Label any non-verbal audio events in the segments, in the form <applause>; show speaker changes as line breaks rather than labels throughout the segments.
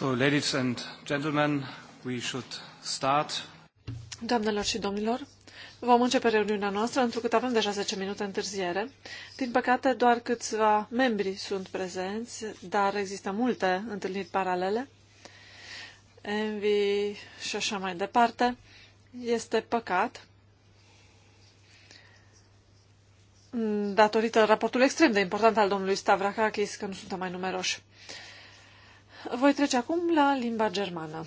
ladies and gentlemen, we should start.
Doamnelor și domnilor, vom începe reuniunea noastră, pentru că avem deja 10 minute întârziere. Din păcate, doar câțiva membri sunt prezenți, dar există multe întâlniri paralele. Envy și așa mai departe. Este păcat, datorită raportului extrem de important al domnului Stavrakakis, că nu suntem mai numeroși. Voi trece acum la limba germană.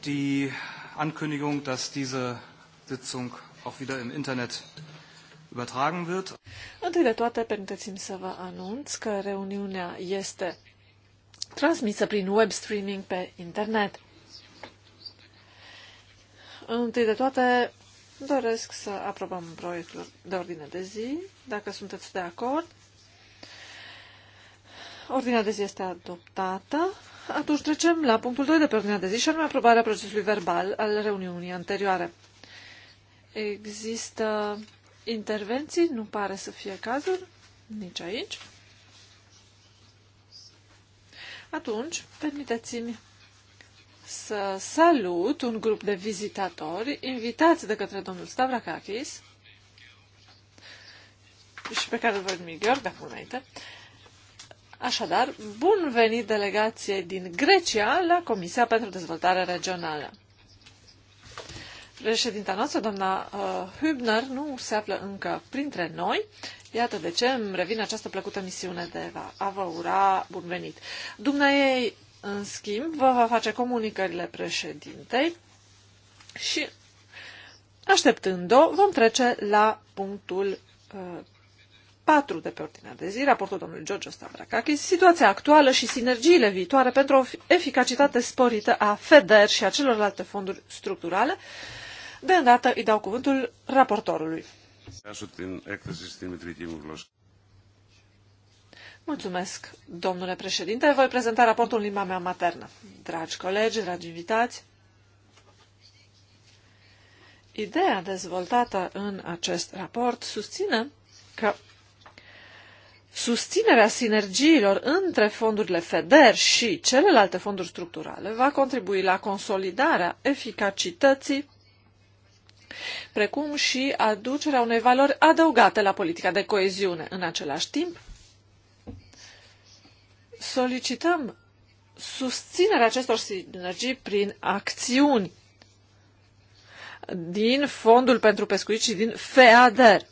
Die Ankündigung, dass diese Sitzung auch wieder im Internet übertragen wird.
Întâi de toate, permiteți-mi să vă anunț că reuniunea este transmisă prin web streaming pe internet. Întâi de toate, doresc să aprobăm proiectul de ordine de zi. Dacă sunteți de acord, ordinea de zi este adoptată. Atunci trecem la punctul 2 de pe ordinea de zi și anume aprobarea procesului verbal al reuniunii anterioare. Există intervenții? Nu pare să fie cazul. Nici aici. Atunci, permiteți-mi să salut un grup de vizitatori invitați de către domnul Stavrakakis și pe care îl văd Miguel de acum înainte, Așadar, bun venit delegație din Grecia la Comisia pentru Dezvoltare Regională. Președinta noastră, doamna uh, Hübner, nu se află încă printre noi. Iată de ce îmi revine această plăcută misiune de a vă ura bun venit. Dumna ei, în schimb, vă va face comunicările președintei și, așteptând-o, vom trece la punctul uh, 4 de pe ordinea de zi, raportul domnului George Stavrakakis, situația actuală și sinergiile viitoare pentru o eficacitate sporită a FEDER și a celorlalte fonduri structurale. De îndată îi dau cuvântul raportorului. Mulțumesc, domnule președinte. Voi prezenta raportul în limba mea maternă. Dragi colegi, dragi invitați, Ideea dezvoltată în acest raport susține că susținerea sinergiilor între fondurile FEDER și celelalte fonduri structurale va contribui la consolidarea eficacității precum și aducerea unei valori adăugate la politica de coeziune. În același timp, solicităm susținerea acestor sinergii prin acțiuni din Fondul pentru Pescuit și din FEADER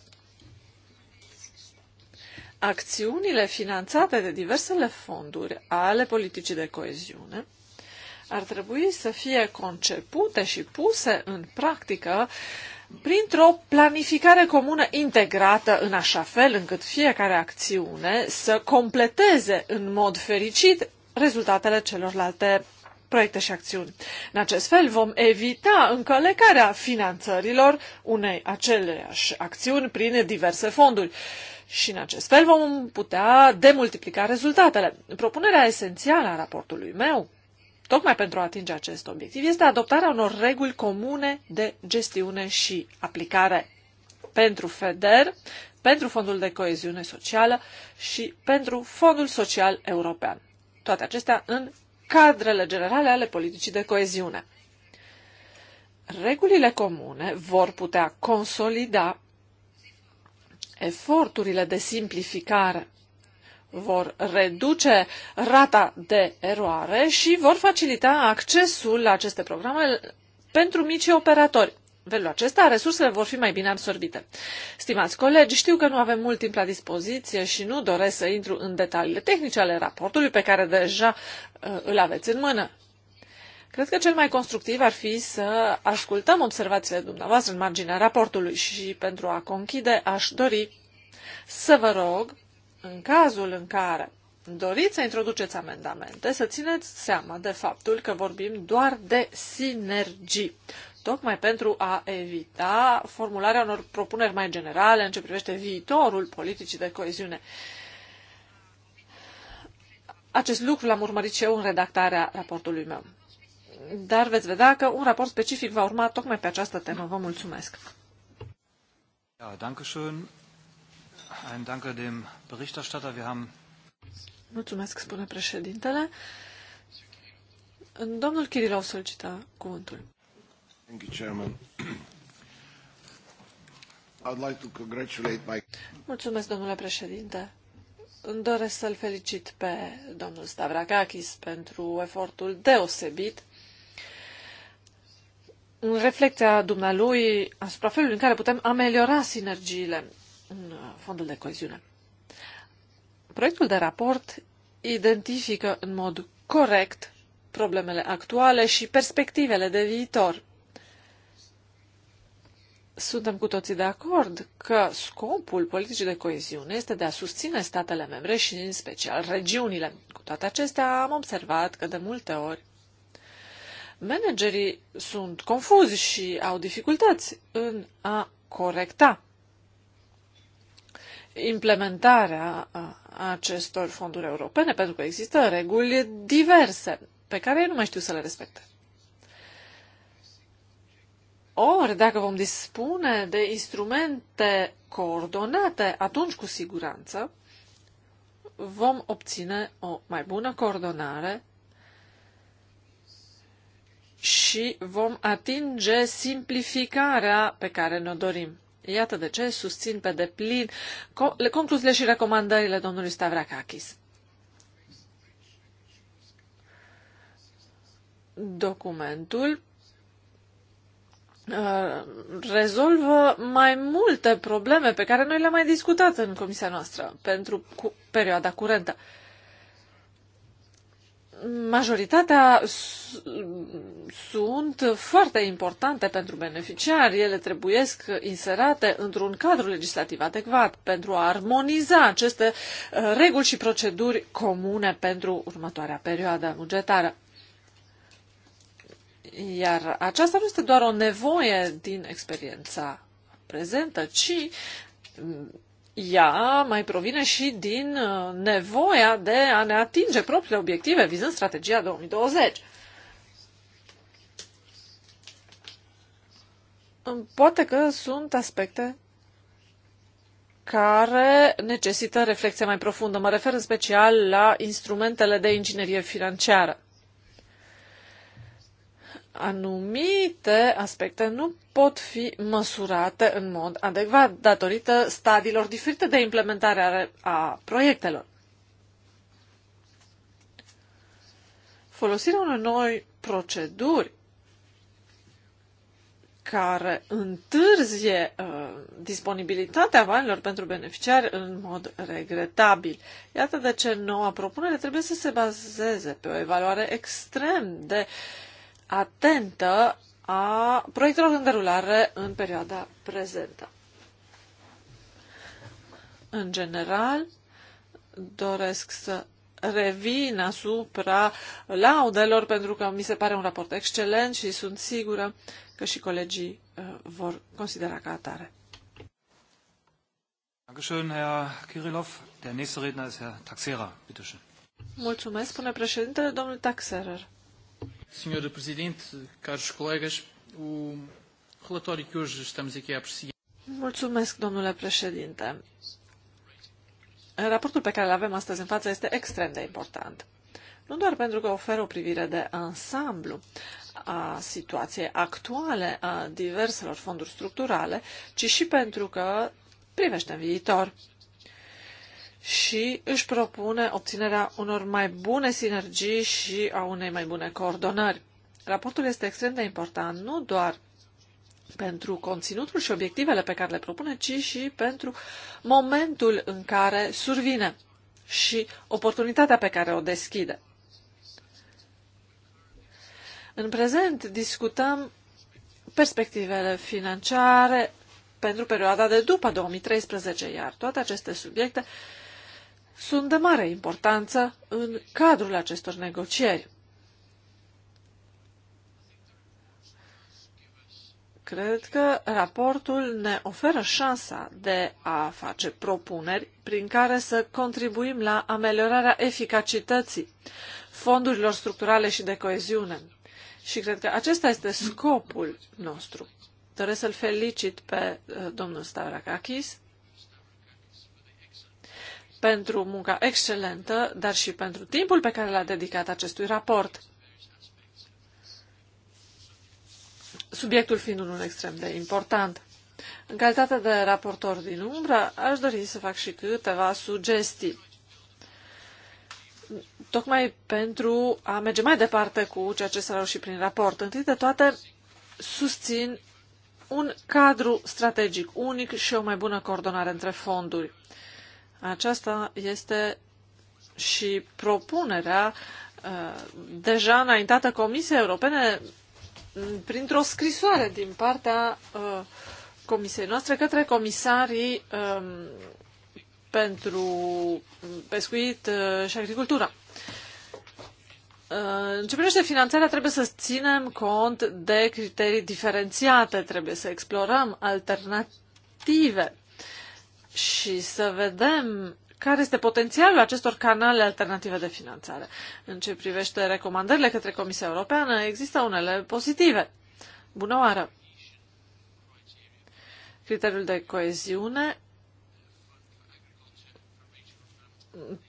acțiunile finanțate de diversele fonduri ale politicii de coeziune ar trebui să fie concepute și puse în practică printr-o planificare comună integrată în așa fel încât fiecare acțiune să completeze în mod fericit rezultatele celorlalte proiecte și acțiuni. În acest fel vom evita încălecarea finanțărilor unei aceleași acțiuni prin diverse fonduri și în acest fel vom putea demultiplica rezultatele. Propunerea esențială a raportului meu, tocmai pentru a atinge acest obiectiv, este adoptarea unor reguli comune de gestiune și aplicare pentru FEDER, pentru Fondul de Coeziune Socială și pentru Fondul Social European. Toate acestea în cadrele generale ale politicii de coeziune. Regulile comune vor putea consolida eforturile de simplificare vor reduce rata de eroare și vor facilita accesul la aceste programe pentru micii operatori. În felul acesta, resursele vor fi mai bine absorbite. Stimați colegi, știu că nu avem mult timp la dispoziție și nu doresc să intru în detaliile tehnice ale raportului pe care deja uh, îl aveți în mână. Cred că cel mai constructiv ar fi să ascultăm observațiile dumneavoastră în marginea raportului și pentru a conchide aș dori să vă rog, în cazul în care doriți să introduceți amendamente, să țineți seama de faptul că vorbim doar de sinergii, tocmai pentru a evita formularea unor propuneri mai generale în ce privește viitorul politicii de coeziune. Acest lucru l-am urmărit și eu în redactarea raportului meu dar veți vedea că un raport specific va urma tocmai pe această temă. Vă mulțumesc!
Ja, danke schön. Ein Danke dem Berichterstatter. Wir haben
Mulțumesc, spune președintele. Domnul Kirilov solicită cuvântul.
Thank you, Chairman. I'd like to congratulate my...
Mulțumesc, domnule președinte. Îmi doresc să-l felicit pe domnul Stavrakakis pentru efortul deosebit în reflecția dumnealui asupra felului în care putem ameliora sinergiile în fondul de coeziune. Proiectul de raport identifică în mod corect problemele actuale și perspectivele de viitor. Suntem cu toții de acord că scopul politicii de coeziune este de a susține statele membre și, în special, regiunile. Cu toate acestea, am observat că, de multe ori, managerii sunt confuzi și au dificultăți în a corecta implementarea acestor fonduri europene, pentru că există reguli diverse pe care ei nu mai știu să le respecte. Ori, dacă vom dispune de instrumente coordonate, atunci cu siguranță vom obține o mai bună coordonare și vom atinge simplificarea pe care ne-o dorim. Iată de ce susțin pe deplin concluziile și recomandările domnului Stavrakakis. Documentul uh, rezolvă mai multe probleme pe care noi le-am mai discutat în comisia noastră pentru perioada curentă majoritatea sunt foarte importante pentru beneficiari. Ele trebuiesc inserate într-un cadru legislativ adecvat pentru a armoniza aceste uh, reguli și proceduri comune pentru următoarea perioadă bugetară. Iar aceasta nu este doar o nevoie din experiența prezentă, ci mm, ea mai provine și din uh, nevoia de a ne atinge propriile obiective vizând strategia 2020. Poate că sunt aspecte care necesită reflexie mai profundă. Mă refer în special la instrumentele de inginerie financiară anumite aspecte nu pot fi măsurate în mod adecvat datorită stadiilor diferite de implementare a proiectelor. Folosirea unor noi proceduri care întârzie uh, disponibilitatea banilor pentru beneficiari în mod regretabil. Iată de ce noua propunere trebuie să se bazeze pe o evaluare extrem de uh, atentă a proiectelor în derulare în perioada prezentă. În general, doresc să revin asupra laudelor pentru că mi se pare un raport excelent și sunt sigură că și colegii uh, vor considera ca atare.
Dankeschön, Herr Kirilov. Der nächste Redner ist Herr Taxera. Bitte schön.
Mulțumesc, spune președintele, domnul Taxerer.
Senhora Presidente, caros colegas,
o relatório que hoje estamos aqui a apreciar. Mulțumesc, domnule președinte. Raportul pe care îl avem astăzi în față este extrem de important. Nu doar pentru că oferă o privire de ansamblu a situației actuale a diverselor fonduri structurale, ci și pentru că privește în viitor și își propune obținerea unor mai bune sinergii și a unei mai bune coordonări. Raportul este extrem de important nu doar pentru conținutul și obiectivele pe care le propune, ci și pentru momentul în care survine și oportunitatea pe care o deschide. În prezent discutăm perspectivele financiare pentru perioada de după 2013, iar toate aceste subiecte sunt de mare importanță în cadrul acestor negocieri. Cred că raportul ne oferă șansa de a face propuneri prin care să contribuim la ameliorarea eficacității fondurilor structurale și de coeziune. Și cred că acesta este scopul nostru. Doresc să-l felicit pe uh, domnul Stavrakakis pentru munca excelentă, dar și pentru timpul pe care l-a dedicat acestui raport. Subiectul fiind unul extrem de important. În calitate de raportor din umbră, aș dori să fac și câteva sugestii. Tocmai pentru a merge mai departe cu ceea ce s-a reușit prin raport. Întâi de toate, susțin un cadru strategic unic și o mai bună coordonare între fonduri. Aceasta este și propunerea uh, deja înaintată Comisiei Europene mm, printr-o scrisoare din partea uh, Comisiei noastre către comisarii um, pentru pescuit uh, și agricultura. În ce privește finanțarea, trebuie să ținem cont de criterii diferențiate, trebuie să explorăm alternative și să vedem care este potențialul acestor canale alternative de finanțare. În ce privește recomandările către Comisia Europeană, există unele pozitive. Bună oară! Criteriul de coeziune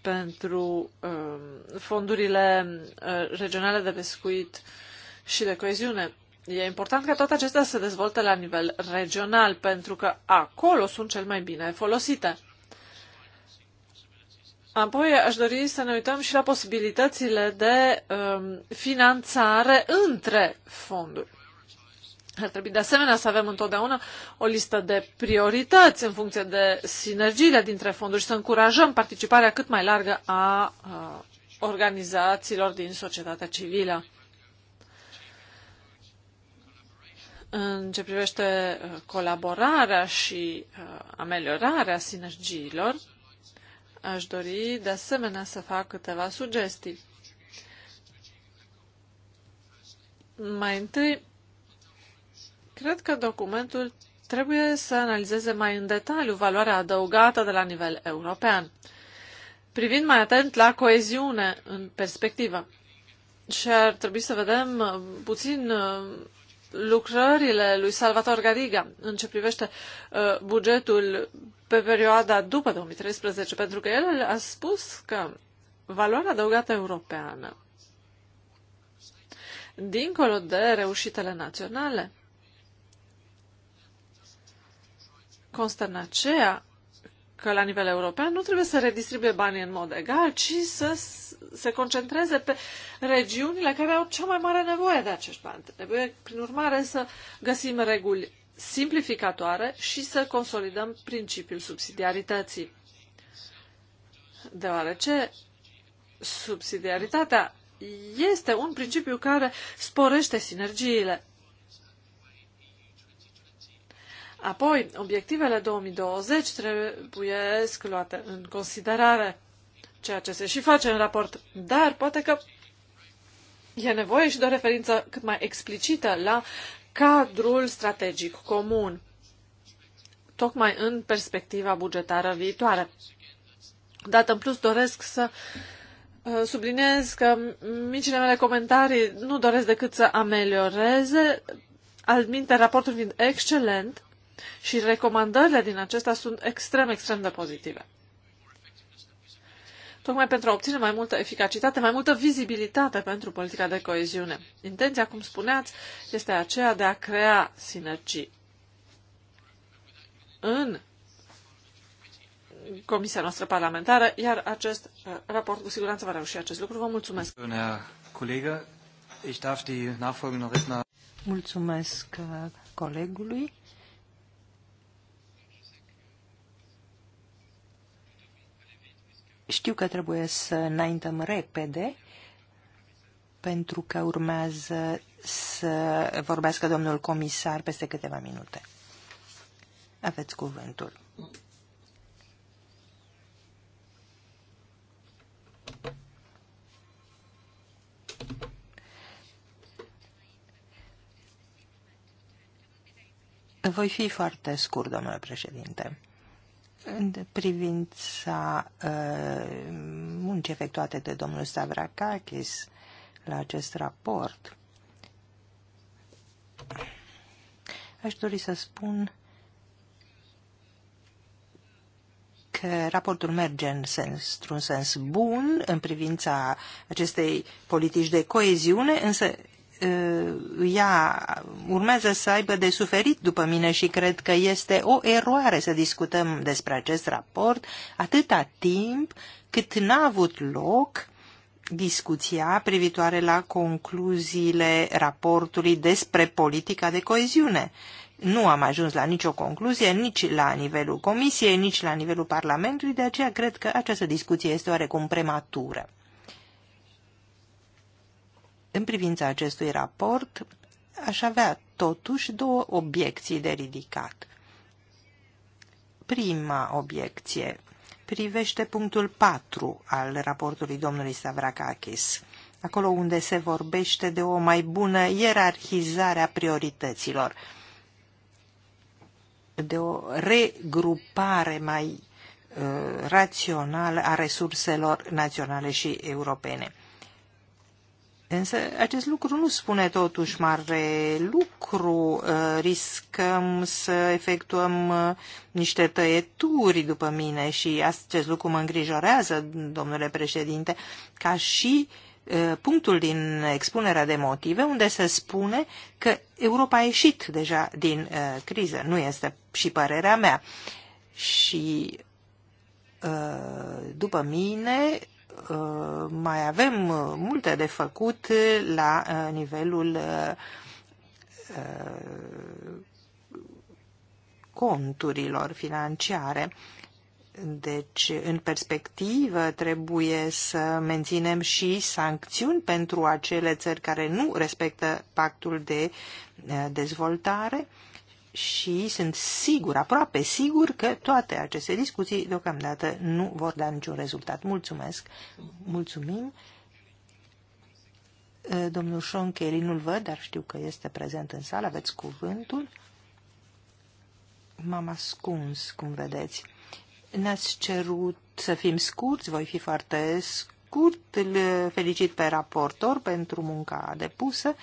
pentru um, fondurile uh, regionale de pescuit și de coeziune. E important ca toate acestea să se dezvolte la nivel regional, pentru că acolo sunt cel mai bine folosite. Apoi aș dori să ne uităm și la posibilitățile de um, finanțare între fonduri. Ar trebui de asemenea să avem întotdeauna o listă de priorități în funcție de sinergiile dintre fonduri și să încurajăm participarea cât mai largă a, a organizațiilor din societatea civilă. În ce privește uh, colaborarea și uh, ameliorarea sinergiilor, aș dori de asemenea să fac câteva sugestii. Mai întâi, cred că documentul trebuie să analizeze mai în detaliu valoarea adăugată de la nivel european, privind mai atent la coeziune în perspectivă. Și ar trebui să vedem uh, puțin lucrările lui Salvator Gariga în ce privește uh, bugetul pe perioada după 2013, pentru că el a spus că valoarea adăugată europeană, dincolo de reușitele naționale, constă în aceea că la nivel european nu trebuie să redistribuie banii în mod egal, ci să se concentreze pe regiunile care au cea mai mare nevoie de acești bani. Trebuie, prin urmare, să găsim reguli simplificatoare și să consolidăm principiul subsidiarității. Deoarece subsidiaritatea este un principiu care sporește sinergiile Apoi, obiectivele 2020 trebuie luate în considerare, ceea ce se și face în raport, dar poate că e nevoie și de o referință cât mai explicită la cadrul strategic comun, tocmai în perspectiva bugetară viitoare. Dată în plus, doresc să uh, subliniez că micile mele comentarii nu doresc decât să amelioreze Altminte, raportul fiind excelent, și recomandările din acestea sunt extrem, extrem de pozitive. Tocmai pentru a obține mai multă eficacitate, mai multă vizibilitate pentru politica de coeziune. Intenția, cum spuneați, este aceea de a crea sinergii. În Comisia noastră parlamentară, iar acest uh, raport cu siguranță va reuși acest lucru. Vă mulțumesc.
Mulțumesc uh, colegului. Știu că trebuie să înaintăm repede, pentru că urmează să vorbească domnul comisar peste câteva minute. Aveți cuvântul. Voi fi foarte scurt, domnule președinte în privința uh, muncii efectuate de domnul Stavrakakis la acest raport, aș dori să spun că raportul merge în sens, într-un sens bun în privința acestei politici de coeziune, însă Uh, ea urmează să aibă de suferit după mine și cred că este o eroare să discutăm despre acest raport atâta timp cât n-a avut loc discuția privitoare la concluziile raportului despre politica de coeziune. Nu am ajuns la nicio concluzie, nici la nivelul Comisiei, nici la nivelul Parlamentului, de aceea cred că această discuție este oarecum prematură. În privința acestui raport, aș avea totuși două obiecții de ridicat. Prima obiecție privește punctul 4 al raportului domnului Savrakakis, acolo unde se vorbește de o mai bună ierarhizare a priorităților, de o regrupare mai uh, rațională a resurselor naționale și europene. Însă acest lucru nu spune totuși mare lucru. Uh, riscăm să efectuăm uh, niște tăieturi după mine și acest lucru mă îngrijorează, domnule președinte, ca și uh, punctul din expunerea de motive unde se spune că Europa a ieșit deja din criză. Nu este și părerea mea. Și după mine Uh, mai avem uh, multe de făcut la uh, nivelul conturilor financiare. Deci, în perspectivă, trebuie să menținem și sancțiuni pentru acele țări care nu respectă pactul de dezvoltare și sunt sigur, aproape sigur, că toate aceste discuții deocamdată nu vor da niciun rezultat. Mulțumesc! Mulțumim! Uh, domnul Sean Kelly nu-l văd, dar știu că este prezent în sală, aveți cuvântul. M-am ascuns, cum vedeți. Ne-ați cerut să fim scurți, voi fi foarte scurt. Îl felicit pe raportor pentru munca depusă,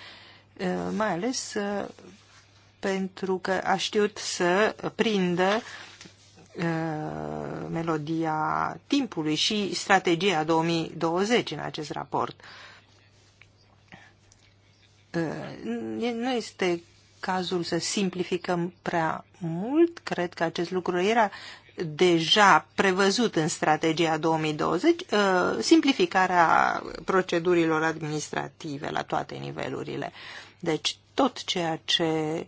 uh, mai ales uh, pentru că a știut să prindă uh, melodia timpului și strategia 2020 în acest raport. Uh, nu este cazul să simplificăm prea mult. Cred că acest lucru era deja prevăzut în strategia 2020, uh, simplificarea procedurilor administrative la toate nivelurile. Deci tot ceea ce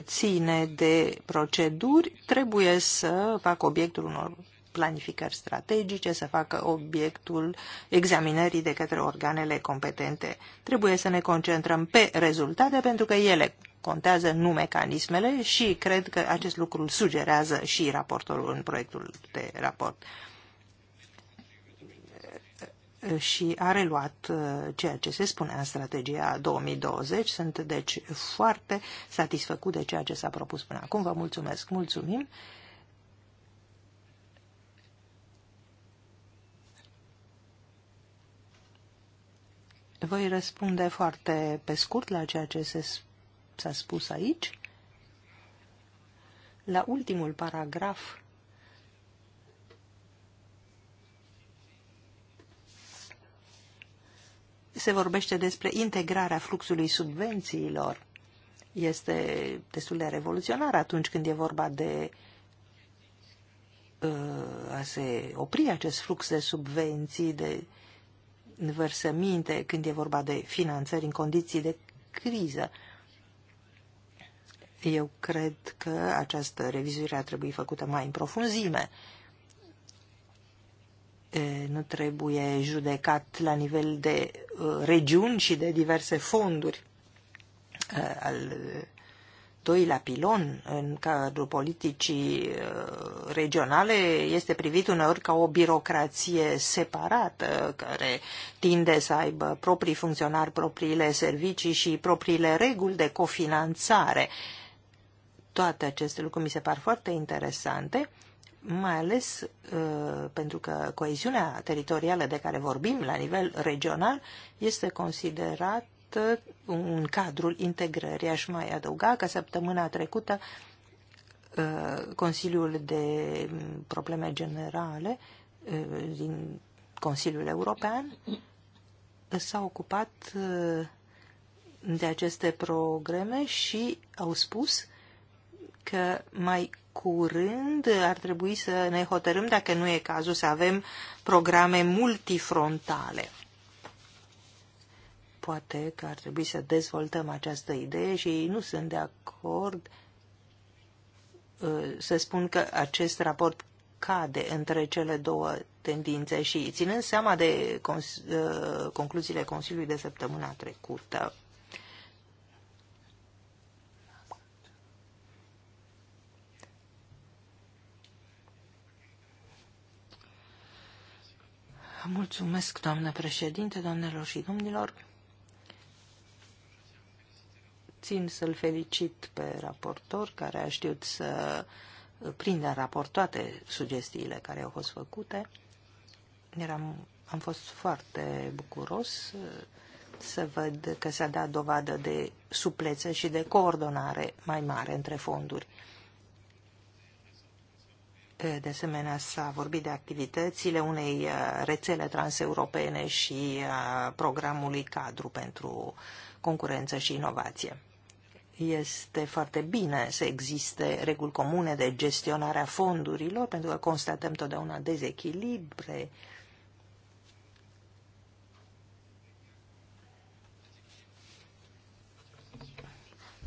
ține de proceduri trebuie să facă obiectul unor planificări strategice, să facă obiectul examinării de către organele competente. Trebuie să ne concentrăm pe rezultate pentru că ele contează, nu mecanismele și cred că acest lucru îl sugerează și raportorul în proiectul de raport și a reluat uh, ceea ce se spunea în strategia 2020. Sunt deci foarte satisfăcut de ceea ce s-a propus până acum. Vă mulțumesc, mulțumim. Voi răspunde foarte pe scurt la ceea ce s-a spus aici. La ultimul paragraf se vorbește despre integrarea fluxului subvențiilor. Este destul de revoluționar atunci când e vorba de uh, a se opri acest flux de subvenții, de vărsăminte, când e vorba de finanțări în condiții de criză. Eu cred că această revizuire a trebui făcută mai în profunzime. Eh, nu trebuie judecat la nivel de uh, regiuni și de diverse fonduri. Eh, al doilea pilon în cadrul politicii uh, regionale este privit uneori ca o birocrație separată care tinde să aibă proprii funcționari, propriile servicii și propriile reguli de cofinanțare. Toate aceste lucruri mi se par foarte interesante mai ales uh, pentru că coeziunea teritorială de care vorbim la nivel regional este considerată un cadrul integrării. Aș mai adăuga că săptămâna trecută uh, Consiliul de Probleme Generale uh, din Consiliul European s-a ocupat de aceste programe și au spus că mai curând ar trebui să ne hotărâm dacă nu e cazul să avem programe multifrontale. Poate că ar trebui să dezvoltăm această idee și nu sunt de acord ă, să spun că acest raport cade între cele două tendințe și ținând seama de ă, concluziile Consiliului de săptămâna trecută Mulțumesc, doamnă președinte, doamnelor și domnilor. Țin să-l felicit pe raportor, care a știut să prindă în raport toate sugestiile care au fost făcute. Eram, am fost foarte bucuros uh, să văd că s-a dat dovadă de supleță și de coordonare mai mare între fonduri. De asemenea, s-a vorbit de activitățile unei uh, rețele transeuropene și uh, programului cadru pentru concurență și inovație. Este foarte bine să existe reguli comune de gestionare a fondurilor, pentru că constatăm totdeauna dezechilibre.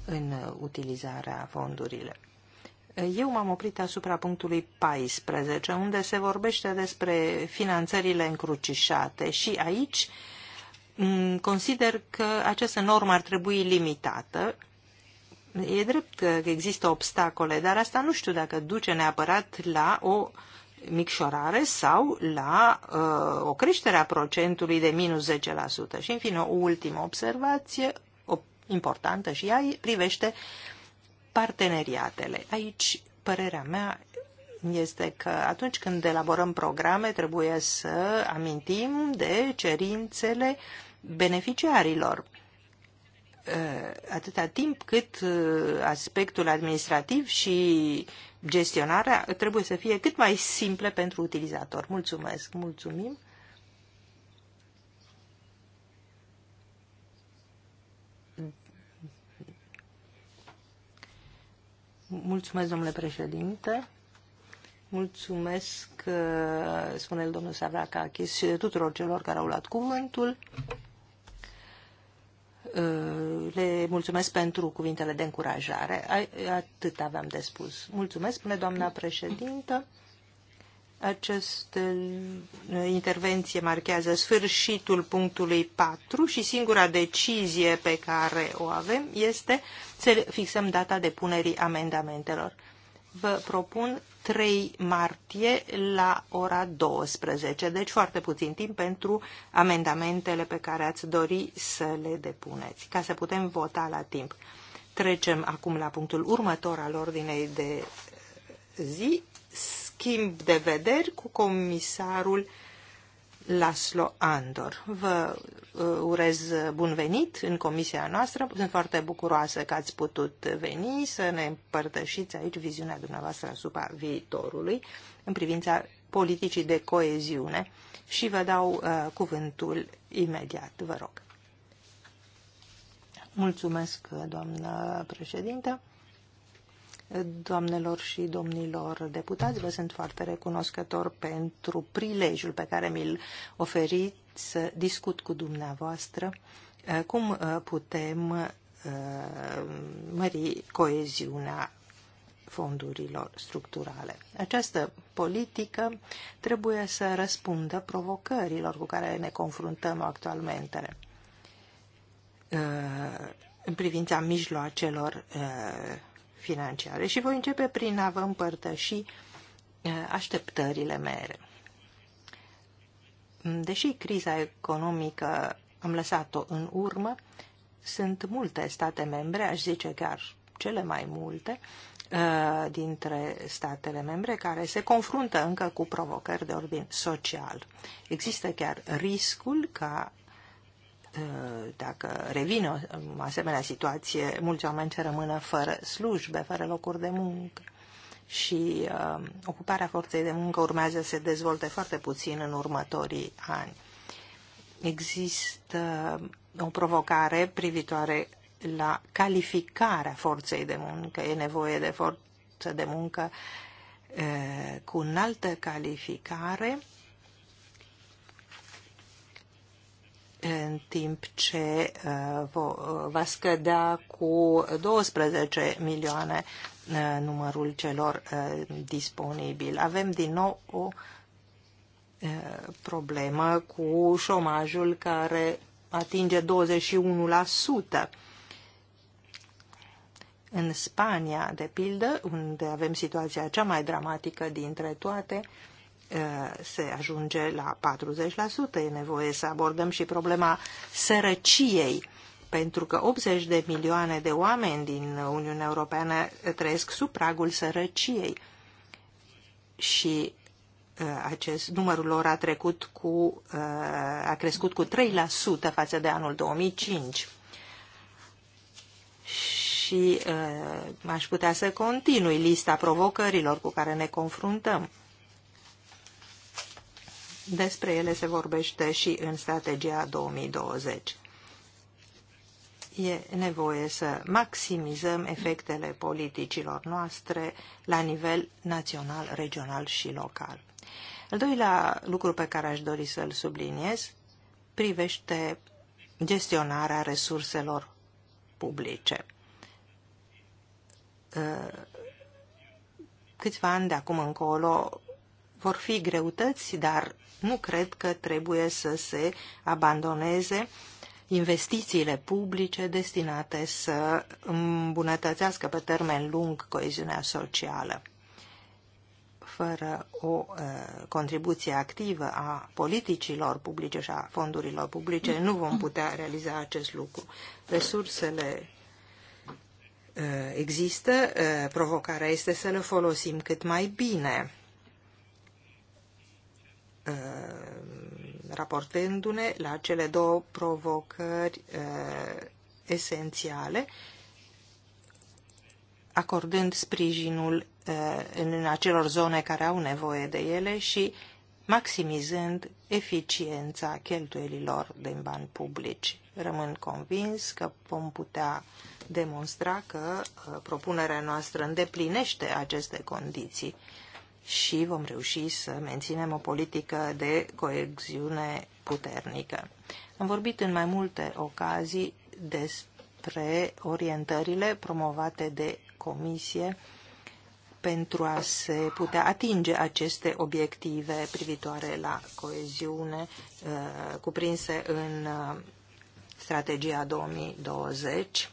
în utilizarea fondurilor eu m-am oprit asupra punctului 14, unde se vorbește despre finanțările încrucișate și aici mm, consider că această normă ar trebui limitată. E drept că există obstacole, dar asta nu știu dacă duce neapărat la o micșorare sau la uh, o creștere a procentului de minus 10%. Și, în fine, o ultimă observație importantă și ea privește uh, parteneriatele. Aici, părerea mea este că atunci când elaborăm programe, trebuie să amintim de cerințele beneficiarilor uh, atâta timp cât uh, aspectul administrativ și gestionarea trebuie să fie cât mai simple pentru utilizator. Mulțumesc, mulțumim. Mulțumesc, domnule președinte. Mulțumesc, uh, spune el domnul Savrakakis, și tuturor celor care au luat cuvântul. Uh, le mulțumesc pentru cuvintele de încurajare. Atât aveam de spus. Mulțumesc, spune doamna președintă. Această uh, intervenție marchează sfârșitul punctului 4 și singura decizie pe care o avem este să fixăm data depunerii amendamentelor. Vă propun 3 martie la ora 12, deci foarte puțin timp pentru amendamentele pe care ați dori să le depuneți, ca să putem vota la timp. Trecem acum la punctul următor al ordinei de zi, schimb de vederi cu comisarul Laslo Andor. Vă uh, urez bun venit în comisia noastră. Sunt foarte bucuroasă că ați putut veni să ne împărtășiți aici viziunea dumneavoastră asupra viitorului în privința politicii de coeziune și vă dau uh, cuvântul imediat, vă rog. Mulțumesc, doamnă președintă doamnelor și domnilor deputați. Vă sunt foarte recunoscător pentru prilejul pe care mi-l oferiți să discut cu dumneavoastră eh, cum eh, putem eh, mări coeziunea fondurilor structurale. Această politică trebuie să răspundă provocărilor cu care ne confruntăm actualmente în privința mijloacelor financiare și voi începe prin a vă împărtăși eh, așteptările mele. Deși criza economică am lăsat-o în urmă, sunt multe state membre, aș zice chiar cele mai multe, eh, dintre statele membre care se confruntă încă cu provocări de ordin social. Există chiar riscul ca Eh, dacă revine o asemenea situație, mulți oameni să rămână fără slujbe, fără locuri de muncă și uh, ocuparea forței de muncă urmează să se dezvolte foarte puțin în următorii ani. Există eh, o provocare privitoare la calificarea forței de muncă. E nevoie de forță de muncă uh, cu înaltă calificare în timp ce uh, uh, va scădea cu 12 milioane uh, numărul celor disponibili. Avem din nou o problemă cu șomajul care atinge 21%. În Spania, de pildă, unde avem situația cea mai dramatică dintre toate, se ajunge la 40%. E nevoie să abordăm și problema sărăciei, pentru că 80 de milioane de oameni din Uniunea Europeană trăiesc sub pragul sărăciei și acest numărul lor a trecut cu, a crescut cu 3% față de anul 2005 și uh, aș putea să continui lista provocărilor cu care ne confruntăm despre ele se vorbește și în strategia 2020. E nevoie să maximizăm efectele politicilor noastre la nivel național, regional și local. Al doilea lucru pe care aș dori să-l subliniez privește gestionarea resurselor publice. Ă, câțiva ani de acum încolo vor fi greutăți, dar nu cred că trebuie să se abandoneze investițiile publice destinate să îmbunătățească pe termen lung coeziunea socială. Fără o uh, contribuție activă a politicilor publice și a fondurilor publice, nu vom putea realiza acest lucru. Resursele uh, există, uh, provocarea este să le folosim cât mai bine Uh, raportându-ne la cele două provocări uh, esențiale, acordând sprijinul uh, în acelor zone care au nevoie de ele și maximizând eficiența cheltuielilor din bani publici. Rămân convins că vom putea demonstra că propunerea noastră îndeplinește aceste condiții și vom reuși să menținem o politică de coeziune puternică. Am vorbit în mai multe ocazii despre orientările promovate de Comisie pentru a se putea atinge aceste obiective privitoare la coeziune uh, cuprinse în uh, strategia 2020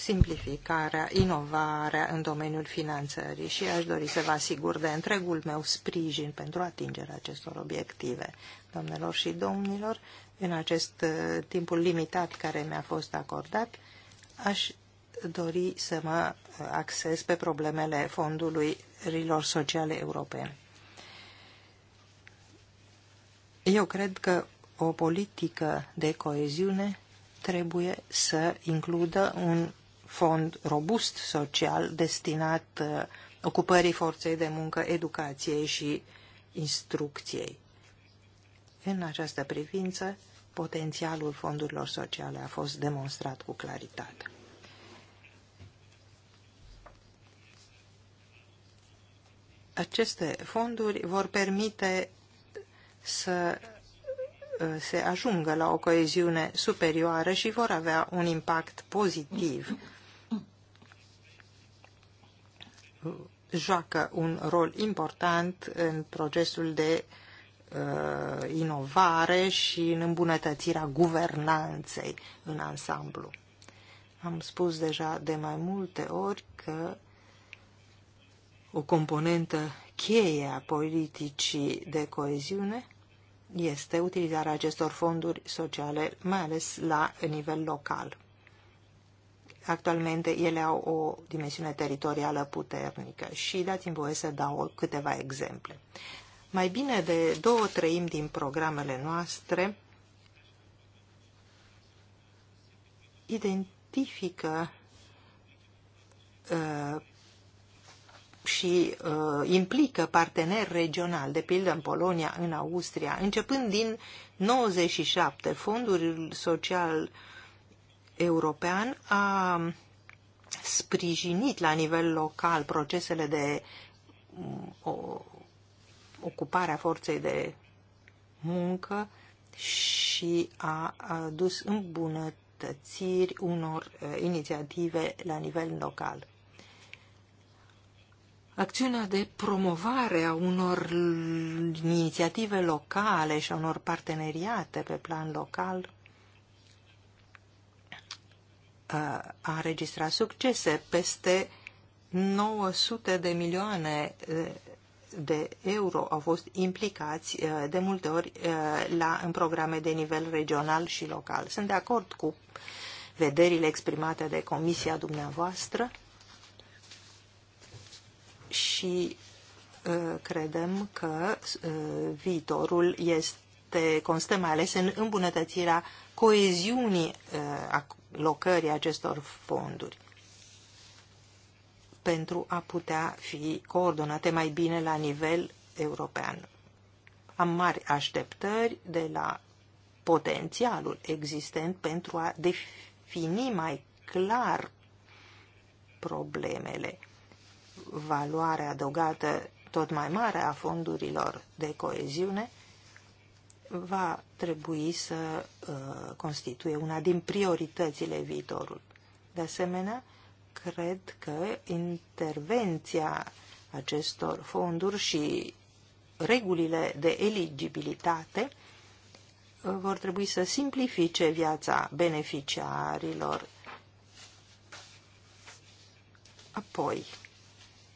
simplificarea, inovarea în domeniul finanțării și aș dori să vă asigur de întregul meu sprijin pentru atingerea acestor obiective. Domnilor și domnilor, în acest uh, timpul limitat care mi-a fost acordat, aș dori să mă uh, acces pe problemele fondului rilor sociale europene. Eu cred că o politică de coeziune trebuie să includă un fond robust social destinat uh, ocupării forței de muncă, educației și instrucției. În această privință, potențialul fondurilor sociale a fost demonstrat cu claritate. Aceste fonduri vor permite să uh, se ajungă la o coeziune superioară și vor avea un impact pozitiv joacă un rol important în procesul de uh, inovare și în îmbunătățirea guvernanței în ansamblu. Am spus deja de mai multe ori că o componentă cheie a politicii de coeziune este utilizarea acestor fonduri sociale, mai ales la nivel local. Actualmente ele au o dimensiune teritorială puternică și dați-mi voie să dau câteva exemple. Mai bine de două treimi din programele noastre identifică uh, și uh, implică parteneri regionali, de pildă în Polonia, în Austria, începând din 97, fondul social uh, european a sprijinit la nivel local procesele de mm, o, ocupare a forței de muncă și a adus îmbunătățiri unor inițiative la nivel local. Acțiunea de promovare a unor inițiative locale și a unor parteneriate pe plan local a înregistrat succese peste 900 de milioane de euro au fost implicați de multe ori la, în programe de nivel regional și local. Sunt de acord cu vederile exprimate de comisia dumneavoastră și credem că viitorul este constă mai ales în îmbunătățirea coeziunii uh, locării acestor fonduri pentru a putea fi coordonate mai bine la nivel european. Am mari așteptări de la potențialul existent pentru a defini mai clar problemele. Valoarea adăugată tot mai mare a fondurilor de coeziune va trebui să uh, constituie una din prioritățile viitorului. De asemenea, cred că intervenția acestor fonduri și regulile de eligibilitate uh, vor trebui să simplifice viața beneficiarilor. Apoi,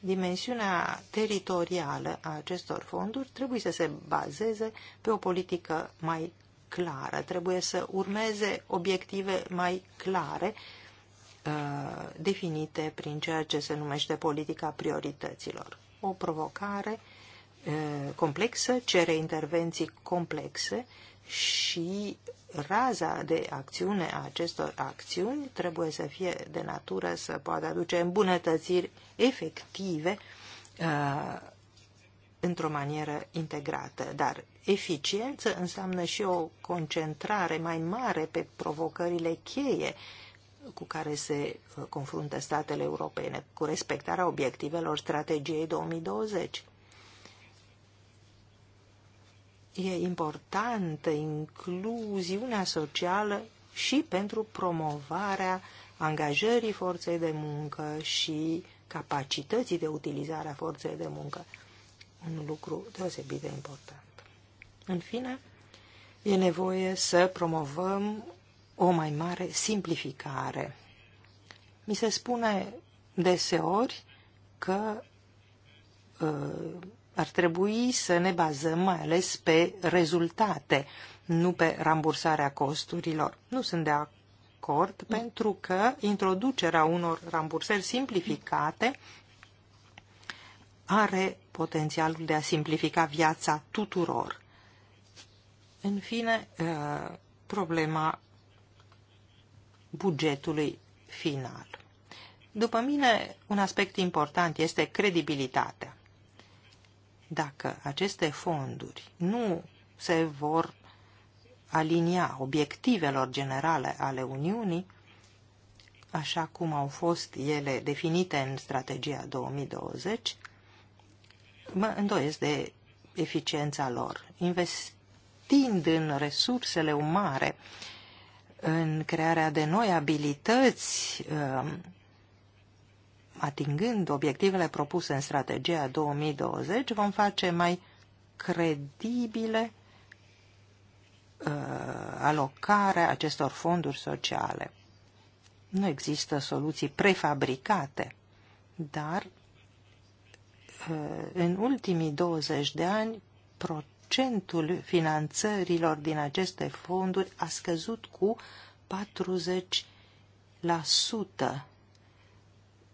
dimensiunea teritorială a acestor fonduri trebuie să se bazeze pe o politică mai clară, trebuie să urmeze obiective mai clare uh, definite prin ceea ce se numește politica priorităților. O provocare uh, complexă cere intervenții complexe și raza de acțiune a acestor acțiuni trebuie să fie de natură să poată aduce îmbunătățiri efective uh, într-o manieră integrată. Dar eficiență înseamnă și o concentrare mai mare pe provocările cheie cu care se uh, confruntă statele europene, cu respectarea obiectivelor strategiei 2020 e importantă incluziunea socială și pentru promovarea angajării forței de muncă și capacității de utilizare a forței de muncă. Un lucru deosebit de important. În fine, e nevoie să promovăm o mai mare simplificare. Mi se spune deseori că uh, ar trebui să ne bazăm mai ales pe rezultate, nu pe rambursarea costurilor. Nu sunt de acord mm. pentru că introducerea unor rambursări simplificate are potențialul de a simplifica viața tuturor. În fine, uh, problema bugetului final. După mine, un aspect important este credibilitatea. Dacă aceste fonduri nu se vor alinia obiectivelor generale ale Uniunii, așa cum au fost ele definite în strategia 2020, mă îndoiesc de eficiența lor. Investind în resursele umane, în crearea de noi abilități um, atingând obiectivele propuse în strategia 2020, vom face mai credibile uh, alocarea acestor fonduri sociale. Nu există soluții prefabricate, dar uh, în ultimii 20 de ani procentul finanțărilor din aceste fonduri a scăzut cu 40%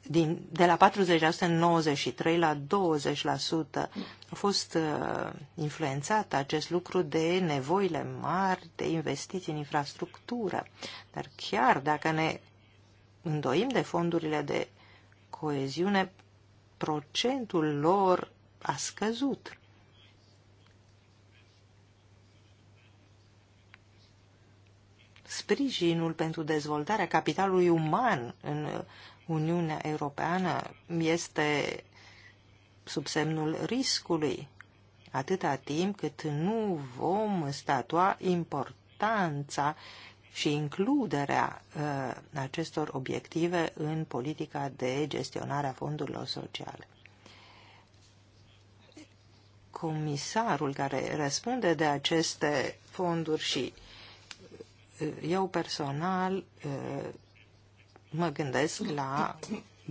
din, de la 40% în 93% la 20% a fost uh, influențat acest lucru de nevoile mari de investiții în infrastructură. Dar chiar dacă ne îndoim de fondurile de coeziune, procentul lor a scăzut. Sprijinul pentru dezvoltarea capitalului uman în Uniunea Europeană este sub semnul riscului atâta timp cât nu vom statua importanța și includerea uh, acestor obiective în politica de gestionare a fondurilor sociale. Comisarul care răspunde de aceste fonduri și uh, eu personal uh, mă gândesc la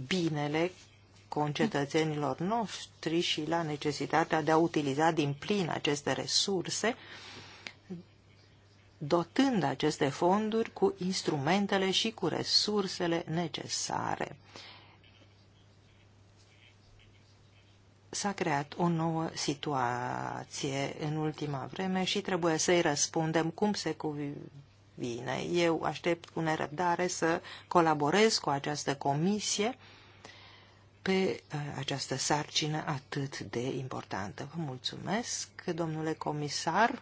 binele concetățenilor noștri și la necesitatea de a utiliza din plin aceste resurse, dotând aceste fonduri cu instrumentele și cu resursele necesare. S-a creat o nouă situație în ultima vreme și trebuie să-i răspundem cum se cuvine vine. Eu aștept cu nerăbdare să colaborez cu această comisie pe uh, această sarcină atât de importantă. Vă mulțumesc, domnule comisar.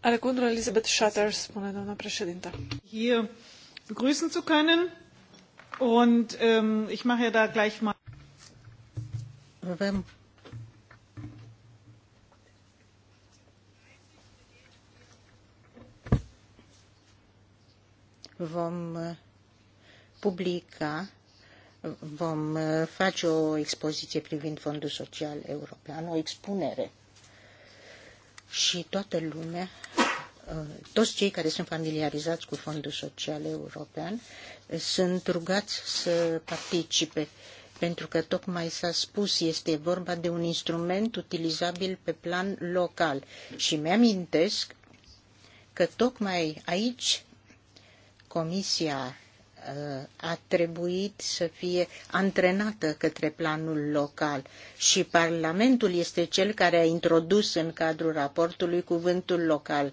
Are cuvântul Elizabeth Shutter, spune doamna președintă. Hier begrüßen zu können und ähm, ich mache da
gleich mal avem vom uh, publica, vom uh, face o expoziție privind Fondul Social European, o expunere. Și toată lumea, uh, toți cei care sunt familiarizați cu Fondul Social European, sunt rugați să participe pentru că tocmai s-a spus, este vorba de un instrument utilizabil pe plan local. Și mi-amintesc că tocmai aici Comisia uh, a trebuit să fie antrenată către planul local și Parlamentul este cel care a introdus în cadrul raportului cuvântul local. Uh,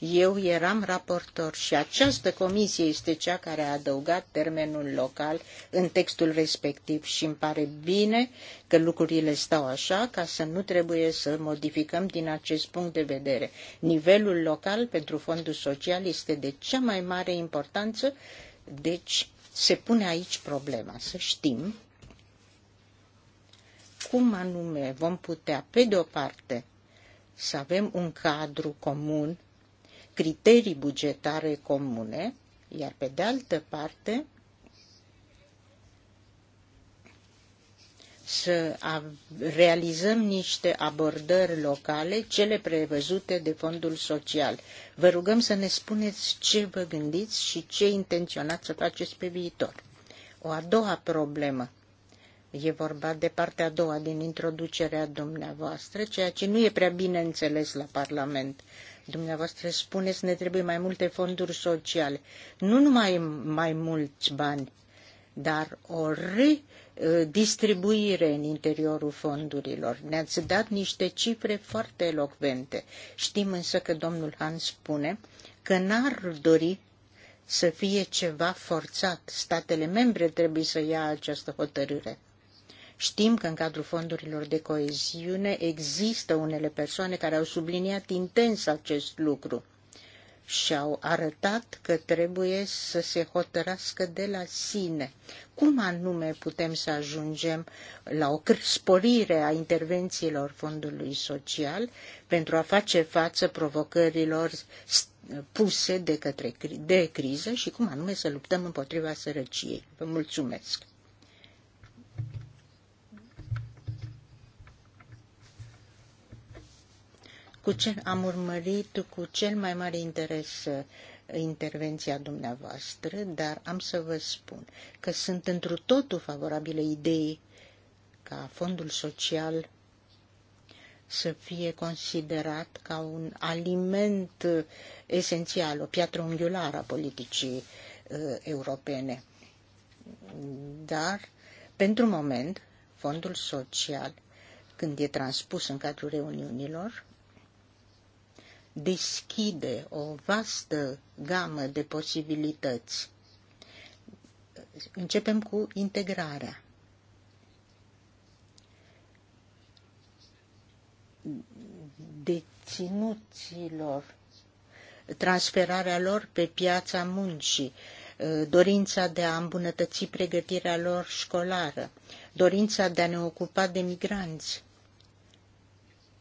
eu eram raportor și această comisie este cea care a adăugat termenul local în textul respectiv și îmi pare bine că lucrurile stau așa ca să nu trebuie să modificăm din acest punct de vedere. Nivelul local pentru fondul social este de cea mai mare importanță, deci se pune aici problema, să știm cum anume vom putea, pe de o parte, să avem un cadru comun criterii bugetare comune, iar pe de altă parte să realizăm niște abordări locale, cele prevăzute de fondul social. Vă rugăm să ne spuneți ce vă gândiți și ce intenționați să faceți pe viitor. O a doua problemă. E vorba de partea a doua din introducerea dumneavoastră, ceea ce nu e prea bine înțeles la Parlament. Dumneavoastră spuneți ne trebuie mai multe fonduri sociale. Nu numai mai mulți bani, dar o redistribuire în interiorul fondurilor. Ne-ați dat niște cifre foarte elocvente. Știm însă că domnul Han spune că n-ar dori să fie ceva forțat. Statele membre trebuie să ia această hotărâre. Știm că în cadrul fondurilor de coeziune există unele persoane care au subliniat intens acest lucru și au arătat că trebuie să se hotărască de la sine. Cum anume putem să ajungem la o sporire a intervențiilor fondului social pentru a face față provocărilor puse de, către, de criză și cum anume să luptăm împotriva sărăciei. Vă mulțumesc! cu cel, am urmărit cu cel mai mare interes uh, intervenția dumneavoastră, dar am să vă spun că sunt întru totul favorabile ideii ca fondul social să fie considerat ca un aliment uh, esențial, o piatră unghiulară a politicii uh, europene. Dar, pentru moment, fondul social, când e transpus în cadrul reuniunilor, deschide o vastă gamă de posibilități. Începem cu integrarea. Deținuților, transferarea lor pe piața muncii, dorința de a îmbunătăți pregătirea lor școlară, dorința de a ne ocupa de migranți,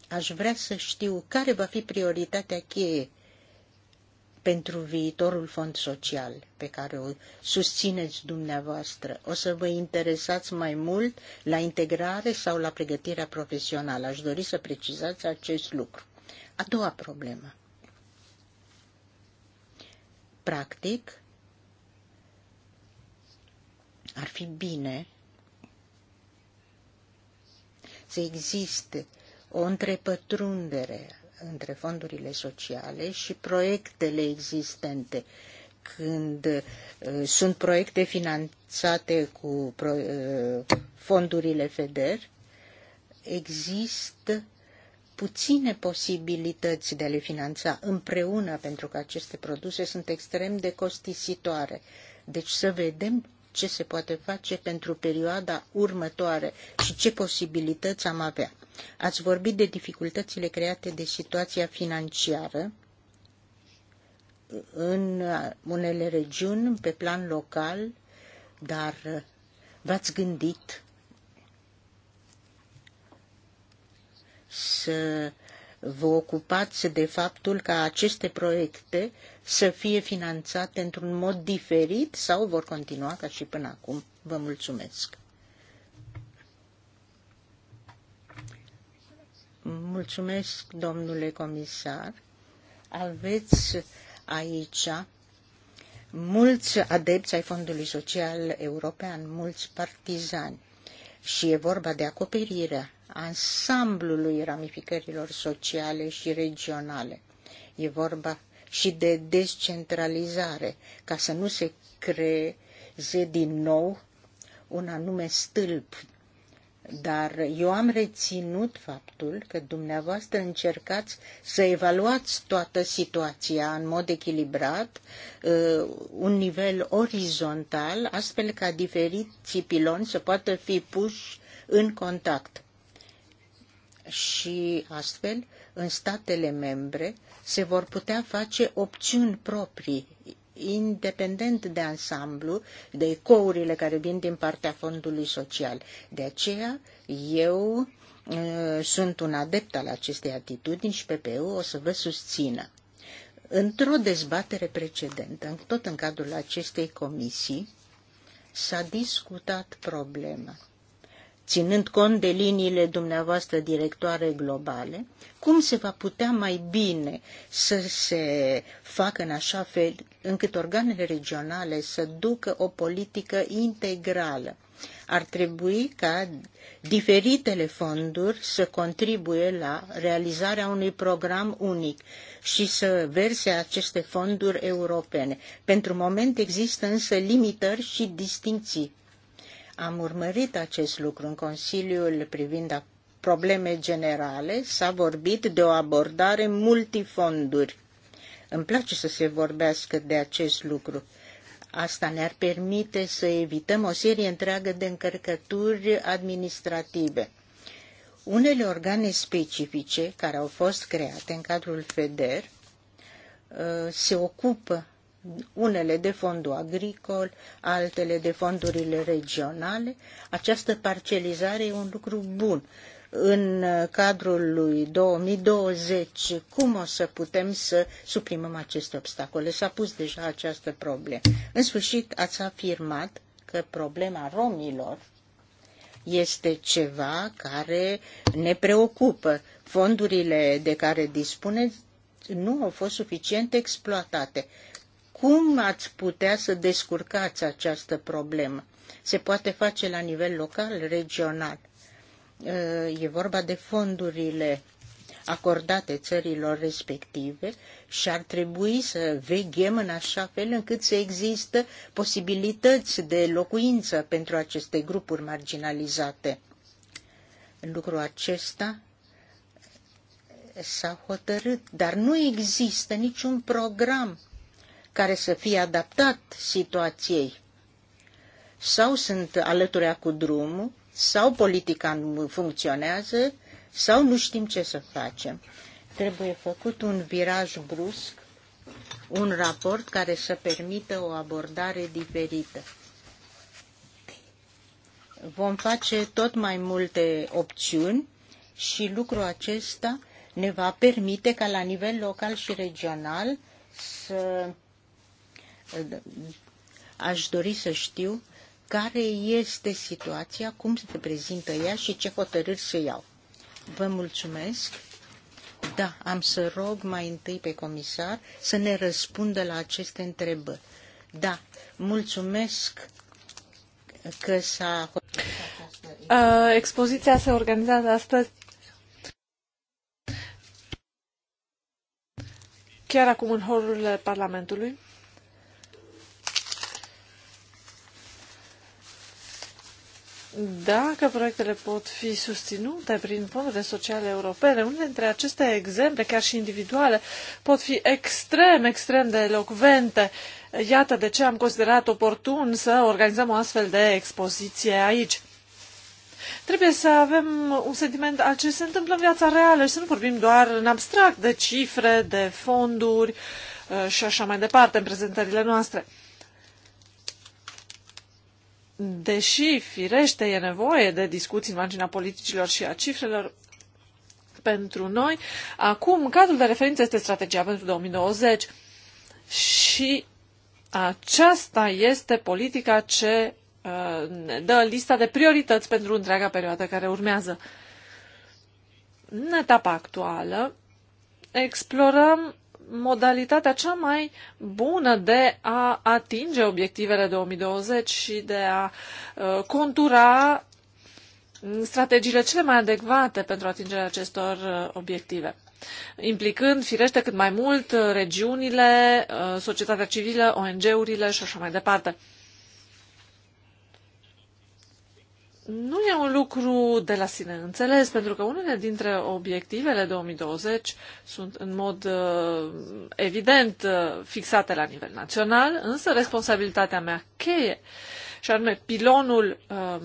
Aș vrea să știu care va fi prioritatea cheie pentru viitorul fond social pe care o susțineți dumneavoastră? O să vă interesați mai mult la integrare sau la pregătirea profesională? Aș dori să precizați acest lucru. A doua problemă. Practic, ar fi bine să existe o întrepătrundere între fondurile sociale și proiectele existente. Când uh, sunt proiecte finanțate cu pro, uh, fondurile FEDER, există puține posibilități de a le finanța împreună, pentru că aceste produse sunt extrem de costisitoare. Deci să vedem ce se poate face pentru perioada următoare și ce posibilități am avea. Ați vorbit de dificultățile create de situația financiară în unele regiuni, pe plan local, dar v-ați gândit să vă ocupați de faptul ca aceste proiecte să fie finanțate într-un mod diferit sau vor continua ca și până acum? Vă mulțumesc! Mulțumesc, domnule comisar. Aveți aici mulți adepți ai Fondului Social European, mulți partizani și e vorba de acoperirea ansamblului ramificărilor sociale și regionale. E vorba și de descentralizare, ca să nu se creeze din nou un anume stâlp. Dar eu am reținut faptul că dumneavoastră încercați să evaluați toată situația în mod echilibrat, uh, un nivel orizontal, astfel ca diferiți piloni să poată fi puși în contact și astfel în statele membre se vor putea face opțiuni proprii independent de ansamblu, de ecourile care vin din partea fondului social. De aceea, eu uh, sunt un adept al acestei atitudini și PPU o să vă susțină. Într-o dezbatere precedentă, tot în cadrul acestei comisii, s-a discutat problema ținând cont de liniile dumneavoastră directoare globale, cum se va putea mai bine să se facă în așa fel încât organele regionale să ducă o politică integrală? Ar trebui ca diferitele fonduri să contribuie la realizarea unui program unic și să verse aceste fonduri europene. Pentru moment există însă limitări și distinții am urmărit acest lucru în Consiliul privind probleme generale. S-a vorbit de o abordare multifonduri. Îmi place să se vorbească de acest lucru. Asta ne-ar permite să evităm o serie întreagă de încărcături administrative. Unele organe specifice care au fost create în cadrul FEDER uh, se ocupă unele de fondul agricol, altele de fondurile regionale. Această parcelizare e un lucru bun. În cadrul lui 2020, cum o să putem să suprimăm aceste obstacole? S-a pus deja această problemă. În sfârșit, ați afirmat că problema romilor este ceva care ne preocupă. Fondurile de care dispuneți nu au fost suficient exploatate. Cum ați putea să descurcați această problemă? Se poate face la nivel local, regional. Uh, e vorba de fondurile acordate țărilor respective și ar trebui să veghem în așa fel încât să există posibilități de locuință pentru aceste grupuri marginalizate. În lucrul acesta s-a hotărât, dar nu există niciun program care să fie adaptat situației. Sau sunt alăturea cu drumul, sau politica nu funcționează, sau nu știm ce să facem. Trebuie făcut un viraj brusc, un raport care să permită o abordare diferită. Vom face tot mai multe opțiuni și lucrul acesta ne va permite ca la nivel local și regional să Aș dori să știu care este situația, cum se prezintă ea și ce hotărâri se iau. Vă mulțumesc. Da, am să rog mai întâi pe comisar să ne răspundă la aceste întrebări. Da, mulțumesc că s-a... Uh, expoziția se organizează astăzi
chiar acum în horurile Parlamentului. dacă proiectele pot fi susținute prin fondurile sociale europene, unele dintre aceste exemple, chiar și individuale, pot fi extrem, extrem de elocvente. Iată de ce am considerat oportun să organizăm o astfel de expoziție aici. Trebuie să avem un sentiment al ce se întâmplă în viața reală și să nu vorbim doar în abstract de cifre, de fonduri uh, și așa mai departe în prezentările noastre deși, firește, e nevoie de discuții în marginea politicilor și a cifrelor, pentru noi, acum cadrul de referință este strategia pentru 2020 și aceasta este politica ce uh, ne dă lista de priorități pentru întreaga perioadă care urmează. În etapa actuală, explorăm modalitatea cea mai bună de a atinge obiectivele 2020 și de a uh, contura strategiile cele mai adecvate pentru atingerea acestor uh, obiective, implicând, firește, cât mai mult uh, regiunile, societatea civilă, ONG-urile și așa mai departe. nu e un lucru de la sine înțeles, pentru că unele dintre obiectivele 2020 sunt în mod uh, evident uh, fixate la nivel național, însă responsabilitatea mea cheie, și anume pilonul um,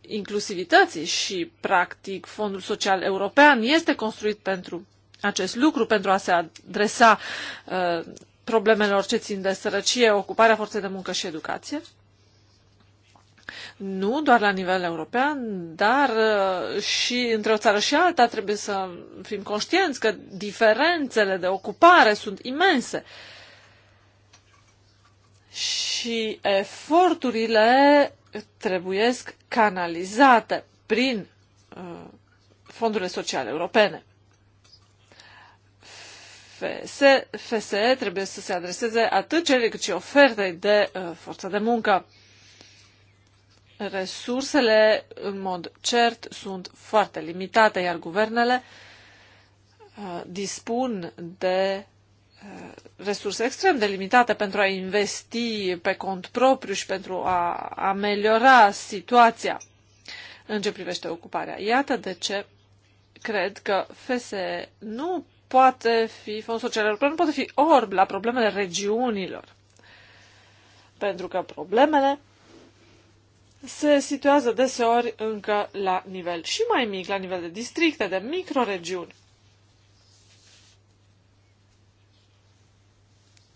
inclusivității și, practic, Fondul Social European este construit pentru acest lucru, pentru a se adresa uh, problemelor ce țin de sărăcie, ocuparea forței de muncă și educație nu doar la nivel european, dar uh, și între o țară și alta trebuie să fim conștienți că diferențele de ocupare sunt imense. Și eforturile trebuiesc canalizate prin uh, fondurile sociale europene. FSE, FSE trebuie să se adreseze atât cererii cât și ofertei de uh, forță de muncă. Resursele, în mod cert, sunt foarte limitate, iar guvernele uh, dispun de uh, resurse extrem de limitate pentru a investi pe cont propriu și pentru a ameliora situația în ce privește ocuparea. Iată de ce cred că FSE nu poate fi, Fondul Social European nu poate fi orb la problemele regiunilor. Pentru că problemele se situează deseori încă la nivel și mai mic, la nivel de districte, de microregiuni.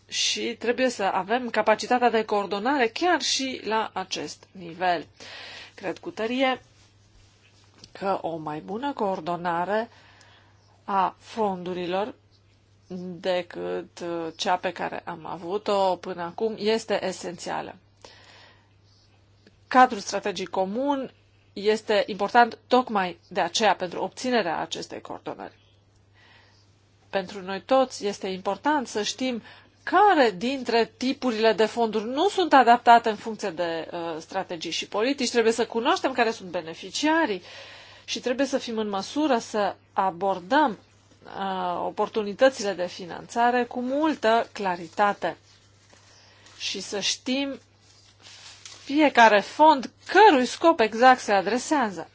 Și trebuie să avem capacitatea de coordonare chiar și la acest nivel. Cred cu tărie că o mai bună coordonare a fondurilor decât uh, cea pe care am avut-o până acum este esențială cadru strategic comun este important tocmai de aceea pentru obținerea acestei coordonări. Pentru noi toți este important să știm care dintre tipurile de fonduri nu sunt adaptate în funcție de uh, strategii și politici. Trebuie să cunoaștem care sunt beneficiarii și trebuie să fim în măsură să abordăm uh, oportunitățile de finanțare cu multă claritate și să știm fiecare fond cărui scop exact se adresează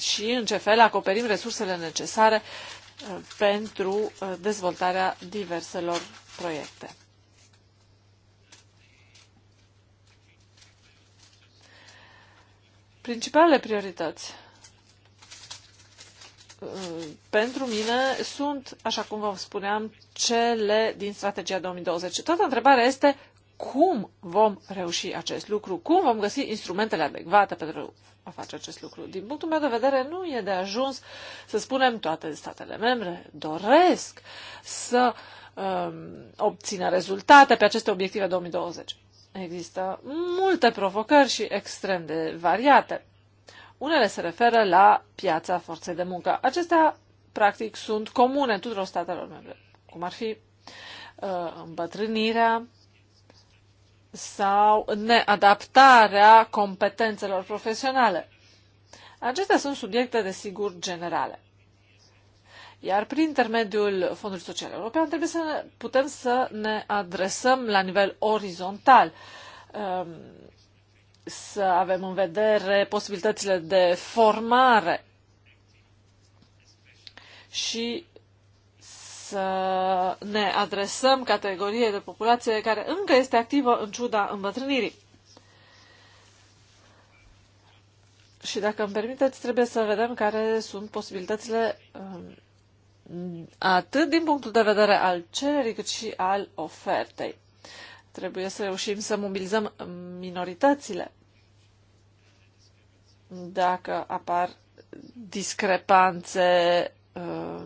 și în ce fel acoperim resursele necesare uh, pentru uh, dezvoltarea diverselor proiecte. Principalele priorități uh, pentru mine sunt, așa cum vă spuneam, cele din strategia 2020. Toată întrebarea este cum vom reuși acest lucru, cum vom găsi instrumentele adecvate pentru a face acest lucru. Din punctul meu de vedere, nu e de ajuns să spunem toate statele membre doresc să um, obțină rezultate pe aceste obiective 2020. Există multe provocări și extrem de variate. Unele se referă la piața forței de muncă. Acestea, practic, sunt comune tuturor statelor membre, cum ar fi uh, îmbătrânirea, sau neadaptarea competențelor profesionale. Acestea sunt subiecte, desigur, generale. Iar prin intermediul Fondului Social European trebuie să putem să ne adresăm la nivel orizontal, um, să avem în vedere posibilitățile de formare și să ne adresăm categoriei de populație care încă este activă în ciuda îmbătrânirii. Și dacă îmi permiteți, trebuie să vedem care sunt posibilitățile um, atât din punctul de vedere al cererii cât și al ofertei. Trebuie să reușim să mobilizăm minoritățile dacă apar discrepanțe Uh,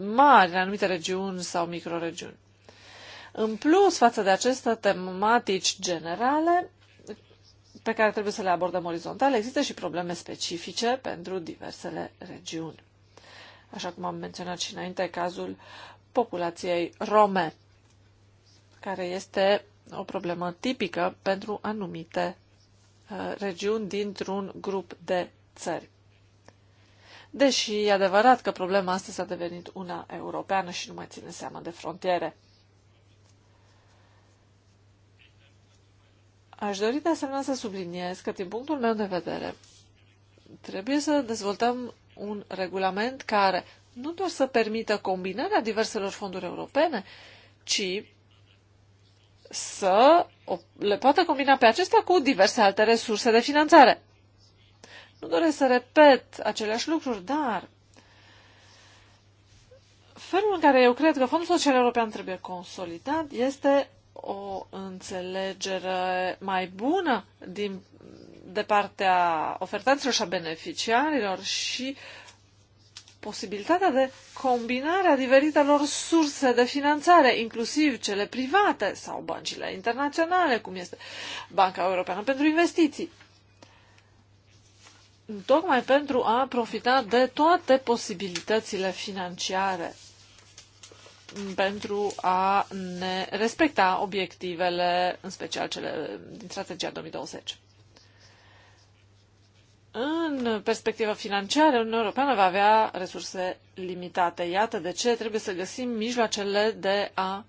mari în anumite regiuni sau microregiuni. În plus, față de aceste tematici generale, pe care trebuie să le abordăm orizontal, există și probleme specifice pentru diversele regiuni. Așa cum am menționat și înainte, cazul populației rome, care este o problemă tipică pentru anumite uh, regiuni dintr-un grup de țări deși e adevărat că problema astăzi a devenit una europeană și nu mai ține seama de frontiere. Aș dori de asemenea să subliniez că, din punctul meu de vedere, trebuie să dezvoltăm un regulament care nu doar să permită combinarea diverselor fonduri europene, ci să le poată combina pe acestea cu diverse alte resurse de finanțare. Nu doresc să repet aceleași lucruri, dar felul în care eu cred că Fondul Social European trebuie consolidat este o înțelegere mai bună din, de partea ofertanților și a beneficiarilor și posibilitatea de combinare a diferitelor surse de finanțare, inclusiv cele private sau băncile internaționale, cum este Banca Europeană pentru Investiții tocmai pentru a profita de toate posibilitățile financiare pentru a ne respecta obiectivele, în special cele din strategia 2020. În perspectiva financiară, Uniunea Europeană va avea resurse limitate. Iată de ce trebuie să găsim mijloacele de a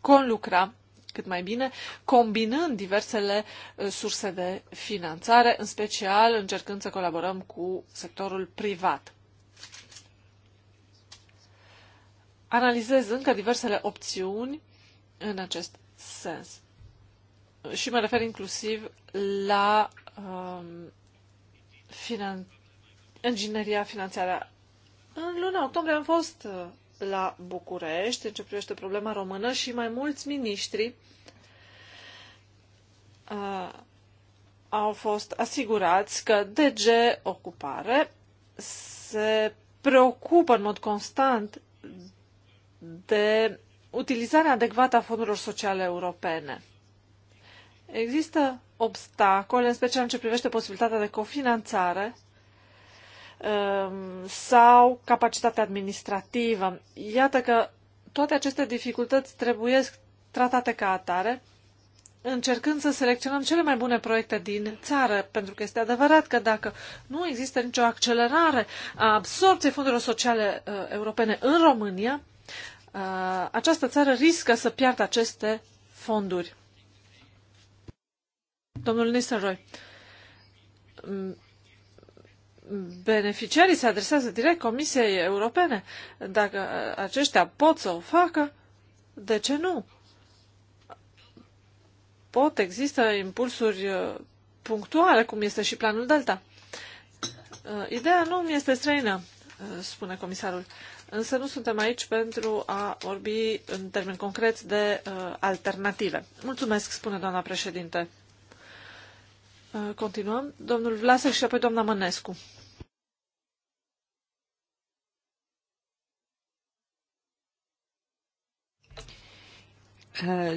conlucra cât mai bine, combinând diversele uh, surse de finanțare, în special încercând să colaborăm cu sectorul privat. Analizez încă diversele opțiuni în acest sens. Și mă refer inclusiv la um, finan- ingineria financiară. În luna octombrie am fost uh, la București în ce privește problema română și mai mulți miniștri uh, au fost asigurați că DG Ocupare se preocupă în mod constant de utilizarea adecvată a fondurilor sociale europene. Există obstacole, în special în ce privește posibilitatea de cofinanțare Um, sau capacitatea administrativă. Iată că toate aceste dificultăți trebuie tratate ca atare, încercând să selecționăm cele mai bune proiecte din țară, pentru că este adevărat că dacă nu există nicio accelerare a absorției fondurilor sociale uh, europene în România, uh, această țară riscă să piardă aceste fonduri. Domnul Nistelrooy, beneficiarii se adresează direct Comisiei Europene. Dacă uh, aceștia pot să o facă, de ce nu? Pot, există impulsuri uh, punctuale, cum este și planul Delta. Uh, ideea nu mi este străină, spune comisarul. Însă nu suntem aici pentru a vorbi în termeni concreți de alternative. Mulțumesc, spune doamna președinte. Uh, continuăm. Domnul Vlasec și apoi doamna Mănescu.
Uh, uh,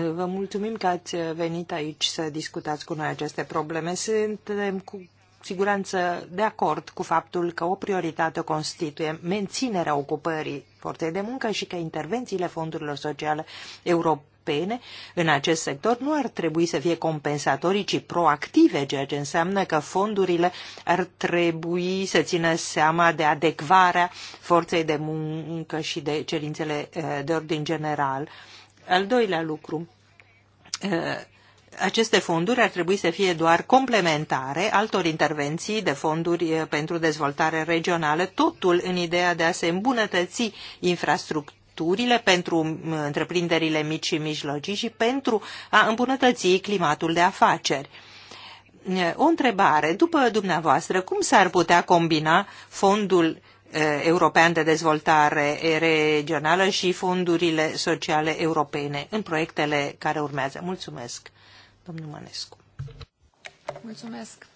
vă mulțumim că ați venit aici să discutați cu noi aceste probleme. Suntem cu siguranță de acord cu faptul că o prioritate o constituie menținerea ocupării forței de muncă și că intervențiile fondurilor sociale europene europene în acest sector nu ar trebui să fie compensatorii, ci proactive, ceea ce înseamnă că fondurile ar trebui să țină seama de adecvarea forței de muncă și de cerințele eh, de ordin general. Al doilea lucru, eh, aceste fonduri ar trebui să fie doar complementare altor intervenții de fonduri eh, pentru dezvoltare regională, totul în ideea de a se îmbunătăți infrastructura drepturile pentru întreprinderile mici și mijlocii și pentru a îmbunătăți climatul de afaceri. O întrebare, după dumneavoastră, cum s-ar putea combina fondul european de dezvoltare regională și fondurile sociale europene în proiectele care urmează. Mulțumesc, domnul Mănescu.
Mulțumesc.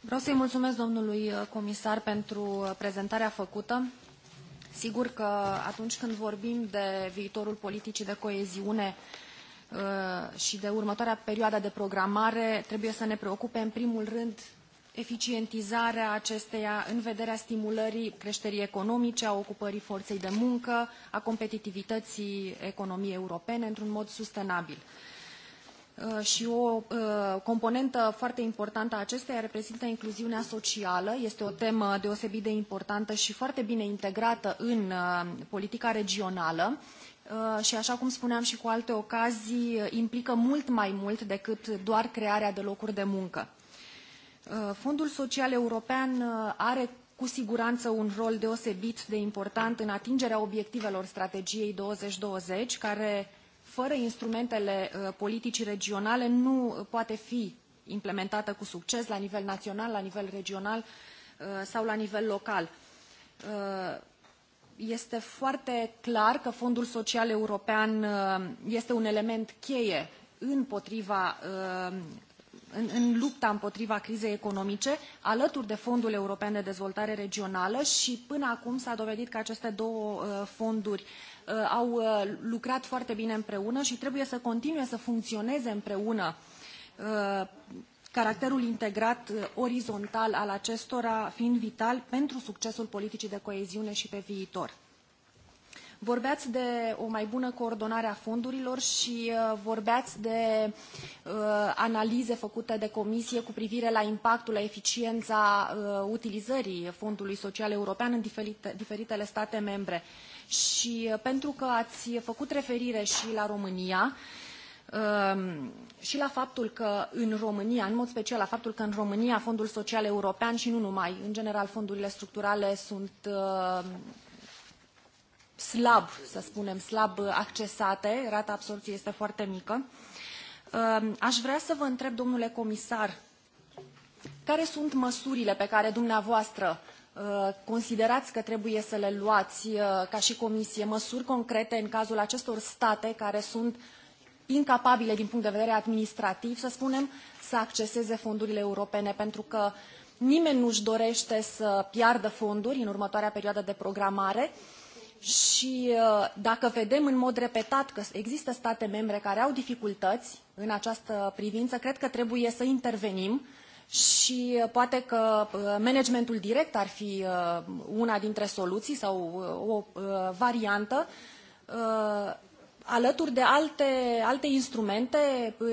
Vreau să-i mulțumesc domnului comisar pentru prezentarea făcută. Sigur că atunci când vorbim de viitorul politicii de coeziune uh, și de următoarea perioadă de programare, trebuie să ne preocupe în primul rând eficientizarea acesteia în vederea stimulării creșterii economice, a ocupării forței de muncă, a competitivității economiei europene într-un mod sustenabil. Uh, și o uh, componentă foarte importantă a acesteia reprezintă incluziunea socială. Este o temă deosebit de importantă și foarte bine integrată în uh, politica regională și, așa cum spuneam și cu alte ocazii, implică mult mai mult decât doar crearea de locuri de muncă. Fondul Social European are cu siguranță un rol deosebit de important în atingerea obiectivelor strategiei 2020, care fără instrumentele uh, politicii regionale nu uh, poate fi implementată cu succes la nivel național, la nivel regional uh, sau la nivel local. Este foarte clar că Fondul Social European este un element cheie împotriva în, în lupta împotriva crizei economice, alături de Fondul European de Dezvoltare Regională și până acum s-a dovedit că aceste două uh, fonduri uh, au uh, lucrat foarte bine împreună și trebuie să continue să funcționeze împreună caracterul integrat orizontal al acestora fiind vital pentru succesul politicii de coeziune și pe viitor. Vorbeați de o mai bună coordonare a fondurilor și uh, vorbeați de uh, analize făcute de comisie cu privire la impactul, la eficiența uh, utilizării Fondului Social European în diferite, diferitele state membre. Și uh, pentru că ați făcut referire și la România, um, și la faptul că în România, în mod special la faptul că în România Fondul Social European și nu numai, în general fondurile structurale sunt uh, slab, să spunem, slab accesate, rata absorției este foarte mică. Ehm, aș vrea să vă întreb, domnule comisar, care sunt măsurile pe care dumneavoastră ehm, considerați că trebuie să le luați ehm, ca și comisie, măsuri concrete în cazul acestor state care sunt incapabile din punct de vedere administrativ, să spunem, să acceseze fondurile europene, pentru că nimeni nu-și dorește să piardă fonduri în următoarea perioadă de programare, și uh, dacă vedem în mod repetat că există state membre care au dificultăți în această privință, cred că trebuie să intervenim și uh, poate că uh, managementul direct ar fi una dintre soluții sau o variantă alături de alte, alte instrumente,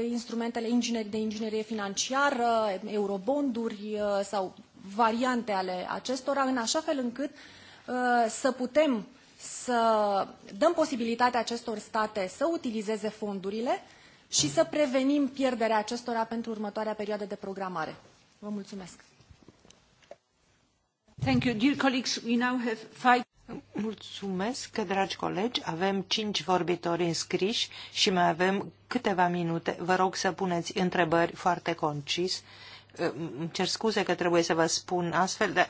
instrumentele de inginerie financiară, eurobonduri sau variante ale acestora, în așa fel încât să putem să dăm posibilitatea acestor state să utilizeze fondurile și să prevenim pierderea acestora pentru următoarea perioadă de programare. Vă mulțumesc!
Thank you. Dear colleagues, we now have five... Mulțumesc, dragi colegi. Avem cinci vorbitori înscriși și mai avem câteva minute. Vă rog să puneți întrebări foarte concis. Îmi cer scuze că trebuie să vă spun astfel,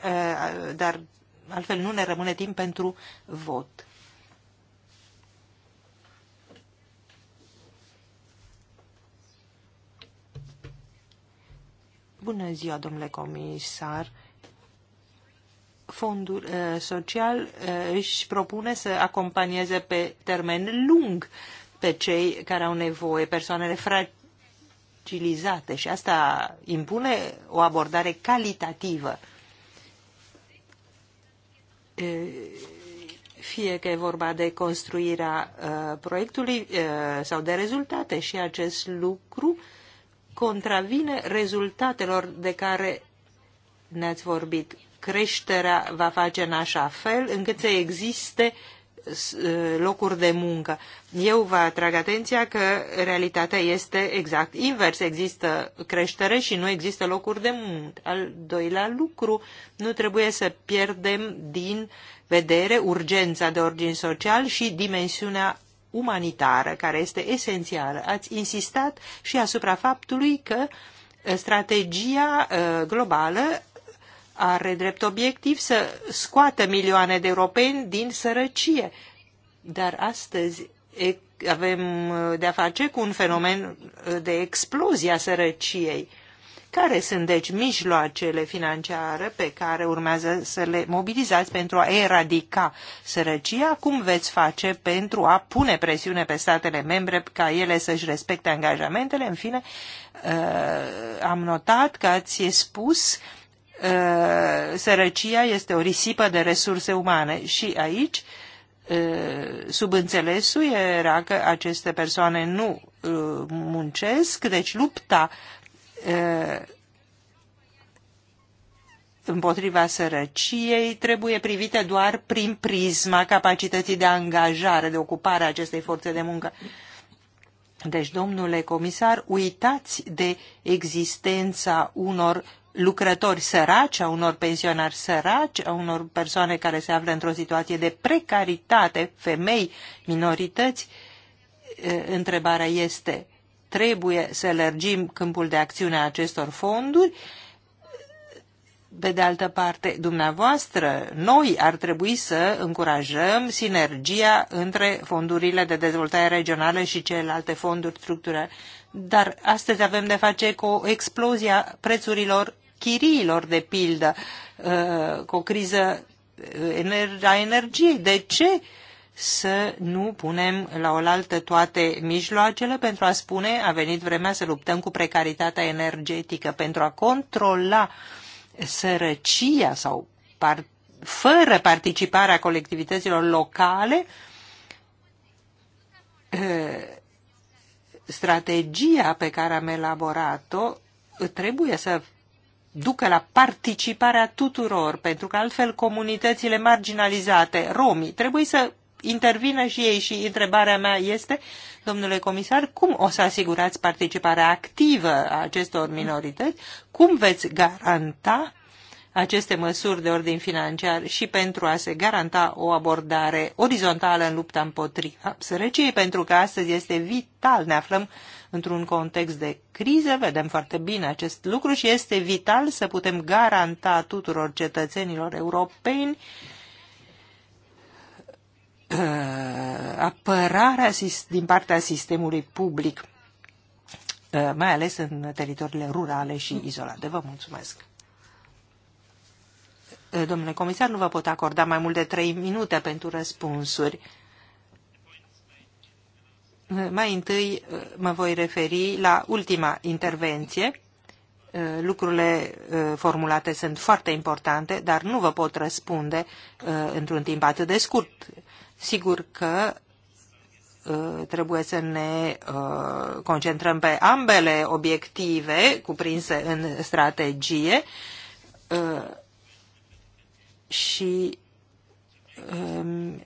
dar altfel nu ne rămâne timp pentru vot. Bună ziua, domnule comisar. Fondul uh, social uh, își propune să acompanieze pe termen lung pe cei care au nevoie, persoanele fragilizate și asta impune o abordare calitativă. Uh, fie că e vorba de construirea proiectului sau de rezultate și acest lucru contravine rezultatelor de care ne-ați vorbit. Creșterea va face în așa fel încât să existe locuri de muncă. Eu vă atrag atenția că realitatea este exact invers. Există creștere și nu există locuri de muncă. Al doilea lucru, nu trebuie să pierdem din vedere urgența de ordin social și dimensiunea umanitară, care este esențială. Ați insistat și asupra faptului că strategia globală are drept obiectiv să scoată milioane de europeni din sărăcie. Dar astăzi avem uh, de-a face cu un fenomen uh, de explozie a sărăciei. Care sunt, deci, mijloacele financiare pe care urmează să le mobilizați pentru a eradica sărăcia? Cum veți face pentru a pune presiune pe statele membre ca ele să-și respecte angajamentele? În fine, uh, am notat că ați spus uh, Uh, sărăcia este o risipă de resurse umane și aici uh, subînțelesul era că aceste persoane nu uh, muncesc, deci lupta împotriva sărăciei trebuie privită doar prin prisma capacității de angajare, de ocupare a acestei forțe de muncă. Deci, domnule comisar, uitați de existența unor lucrători săraci, a unor pensionari săraci, a unor persoane care se află într-o situație de precaritate, femei, minorități. Întrebarea este, trebuie să lărgim câmpul de acțiune a acestor fonduri? Pe de altă parte, dumneavoastră, noi ar trebui să încurajăm sinergia între fondurile de dezvoltare regională și celelalte fonduri structurale. Dar astăzi avem de face cu o explozie a prețurilor chiriilor, de pildă, uh, cu o criză uh, a energiei. De ce să nu punem la oaltă toate mijloacele pentru a spune a venit vremea să luptăm cu precaritatea energetică, pentru a controla sărăcia sau par, fără participarea colectivităților locale, uh, strategia pe care am elaborat-o trebuie să ducă la participarea tuturor, pentru că altfel comunitățile marginalizate, romii, trebuie să intervină și ei și întrebarea mea este, domnule comisar, cum o să asigurați participarea activă a acestor minorități? Cum veți garanta aceste măsuri de ordin financiar și pentru a se garanta o abordare orizontală în lupta împotriva sărăciei, pentru că astăzi este vital, ne aflăm într-un context de criză, vedem foarte bine acest lucru și este vital să putem garanta tuturor cetățenilor europeni eh, apărarea din partea sistemului public, eh, mai ales în teritoriile rurale și izolate. Vă mulțumesc! Eh, domnule comisar, nu vă pot acorda mai mult de trei minute pentru răspunsuri. Mai întâi uh, mă voi referi la ultima intervenție. Uh, lucrurile uh, formulate sunt foarte importante, dar nu vă pot răspunde într-un timp atât de scurt. Sigur că trebuie să ne concentrăm pe ambele obiective cuprinse în strategie și um,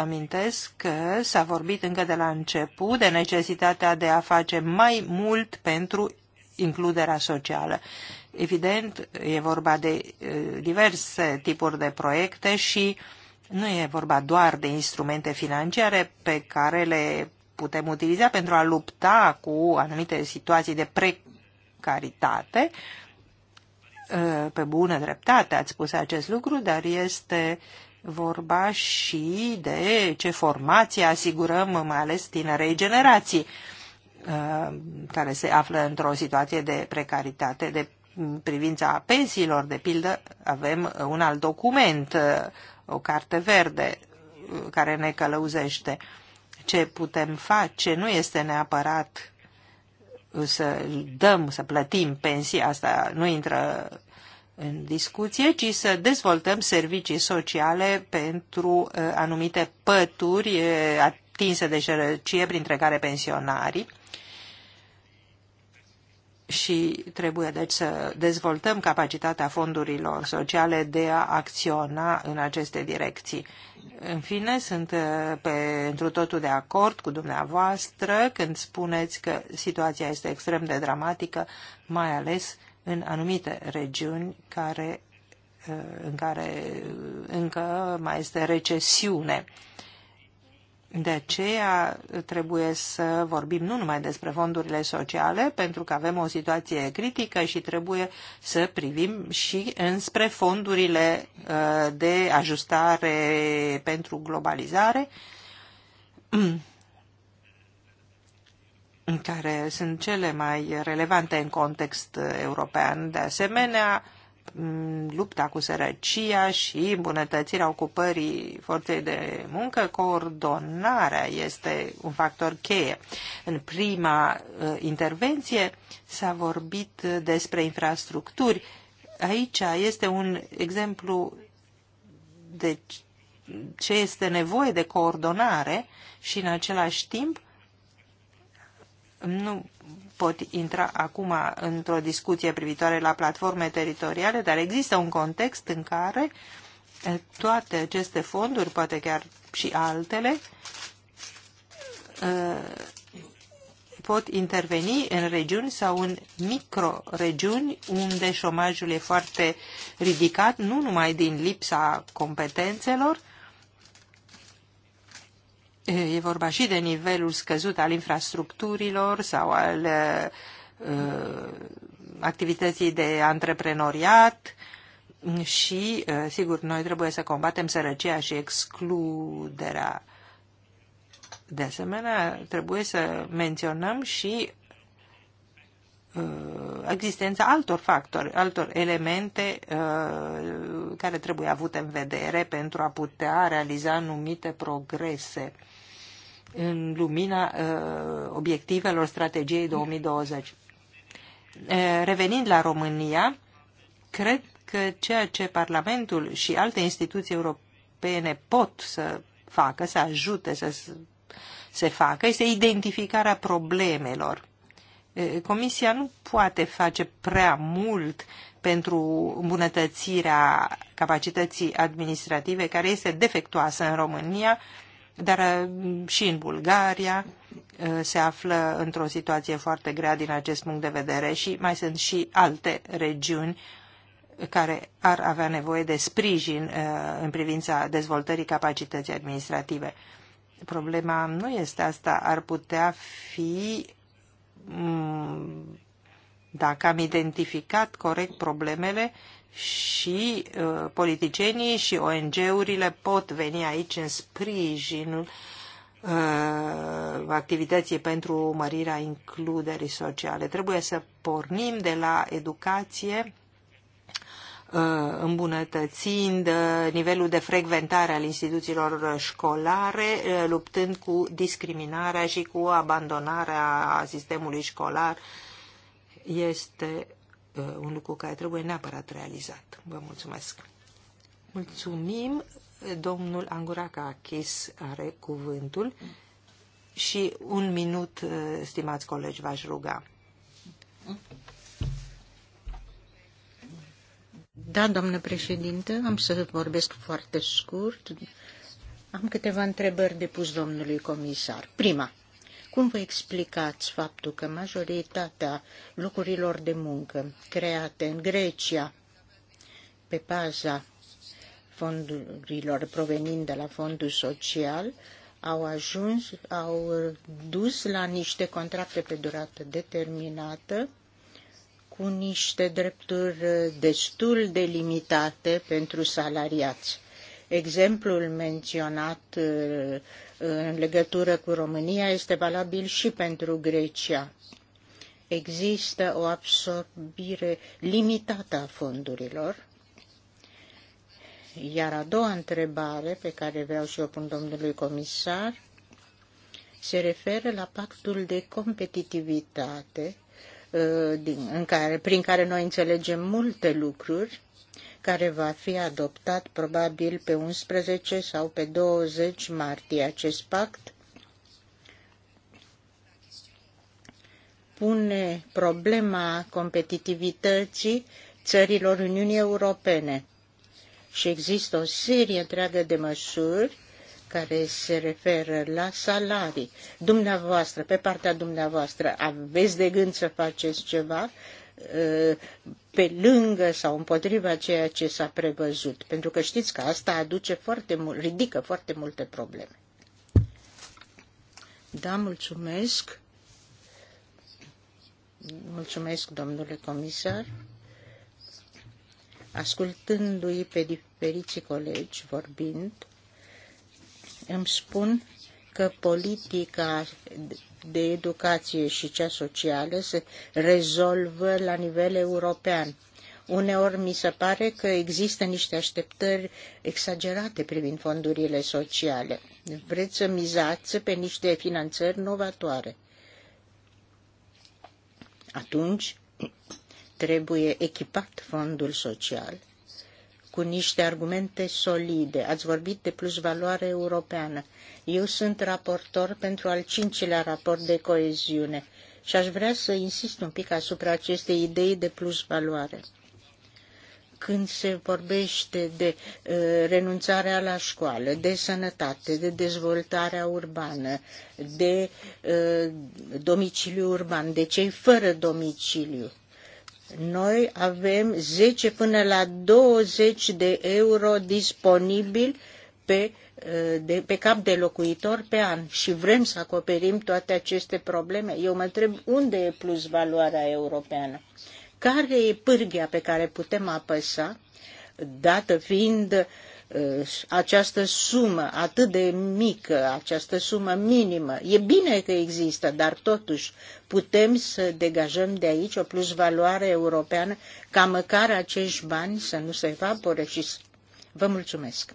amintesc că s-a vorbit încă de la început de necesitatea de a face mai mult pentru includerea socială. Evident, e vorba de uh, diverse tipuri de proiecte și nu e vorba doar de instrumente financiare pe care le putem utiliza pentru a lupta cu anumite situații de precaritate. Uh, pe bună dreptate ați spus acest lucru, dar este uh, vorba și de ce formație asigurăm, mai ales tinerei generații uh, care se află într-o situație de precaritate. De privința pensiilor, de pildă, avem un alt document, uh, o carte verde uh, care ne călăuzește. Ce putem face nu este neapărat să dăm, să plătim pensii, asta nu intră în discuție, ci să dezvoltăm servicii sociale pentru uh, anumite pături uh, atinse de sărăcie, printre care pensionarii. Și trebuie deci să dezvoltăm capacitatea fondurilor sociale de a acționa în aceste direcții. În fine, sunt uh, pentru totul de acord cu dumneavoastră când spuneți că situația este extrem de dramatică, mai ales în anumite regiuni care, uh, în care uh, încă mai este recesiune. De aceea trebuie să vorbim nu numai despre fondurile sociale, pentru că avem o situație critică și trebuie să privim și înspre fondurile uh, de ajustare pentru globalizare, <clears throat> care sunt cele mai relevante în context european. De asemenea, mm, lupta cu sărăcia și îmbunătățirea ocupării forței de muncă, coordonarea este un factor cheie. În prima uh, intervenție s-a vorbit despre infrastructuri. Aici este un exemplu de ce este nevoie de coordonare și în același timp nu pot intra acum într-o discuție privitoare la platforme teritoriale, dar există un context în care eh, toate aceste fonduri, poate chiar și altele, eh, pot interveni în regiuni sau în microregiuni unde șomajul e foarte ridicat, nu numai din lipsa competențelor, E vorba și de nivelul scăzut al infrastructurilor sau al uh, activității de antreprenoriat și, uh, sigur, noi trebuie să combatem sărăcia și excluderea. De asemenea, trebuie să menționăm și existența altor factori, altor elemente care trebuie avute în vedere pentru a putea realiza anumite progrese în lumina uh, obiectivelor strategiei 2020. Uh, revenind la România, cred că ceea ce Parlamentul și alte instituții europene pot să facă, să ajute să se facă, este identificarea problemelor. Uh, Comisia nu poate face prea mult pentru îmbunătățirea capacității administrative, care este defectuoasă în România, dar uh, și în Bulgaria uh, se află într-o situație foarte grea din acest punct de vedere și mai sunt și alte regiuni care ar avea nevoie de sprijin uh, în privința dezvoltării capacității administrative. Problema nu este asta, ar putea fi mm, dacă am identificat corect problemele, și uh, politicienii și ONG-urile pot veni aici în sprijinul uh, activității pentru mărirea includerii sociale. Trebuie să pornim de la educație uh, îmbunătățind uh, nivelul de frecventare al instituțiilor școlare, uh, luptând cu discriminarea și cu abandonarea sistemului școlar. Este Uh, un lucru care trebuie neapărat realizat. Vă mulțumesc! Mulțumim! Domnul Achis are cuvântul și un minut, uh, stimați colegi, v-aș ruga. Da,
doamnă președinte, am să vorbesc foarte scurt. Am câteva întrebări de pus domnului comisar. Prima, cum vă explicați faptul că majoritatea lucrurilor de muncă create în Grecia pe baza fondurilor provenind de la fondul social au ajuns, au dus la niște contracte pe durată determinată cu niște drepturi destul de limitate pentru salariați. Exemplul menționat în legătură cu România este valabil și pentru Grecia. Există o absorbire limitată a fondurilor. Iar a doua întrebare pe care vreau să o pun domnului comisar se referă la pactul de competitivitate uh, din, în care, prin care noi înțelegem multe lucruri care va fi adoptat probabil pe 11 sau pe 20 martie. Acest pact pune problema competitivității țărilor Uniunii Europene și există o serie întreagă de măsuri care se referă la salarii. Dumneavoastră, pe partea dumneavoastră, aveți de gând să faceți ceva Uh, pe lângă sau împotriva ceea ce s-a prevăzut, pentru că știți că asta aduce foarte mult, ridică foarte multe probleme. Da, mulțumesc. Mulțumesc, domnule comisar. Ascultându-i pe diferiții colegi vorbind, îmi spun că politica de educație și cea socială se rezolvă la nivel european. Uneori mi se pare că există niște așteptări exagerate privind fondurile sociale. Vreți să mizați pe niște finanțări novatoare. Atunci trebuie echipat fondul social cu niște argumente solide. Ați vorbit de plus valoare europeană. Eu sunt raportor pentru al cincilea raport de coeziune și aș vrea să insist un pic asupra acestei idei de plus valoare. Când se vorbește de uh, renunțarea la școală, de sănătate, de dezvoltarea urbană, de uh, domiciliu urban, de cei fără domiciliu, noi avem 10 până la 20 de euro disponibil pe, eh, de, pe cap de locuitor pe an și vrem să acoperim toate aceste probleme. Eu mă întreb unde e plus valoarea europeană? Care e pârghia pe care putem apăsa, dată fiind uh, această sumă atât de mică, această sumă minimă. E bine că există, dar totuși putem să degajăm de aici o plusvaloare europeană ca măcar acești bani să nu se evapore și vă mulțumesc.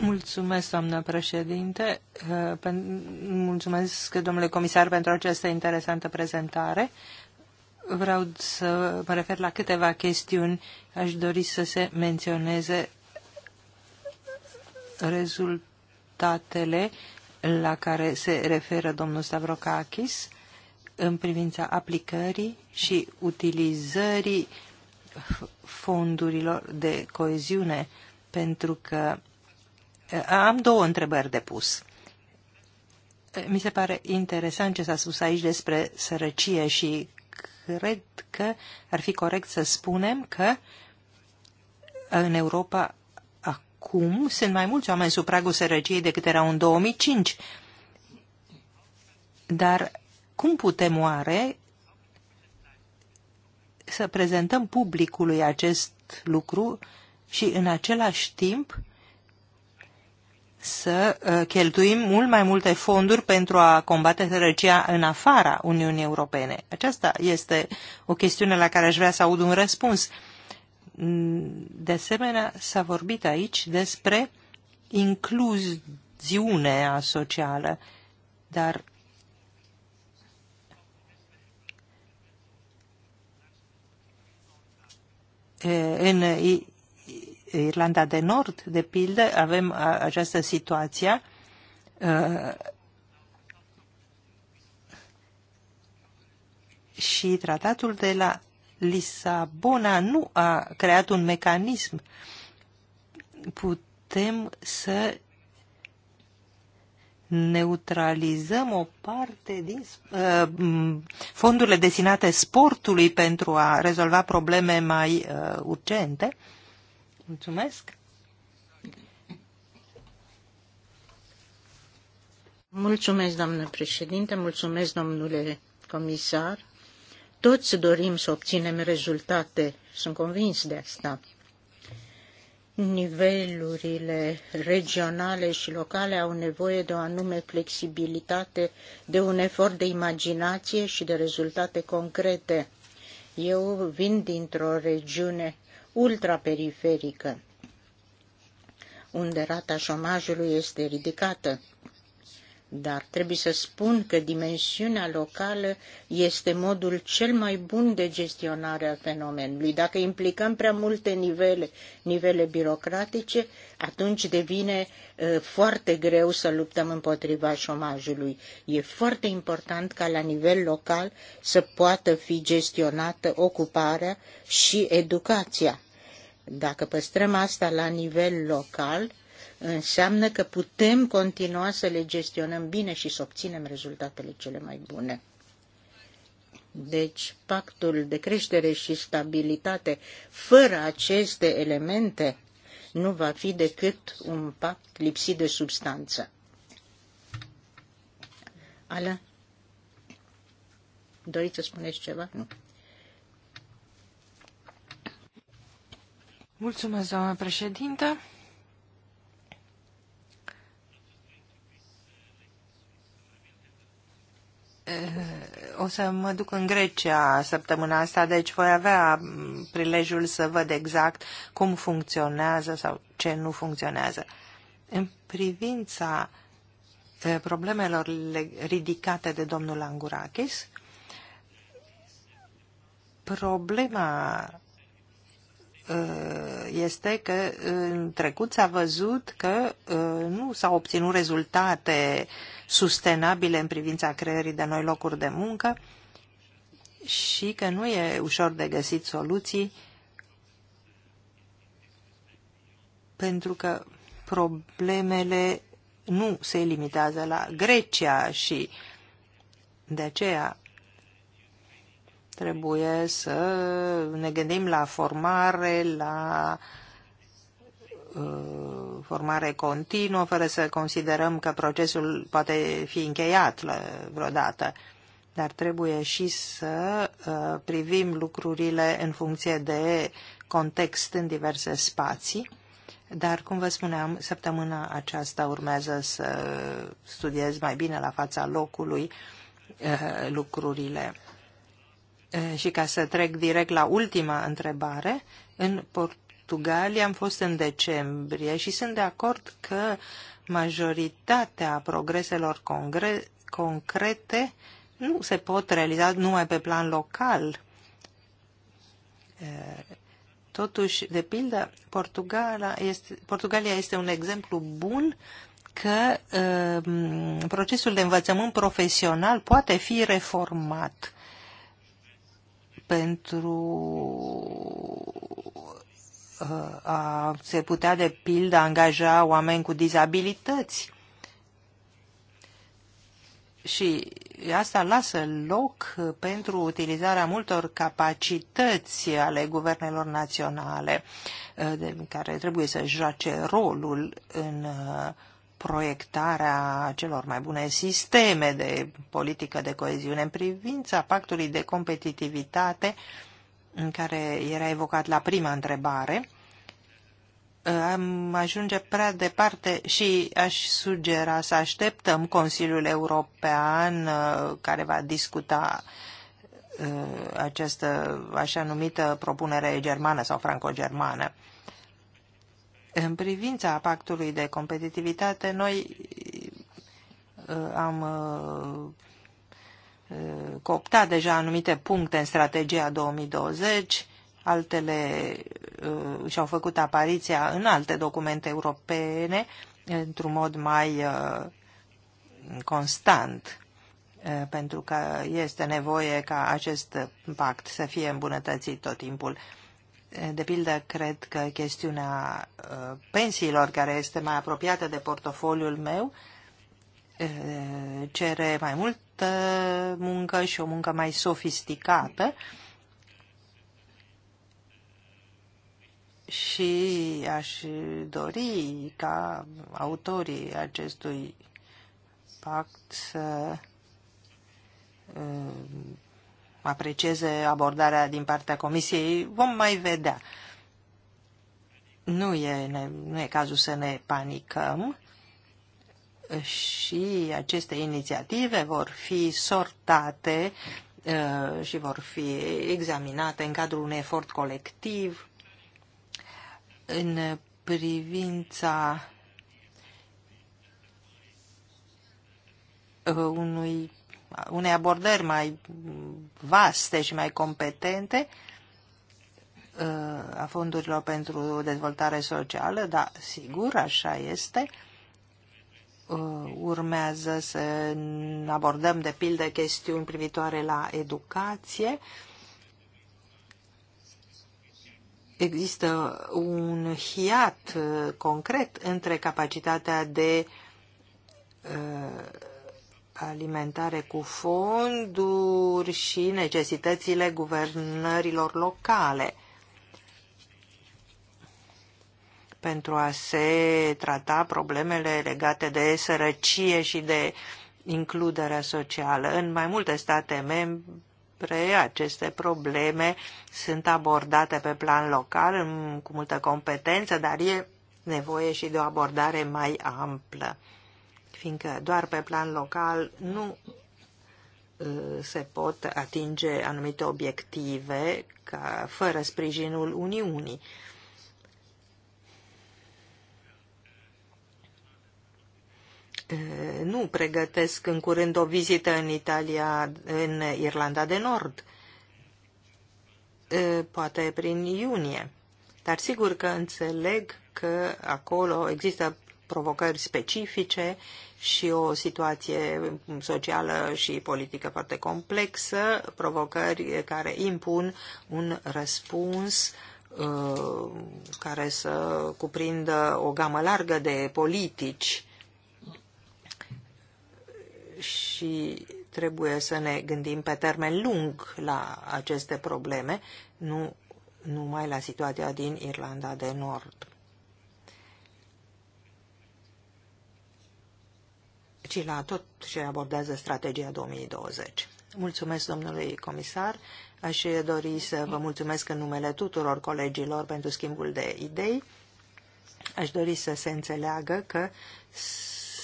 Mulțumesc, doamnă președinte. Mulțumesc, domnule comisar, pentru această interesantă prezentare vreau să mă refer la câteva chestiuni. Aș dori să se menționeze rezultatele la care se referă domnul Stavrokakis în privința aplicării și utilizării fondurilor de coeziune, pentru că eh, am două întrebări de pus. Eh, mi se pare interesant ce s-a spus aici despre sărăcie și cred că ar fi corect să spunem că în Europa acum sunt mai mulți oameni sub pragul sărăciei decât erau în 2005. Dar cum putem oare să prezentăm publicului acest lucru și în același timp să uh, cheltuim mult mai multe fonduri pentru a combate sărăcia în afara Uniunii Europene. Aceasta este o chestiune la care aș vrea să aud un răspuns. Mm, de asemenea, s-a vorbit aici despre incluziunea socială, dar în Irlanda de Nord, de pildă, avem această situație și tratatul de la Lisabona nu a creat un mecanism. Putem să neutralizăm o parte din uh, fondurile destinate sportului pentru a rezolva probleme mai uh, urgente. Uh, Mulțumesc! Mulțumesc, doamnă
președinte, mulțumesc, domnule comisar. Toți dorim să obținem rezultate, sunt convins de asta. Nivelurile regionale și locale au nevoie de o anume flexibilitate, de un efort de imaginație și de rezultate concrete. Eu vin dintr-o regiune ultraperiferică, unde rata șomajului este ridicată. Dar trebuie să spun că dimensiunea locală este modul cel mai bun de gestionare a fenomenului. Dacă implicăm prea multe nivele, nivele birocratice, atunci devine uh, foarte greu să luptăm împotriva șomajului. E foarte important ca la nivel local să poată fi gestionată ocuparea și educația. Dacă păstrăm asta la nivel local, înseamnă că putem continua să le gestionăm bine și să obținem rezultatele cele mai bune. Deci, pactul de creștere și stabilitate, fără aceste elemente, nu va fi decât un pact lipsit de substanță. Ală? Doriți să spuneți ceva? Nu.
Mulțumesc, doamnă președintă. Eh, o să mă duc în Grecia săptămâna asta, deci voi avea mm, prilejul să văd exact cum funcționează sau ce nu funcționează. În privința eh, problemelor ridicate de domnul Angurakis, problema Uh, este că uh, în trecut s-a văzut că uh, nu s-au obținut rezultate sustenabile în privința creării de noi locuri de muncă și că nu e ușor de găsit soluții pentru că problemele nu se limitează la Grecia și de aceea Trebuie să ne gândim la formare, la uh, formare continuă, fără să considerăm că procesul poate fi încheiat vreodată. Dar trebuie și să uh, privim lucrurile în funcție de context în diverse spații. Dar, cum vă spuneam, săptămâna aceasta urmează să studiez mai bine la fața locului uh, lucrurile Eh, și ca să trec direct la ultima întrebare, în Portugalia am fost în decembrie și sunt de acord că majoritatea progreselor concrete nu se pot realiza numai pe plan local. Eh, totuși, de pildă, Portugala este, Portugalia este un exemplu bun că uh, procesul de învățământ profesional poate fi reformat pentru uh, a se putea de pildă angaja oameni cu dizabilități. Și asta lasă loc pentru utilizarea multor capacități ale guvernelor naționale uh, care trebuie să joace rolul în uh, proiectarea celor mai bune sisteme de politică de coeziune în privința pactului de competitivitate în care era evocat la prima întrebare. Am ajunge prea departe și aș sugera să așteptăm Consiliul European uh, care va discuta uh, această așa numită propunere germană sau franco-germană. În privința pactului de competitivitate, noi uh, am uh, cooptat deja anumite puncte în strategia 2020, altele uh, și-au făcut apariția în alte documente europene într-un mod mai constant pentru că este nevoie ca acest pact să fie îmbunătățit tot timpul. De pildă, cred că chestiunea uh, pensiilor, care este mai apropiată de portofoliul meu, uh, cere mai multă muncă și o muncă mai sofisticată și aș dori ca autorii acestui pact să uh, aprecieze abordarea din partea Comisiei. Vom mai vedea. Nu e, ne, nu e cazul să ne panicăm și aceste inițiative vor fi sortate uh, și vor fi examinate în cadrul unui efort colectiv în privința uh, unui unei abordări mai vaste și mai competente uh, a fondurilor pentru dezvoltare socială, da, sigur, așa este. Uh, urmează să abordăm, de pildă, chestiuni privitoare la educație. Există un hiat uh, concret între capacitatea de alimentare cu fonduri și necesitățile guvernărilor locale pentru a se trata problemele legate de sărăcie și de includerea socială. În mai multe state membre, aceste probleme sunt abordate pe plan local cu multă competență, dar e nevoie și de o abordare mai amplă fiindcă doar pe plan local nu uh, se pot atinge anumite obiective ca fără sprijinul Uniunii. Uh, nu pregătesc în curând o vizită în Italia, în Irlanda de Nord, uh, poate prin iunie. Dar sigur că înțeleg că acolo există provocări specifice și o situație socială și politică foarte complexă, provocări care impun un răspuns uh, care să cuprindă o gamă largă de politici și trebuie să ne gândim pe termen lung la aceste probleme, nu numai la situația din Irlanda de Nord. ci la tot ce abordează strategia 2020. Mulțumesc domnului comisar. Aș dori să vă mulțumesc în numele tuturor colegilor pentru schimbul de idei. Aș dori să se înțeleagă că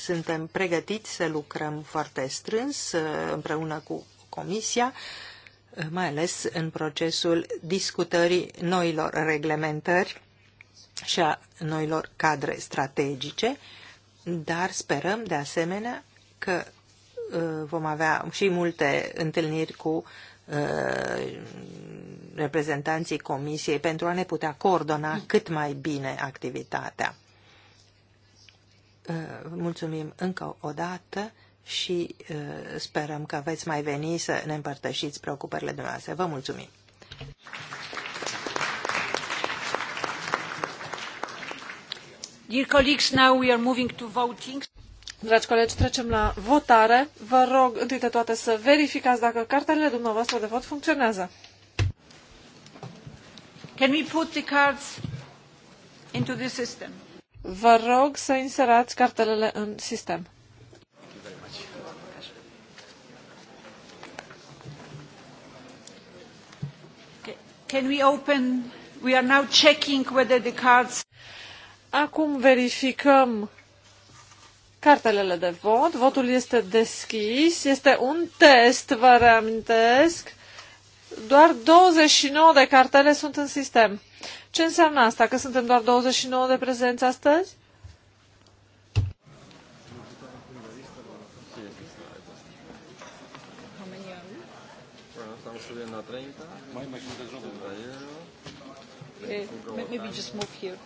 suntem pregătiți să lucrăm foarte strâns uh, împreună cu Comisia, uh, mai ales în procesul discutării noilor reglementări și a noilor cadre strategice dar sperăm, de asemenea, că uh, vom avea și multe întâlniri cu uh, reprezentanții Comisiei pentru a ne putea coordona cât mai bine activitatea. Uh, mulțumim încă o dată și sperăm că veți mai veni să ne împărtășiți preocupările dumneavoastră. Vă mulțumim! Dear
colleagues, now we are Dragi colegi, trecem la votare. Vă rog, întâi de toate, să verificați dacă cartelele dumneavoastră de vot funcționează. Can we put the cards into the system? Vă rog să inserați cartelele în sistem. Can we open? We are now checking whether the cards Acum verificăm cartelele de vot. Votul este deschis. Este un test, vă reamintesc. Doar 29 de cartele sunt în sistem. Ce înseamnă asta? Că suntem doar 29 de prezenți astăzi? Maybe just move here.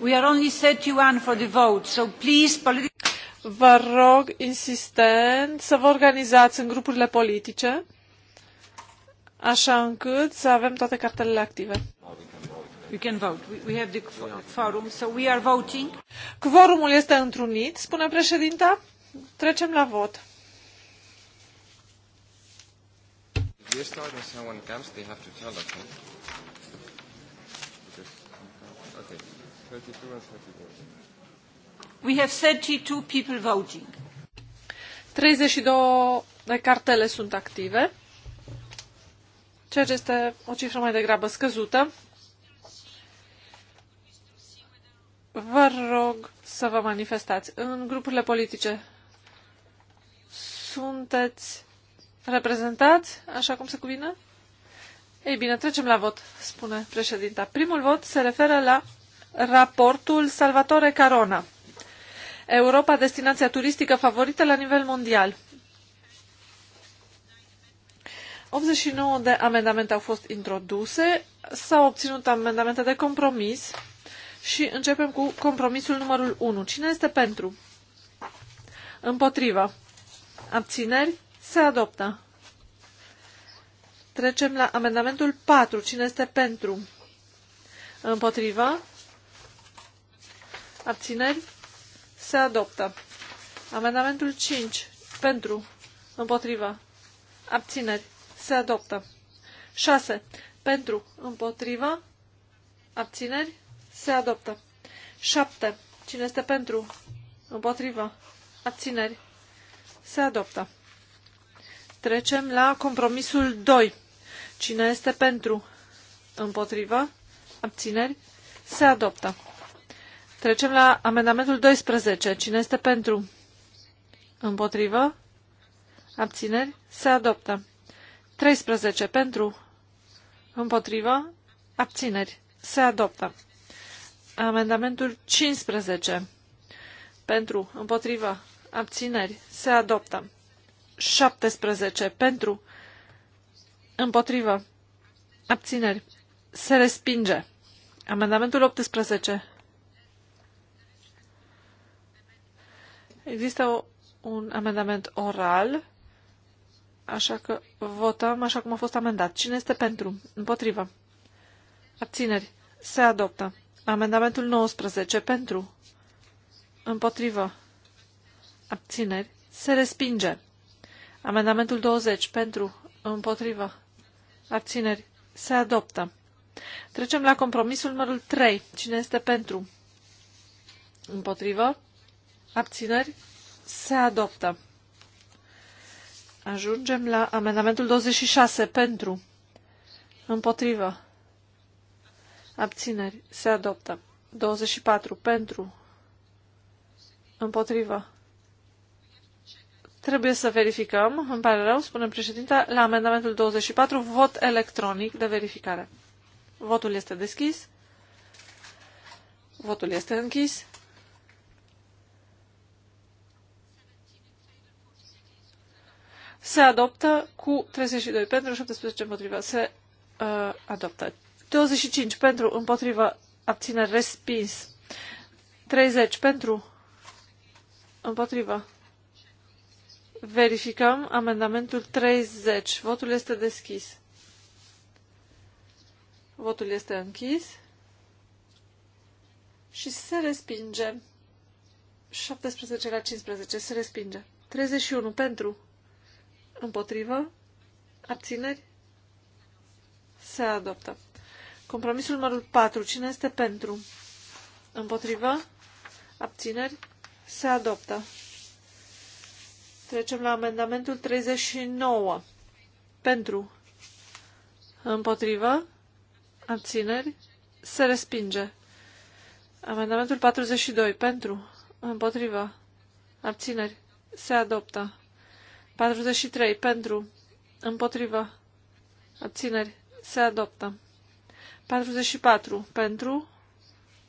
We are only 31 for the vote, so please... Vă rog insistent să vă organizați în grupurile politice, așa încât să avem toate cartelele active. You can vote. We have the forum, so we are voting. Quorumul este întrunit, spune președinta. Trecem la vot.
start when someone comes, they have to tell us.
32 and
We have 32 people voting. 32 de cartele sunt active, ceea ce este o cifră mai degrabă scăzută. Vă rog să vă manifestați. În grupurile politice sunteți reprezentați, așa cum se cuvine? Ei bine, trecem la vot, spune președinta. Primul vot se referă la raportul Salvatore Carona. Europa, destinația turistică favorită la nivel mondial. 89 de amendamente au fost introduse, s-au obținut amendamente de compromis și începem cu compromisul numărul 1. Cine este pentru? Împotriva. Abțineri? Se adoptă. Trecem la amendamentul 4. Cine este pentru? Împotriva? Abțineri? Se adoptă. Amendamentul 5. Pentru. Împotriva. Abțineri. Se adoptă. 6. Pentru. Împotriva. Abțineri. Se adoptă. 7. Cine este pentru? Împotriva. Abțineri. Se adoptă. Trecem la compromisul 2. Cine este pentru? Împotriva. Abțineri. Se adoptă. Trecem la amendamentul 12. Cine este pentru? Împotrivă? Abțineri? Se adoptă. 13. Pentru? Împotrivă? Abțineri? Se adoptă. Amendamentul 15. Pentru? Împotrivă? Abțineri? Se adoptă. 17. Pentru? Împotrivă? Abțineri? Se respinge. Amendamentul 18. Există o, un amendament oral, așa că votăm așa cum a fost amendat. Cine este pentru? Împotrivă. Abțineri. Se adoptă. Amendamentul 19. Pentru. Împotrivă. Abțineri. Se respinge. Amendamentul 20. Pentru. Împotrivă. Abțineri. Se adoptă. Trecem la compromisul numărul 3. Cine este pentru? Împotrivă abțineri, se adoptă. Ajungem la amendamentul 26 pentru, împotrivă, abțineri, se adoptă. 24 pentru, împotrivă. Trebuie să verificăm, îmi pare rău, spunem președinta, la amendamentul 24, vot electronic de verificare. Votul este deschis. Votul este închis. se adoptă cu 32 pentru, 17 împotriva. Se uh, adoptă. 25 pentru, împotriva, abține, respins. 30 pentru, împotriva. Verificăm amendamentul 30. Votul este deschis. Votul este închis. Și se respinge. 17 la 15. Se respinge. 31 pentru. Împotrivă? Abțineri? Se adoptă. Compromisul numărul 4. Cine este pentru? Împotrivă? Abțineri? Se adoptă. Trecem la amendamentul 39. Pentru? Împotrivă? Abțineri? Se respinge. Amendamentul 42. Pentru? Împotrivă? Abțineri? Se adoptă. 43 pentru, împotrivă, abțineri, se adoptă. 44 pentru,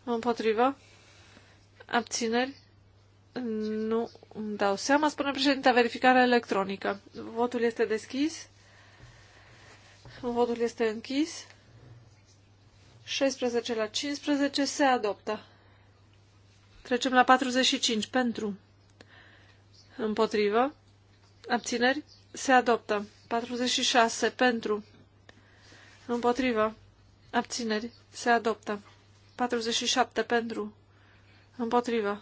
împotrivă, abțineri, nu îmi dau seama, spune președinte, verificare electronică. Votul este deschis. Votul este închis. 16 la 15 se adoptă. Trecem la 45 pentru. Împotrivă. Abțineri? Se adoptă. 46. Pentru. Împotrivă. Abțineri. Se adoptă. 47. Pentru. Împotrivă.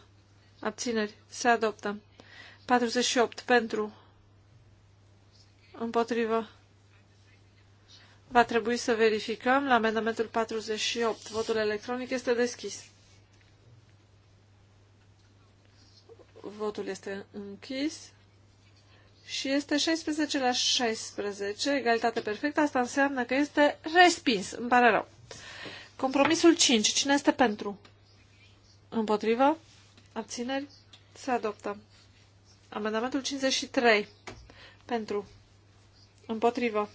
Abțineri. Se adoptă. 48. Pentru. Împotrivă. Va trebui să verificăm la amendamentul 48. Votul electronic este deschis. Votul este închis și este 16 la 16, egalitate perfectă, asta înseamnă că este respins, îmi pare rău. Compromisul 5, cine este pentru? Împotrivă? Abțineri? Se adoptă. Amendamentul 53, pentru. Împotrivă?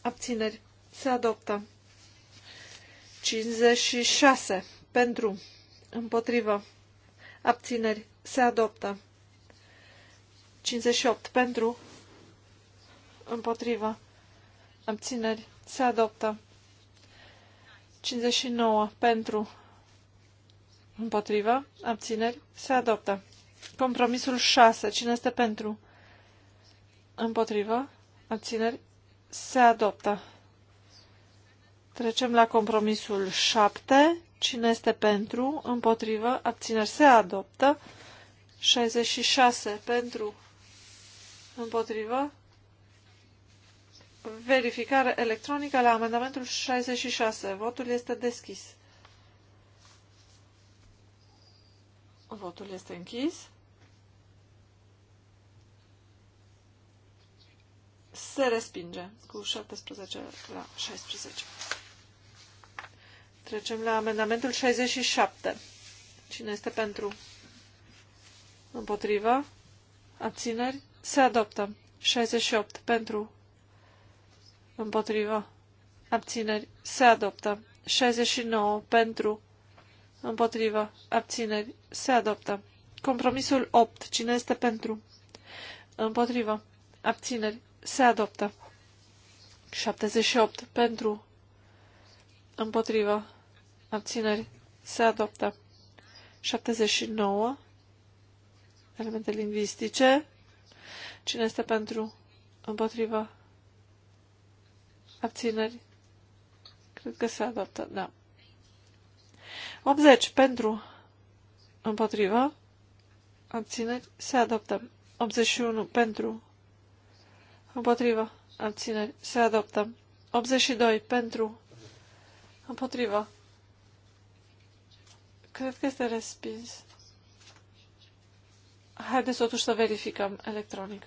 Abțineri? Se adoptă. 56, pentru. Împotrivă? Abțineri? Se adoptă. 58 pentru, împotriva, abțineri, se adoptă. 59 pentru, împotriva, abțineri, se adoptă. Compromisul 6, cine este pentru, împotriva, abțineri, se adoptă. Trecem la compromisul 7. Cine este pentru, împotrivă, abțineri se adoptă. 66 pentru, Împotrivă. Verificare electronică la amendamentul 66. Votul este deschis. Votul este închis. Se respinge cu 17 la 16. Trecem la amendamentul 67. Cine este pentru? Împotrivă? Abțineri? Se adoptă. 68 pentru. Împotrivă. Abțineri. Se adoptă. 69 pentru. Împotrivă. Abțineri. Se adoptă. Compromisul 8. Cine este pentru? Împotrivă. Abțineri. Se adoptă. 78 pentru. Împotrivă. Abțineri. Se adoptă. 79. Elemente lingvistice. Cine este pentru? Împotriva? Abțineri? Cred că se adaptă, da. 80 pentru împotriva, abțineri, se adaptă. 81 pentru împotriva, abțineri, se adaptă. 82 pentru împotriva. Cred că este respins. Haideți totuși să verificăm electronic.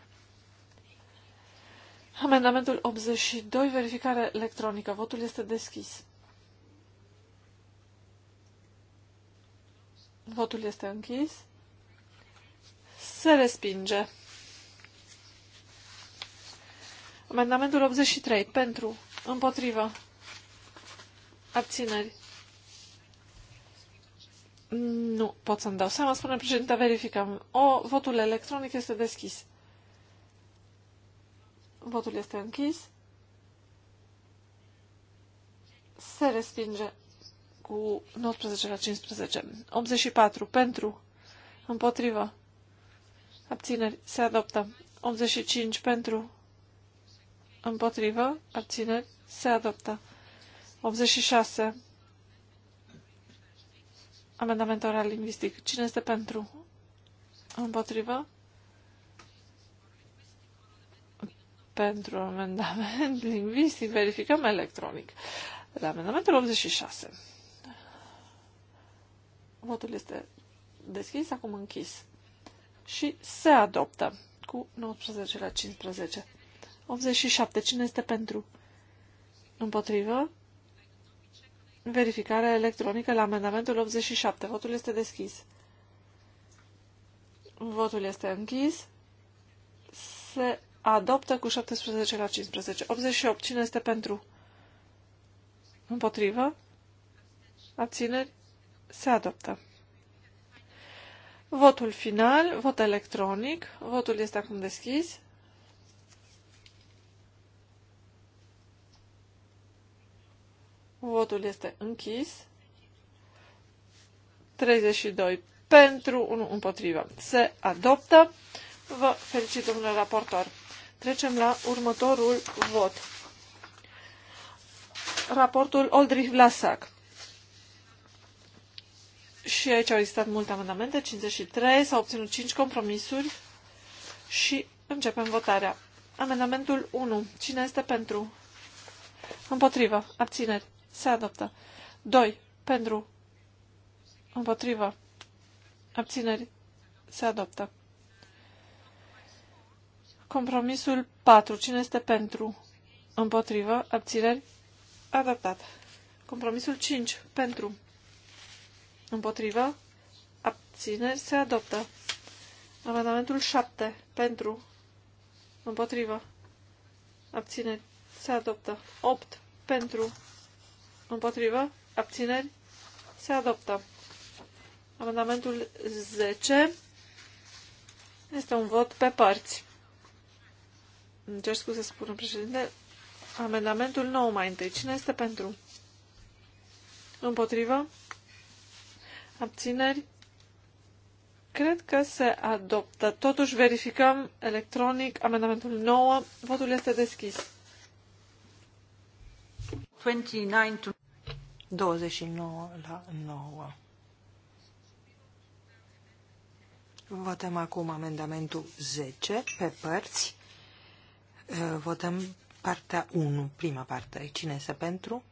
Amendamentul 82, verificare electronică. Votul este deschis. Votul este închis. Se respinge. Amendamentul 83. Pentru. Împotrivă. Abțineri. Nu pot să-mi dau seama, spune președinte, verificăm. O, votul electronic este deschis. Votul este închis. Se respinge cu 19 la 15. 84 pentru, împotrivă, abțineri, se adoptă. 85 pentru, împotrivă, abțineri, se adoptă. 86. Amendament oral lingvistic. Cine este pentru? Împotrivă? pentru amendament <laughs> lingvistic, verificăm electronic. La amendamentul 86. Votul este deschis, acum închis. Și se adoptă cu 19 la 15. 87. Cine este pentru? Împotrivă? Verificare electronică la amendamentul 87. Votul este deschis. Votul este închis. Se adoptă cu 17 la 15. 88. Cine este pentru? Împotrivă? Abțineri? Se adoptă. Votul final, vot electronic. Votul este acum deschis. Votul este închis. 32 pentru, 1 împotrivă. Se adoptă. Vă felicit, domnule raportor. Trecem la următorul vot. Raportul Oldrich Vlasac. Și aici au existat multe amendamente, 53, s-au obținut 5 compromisuri și începem votarea. Amendamentul 1. Cine este pentru? Împotrivă. Abțineri. Se adoptă. 2. Pentru. Împotrivă. Abțineri. Se adoptă. Compromisul 4. Cine este pentru? Împotrivă. Abțineri. Adoptat. Compromisul 5. Pentru. Împotrivă. Abțineri. Se adoptă. Amendamentul 7. Pentru. Împotrivă. Abțineri. Se adoptă. 8. Pentru. Împotrivă. Abțineri. Se adoptă. Amendamentul 10. Este un vot pe părți. Îmi cer scuze, spun președinte. Amendamentul nou mai întâi. Cine este pentru? Împotrivă? Abțineri? Cred că se adoptă. Totuși verificăm electronic amendamentul 9. Votul este deschis.
to... 29 la 9. Votăm acum amendamentul 10 pe părți. Eh, votăm partea 1, prima parte. Cine este pentru?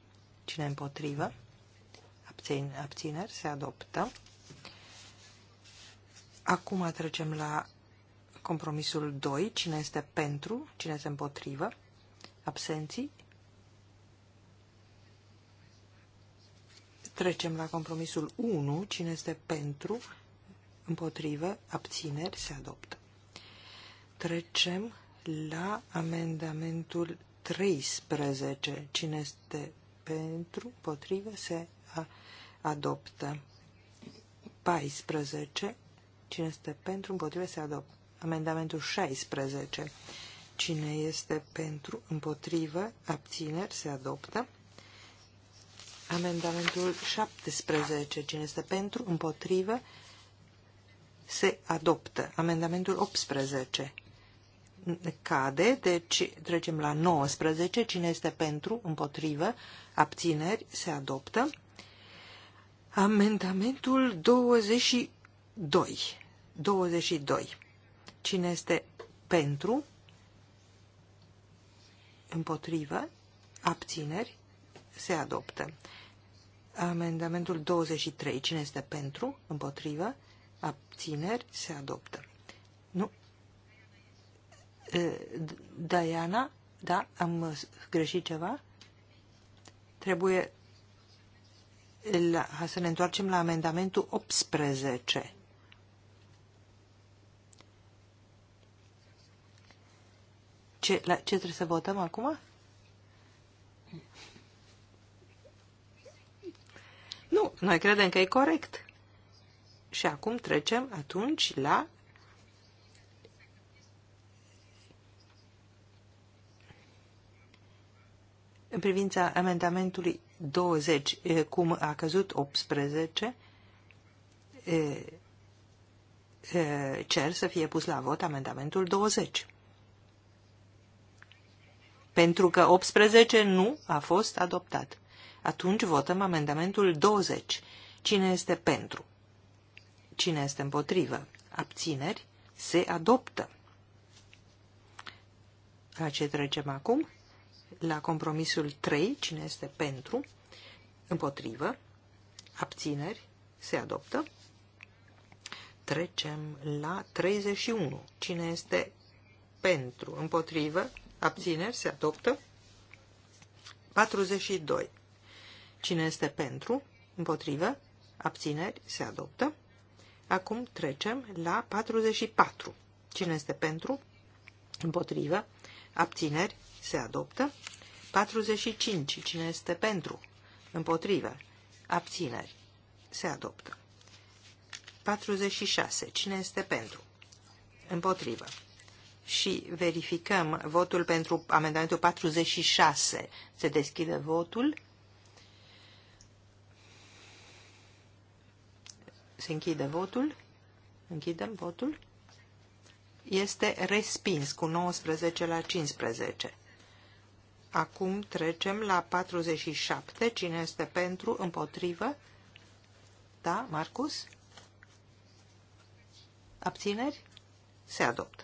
Cine împotrivă? Abțin, abțineri se adoptă. Acum trecem la compromisul 2. Cine este pentru? Cine este împotrivă? Absenții? Trecem la compromisul 1. Cine este pentru? Împotrivă? Abțineri se adoptă. Trecem la amendamentul 13. Cine este pentru, potrivă, se adoptă. 14. Cine este pentru, împotrivă, se adoptă. Amendamentul 16. Cine este pentru, împotrivă, abțineri, se adoptă. Amendamentul 17. Cine este pentru, împotrivă, se adoptă. Amendamentul 18 cade, deci trecem la 19. Cine este pentru, împotrivă, abțineri, se adoptă. Amendamentul 22. 22. Cine este pentru, împotrivă, abțineri, se adoptă. Amendamentul 23. Cine este pentru, împotrivă, abțineri, se adoptă. Nu, Diana, da, am greșit ceva. Trebuie la, să ne întoarcem la amendamentul 18. Ce, la, ce trebuie să votăm acum? Nu, noi credem că e corect. Și acum trecem atunci la în privința amendamentului 20, cum a căzut 18, cer să fie pus la vot amendamentul 20. Pentru că 18 nu a fost adoptat. Atunci votăm amendamentul 20. Cine este pentru? Cine este împotrivă? Abțineri? Se adoptă. La ce trecem acum? la compromisul 3, cine este pentru, împotrivă, abțineri, se adoptă. Trecem la 31, cine este pentru, împotrivă, abțineri, se adoptă. 42, cine este pentru, împotrivă, abțineri, se adoptă. Acum trecem la 44. Cine este pentru? Împotrivă. Abțineri. Se adoptă. 45. Cine este pentru? Împotrivă. Abțineri. Se adoptă. 46. Cine este pentru? Împotrivă. Și verificăm votul pentru amendamentul 46. Se deschide votul. Se închide votul. Închidem votul. Este respins cu 19 la 15. Acum trecem la 47. Cine este pentru, împotrivă? Da, Marcus? Abțineri? Se adoptă.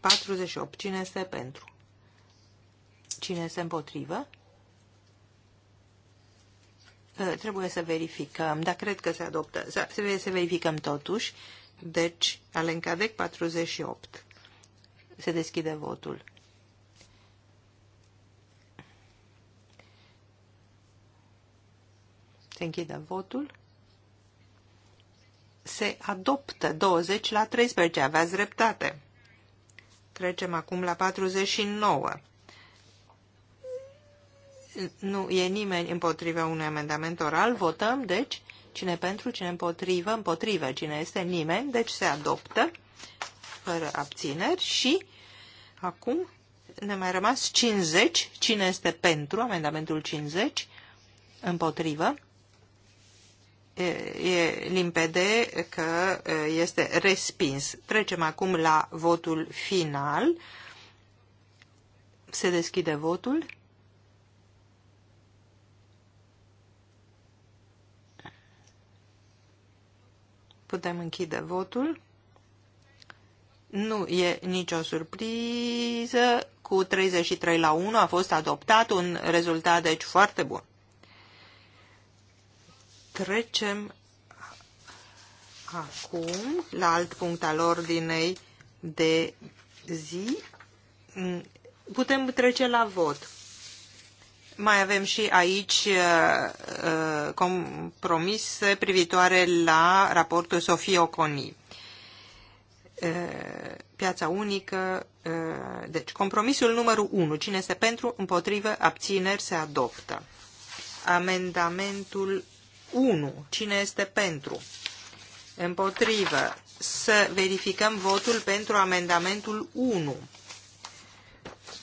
48. Cine este pentru? Cine este împotrivă? Ă, trebuie să verificăm, dar cred că se adoptă. Trebuie să verificăm totuși. Deci, Alencadec 48. Se deschide votul. Se închide votul. Se adoptă 20 la 13. Aveați dreptate. Trecem acum la 49. Nu e nimeni împotriva unui amendament oral. Votăm, deci, cine pentru, cine împotrivă, împotrivă, cine este nimeni, deci se adoptă fără abțineri și acum ne mai rămas 50, cine este pentru amendamentul 50, împotrivă, e limpede că este respins. Trecem acum la votul final. Se deschide votul. Putem închide votul. Nu e nicio surpriză. Cu 33 la 1 a fost adoptat un rezultat deci foarte bun. Trecem acum la alt punct al ordinei de zi. Putem trece la vot. Mai avem și aici uh, uh compromise privitoare la raportul Sofie Oconi. Uh, piața unică, uh, deci compromisul numărul 1. Cine este pentru, împotrivă, abțineri, se adoptă. Amendamentul 1. Cine este pentru? Împotrivă. Să verificăm votul pentru amendamentul 1.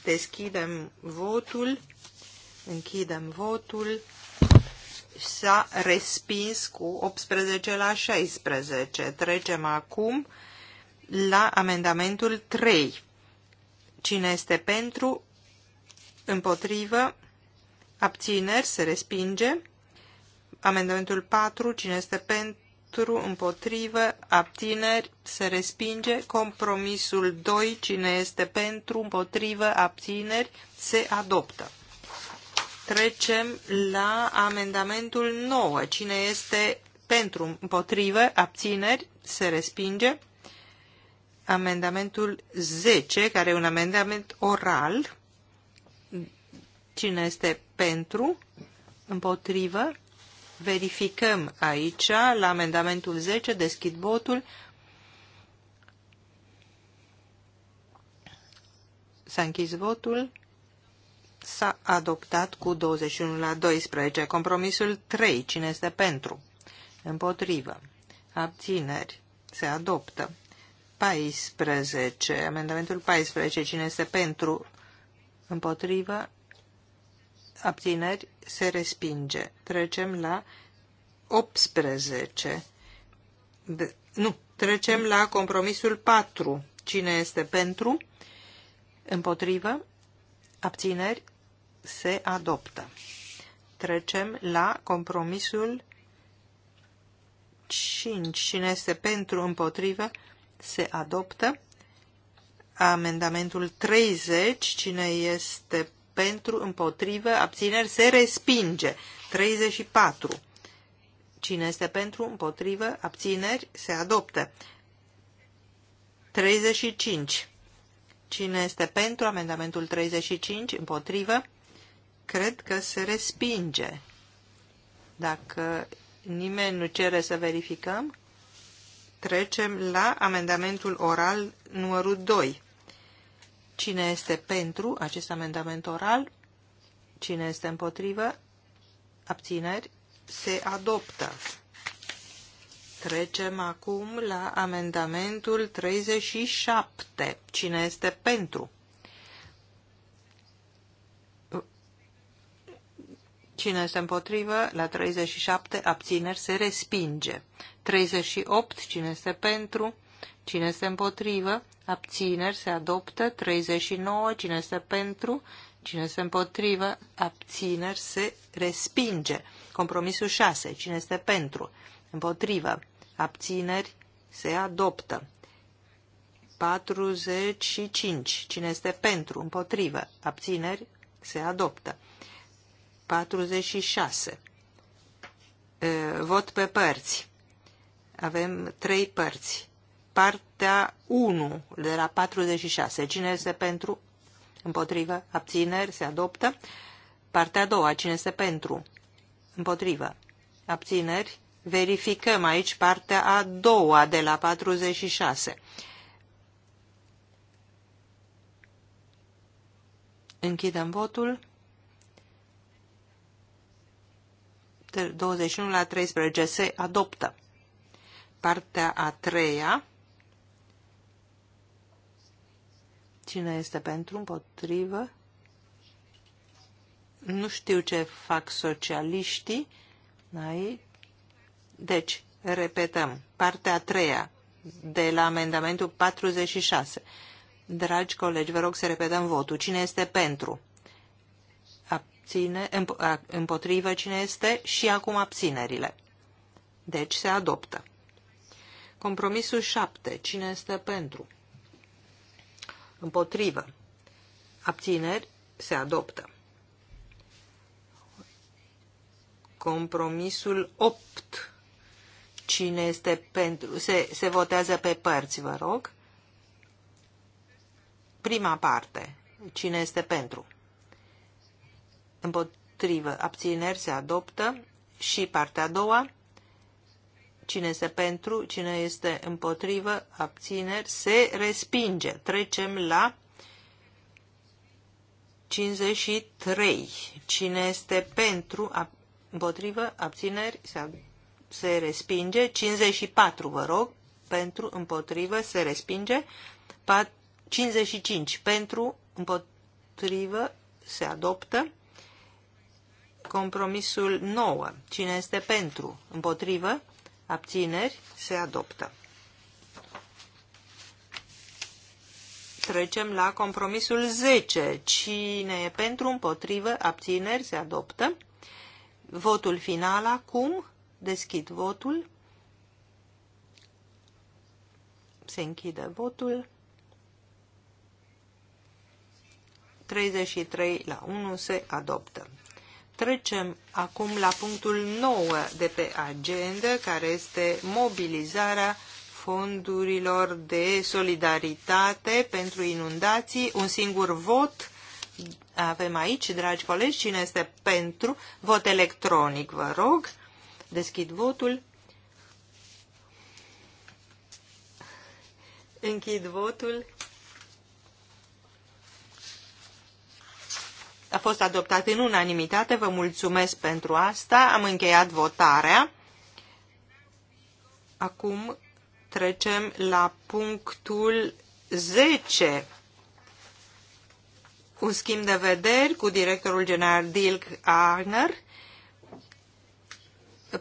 Deschidem votul. Închidem votul. S-a respins cu 18 la 16. Trecem acum la amendamentul 3. Cine este pentru? Împotrivă? Abțineri? Se respinge? Amendamentul 4, cine este pentru, împotrivă, abțineri, se respinge. Compromisul 2, cine este pentru, împotrivă, abțineri, se adoptă. Trecem la amendamentul 9. Cine este pentru, împotrivă, abțineri, se respinge. Amendamentul 10, care e un amendament oral. Cine este pentru, împotrivă, verificăm aici, la amendamentul 10, deschid votul. S-a închis votul. S-a adoptat cu 21 la 12. Compromisul 3. Cine este pentru? Împotrivă. Abțineri. Se adoptă. 14. Amendamentul 14. Cine este pentru? Împotrivă abțineri, se respinge. Trecem la 18. De, nu, trecem la compromisul 4. Cine este pentru? Împotrivă? Abțineri? Se adoptă. Trecem la compromisul 5. Cine este pentru? Împotrivă? Se adoptă. Amendamentul 30. Cine este pentru, împotrivă, abțineri, se respinge. 34. Cine este pentru, împotrivă, abțineri, se adoptă. 35. Cine este pentru amendamentul 35, împotrivă, cred că se respinge. Dacă nimeni nu cere să verificăm, trecem la amendamentul oral numărul 2. Cine este pentru acest amendament oral? Cine este împotrivă? Abțineri? Se adoptă. Trecem acum la amendamentul 37. Cine este pentru? Cine este împotrivă? La 37 abțineri se respinge. 38. Cine este pentru? Cine este împotrivă? Abțineri se adoptă. 39. Cine este pentru? Cine este împotrivă? Abțineri se respinge. Compromisul 6. Cine este pentru? Împotrivă. Abțineri se adoptă. 45. Cine este pentru? Împotrivă. Abțineri se adoptă. 46. Eh, vot pe părți. Avem trei părți partea 1 de la 46. Cine este pentru? Împotrivă. Abțineri. Se adoptă. Partea a doua. Cine este pentru? Împotrivă. Abțineri. Verificăm aici partea a doua de la 46. Închidem votul. 21 la 13 se adoptă. Partea a treia Cine este pentru? Împotrivă? Nu știu ce fac socialiștii. Aici. Deci, repetăm, partea a treia de la amendamentul 46. Dragi colegi, vă rog să repetăm votul. Cine este pentru? Abține, împotrivă cine este și acum abținerile. Deci se adoptă. Compromisul 7. Cine este pentru? Împotrivă. Abțineri. Se adoptă. Compromisul 8. Cine este pentru... Se, se votează pe părți, vă rog. Prima parte. Cine este pentru? Împotrivă. Abțineri. Se adoptă. Și partea a doua. Cine este pentru, cine este împotrivă, abțineri, se respinge. Trecem la 53. Cine este pentru, ab împotrivă, abțineri, se, se respinge. 54, vă rog, pentru, împotrivă, se respinge. 55, pentru, împotrivă, se adoptă. Compromisul 9. Cine este pentru? Împotrivă? abțineri, se adoptă. Trecem la compromisul 10. Cine e pentru, împotrivă, abțineri, se adoptă. Votul final acum. Deschid votul. Se închide votul. 33 la 1 se adoptă. Trecem acum la punctul 9 de pe agenda, care este mobilizarea fondurilor de solidaritate pentru inundații. Un singur vot avem aici, dragi colegi, cine este pentru vot electronic, vă rog. Deschid votul. Închid votul. A fost adoptat în unanimitate. Vă mulțumesc pentru asta. Am încheiat votarea. Acum trecem la punctul 10. Un schimb de vederi cu directorul general Dilk Arner.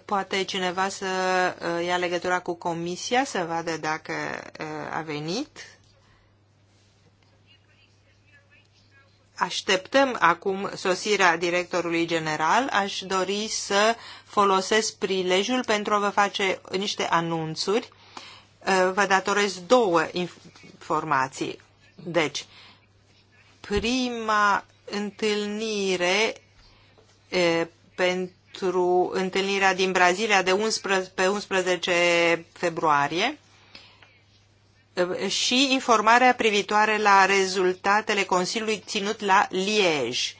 Poate cineva să uh, ia legătura cu comisia, să vadă dacă uh, a venit. așteptăm acum sosirea directorului general, aș dori să folosesc prilejul pentru a vă face niște anunțuri. Uh, vă datorez două informații. Deci, prima întâlnire uh, pentru întâlnirea din Brazilia de 11, pe 11 februarie și informarea privitoare la rezultatele Consiliului ținut la Liej.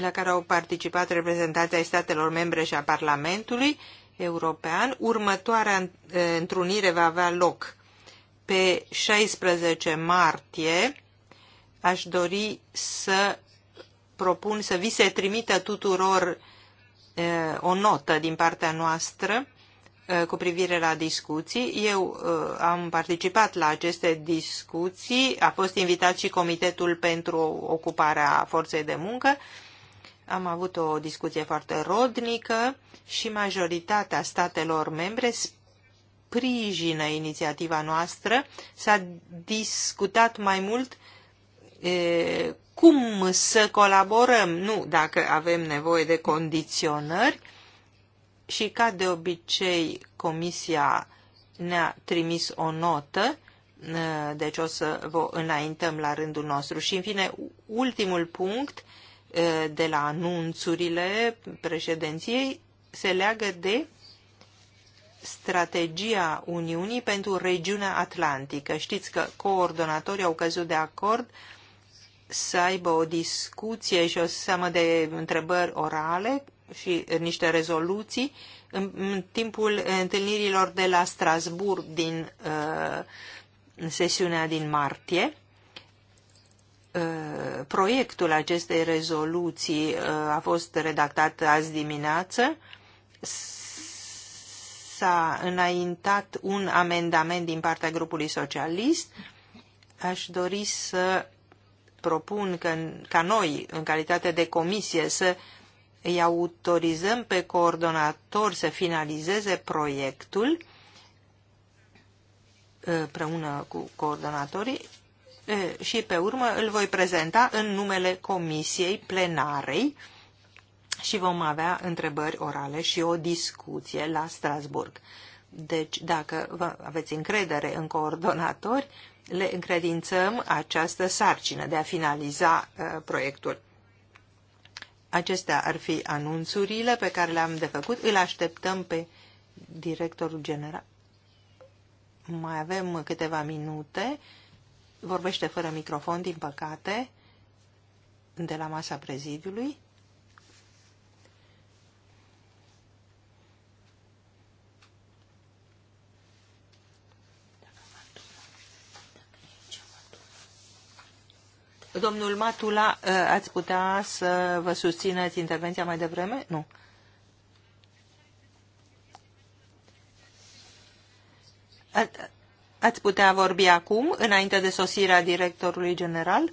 la care au participat reprezentanții ai statelor membre și a Parlamentului European. Următoarea întrunire va avea loc pe 16 martie. Aș dori să propun să vi se trimită tuturor eh, o notă din partea noastră Eh, cu privire la discuții. Eu eh, am participat la aceste discuții, a fost invitat și Comitetul pentru Ocuparea Forței de Muncă. Am avut o discuție foarte rodnică și majoritatea statelor membre sprijină inițiativa noastră. S-a discutat mai mult e, eh, cum să colaborăm, nu dacă avem nevoie de condiționări, și ca de obicei comisia ne-a trimis o notă, deci o să vă înaintăm la rândul nostru. Și în fine, ultimul punct de la anunțurile președinției se leagă de strategia Uniunii pentru regiunea atlantică. Știți că coordonatorii au căzut de acord să aibă o discuție și o seamă de întrebări orale și niște rezoluții în, în timpul întâlnirilor de la Strasburg din uh, sesiunea din martie. Uh, proiectul acestei rezoluții uh, a fost redactat azi dimineață. S-a înaintat un amendament din partea grupului socialist. Aș dori să propun că, ca noi, în calitate de comisie, să uh, îi autorizăm pe coordonator să finalizeze proiectul ă, împreună cu coordonatorii ă, și pe urmă îl voi prezenta în numele Comisiei Plenarei și vom avea întrebări orale și o discuție la Strasburg. Deci, dacă vă aveți încredere în coordonatori, le încredințăm această sarcină de a finaliza uh, proiectul. Acestea ar fi anunțurile pe care le-am de făcut. Îl așteptăm pe directorul general. Mai avem câteva minute. Vorbește fără microfon, din păcate, de la masa prezidiului. Domnul Matula, ă, ați putea să vă susțineți intervenția mai devreme? Nu. ați putea vorbi acum, înainte de sosirea directorului general?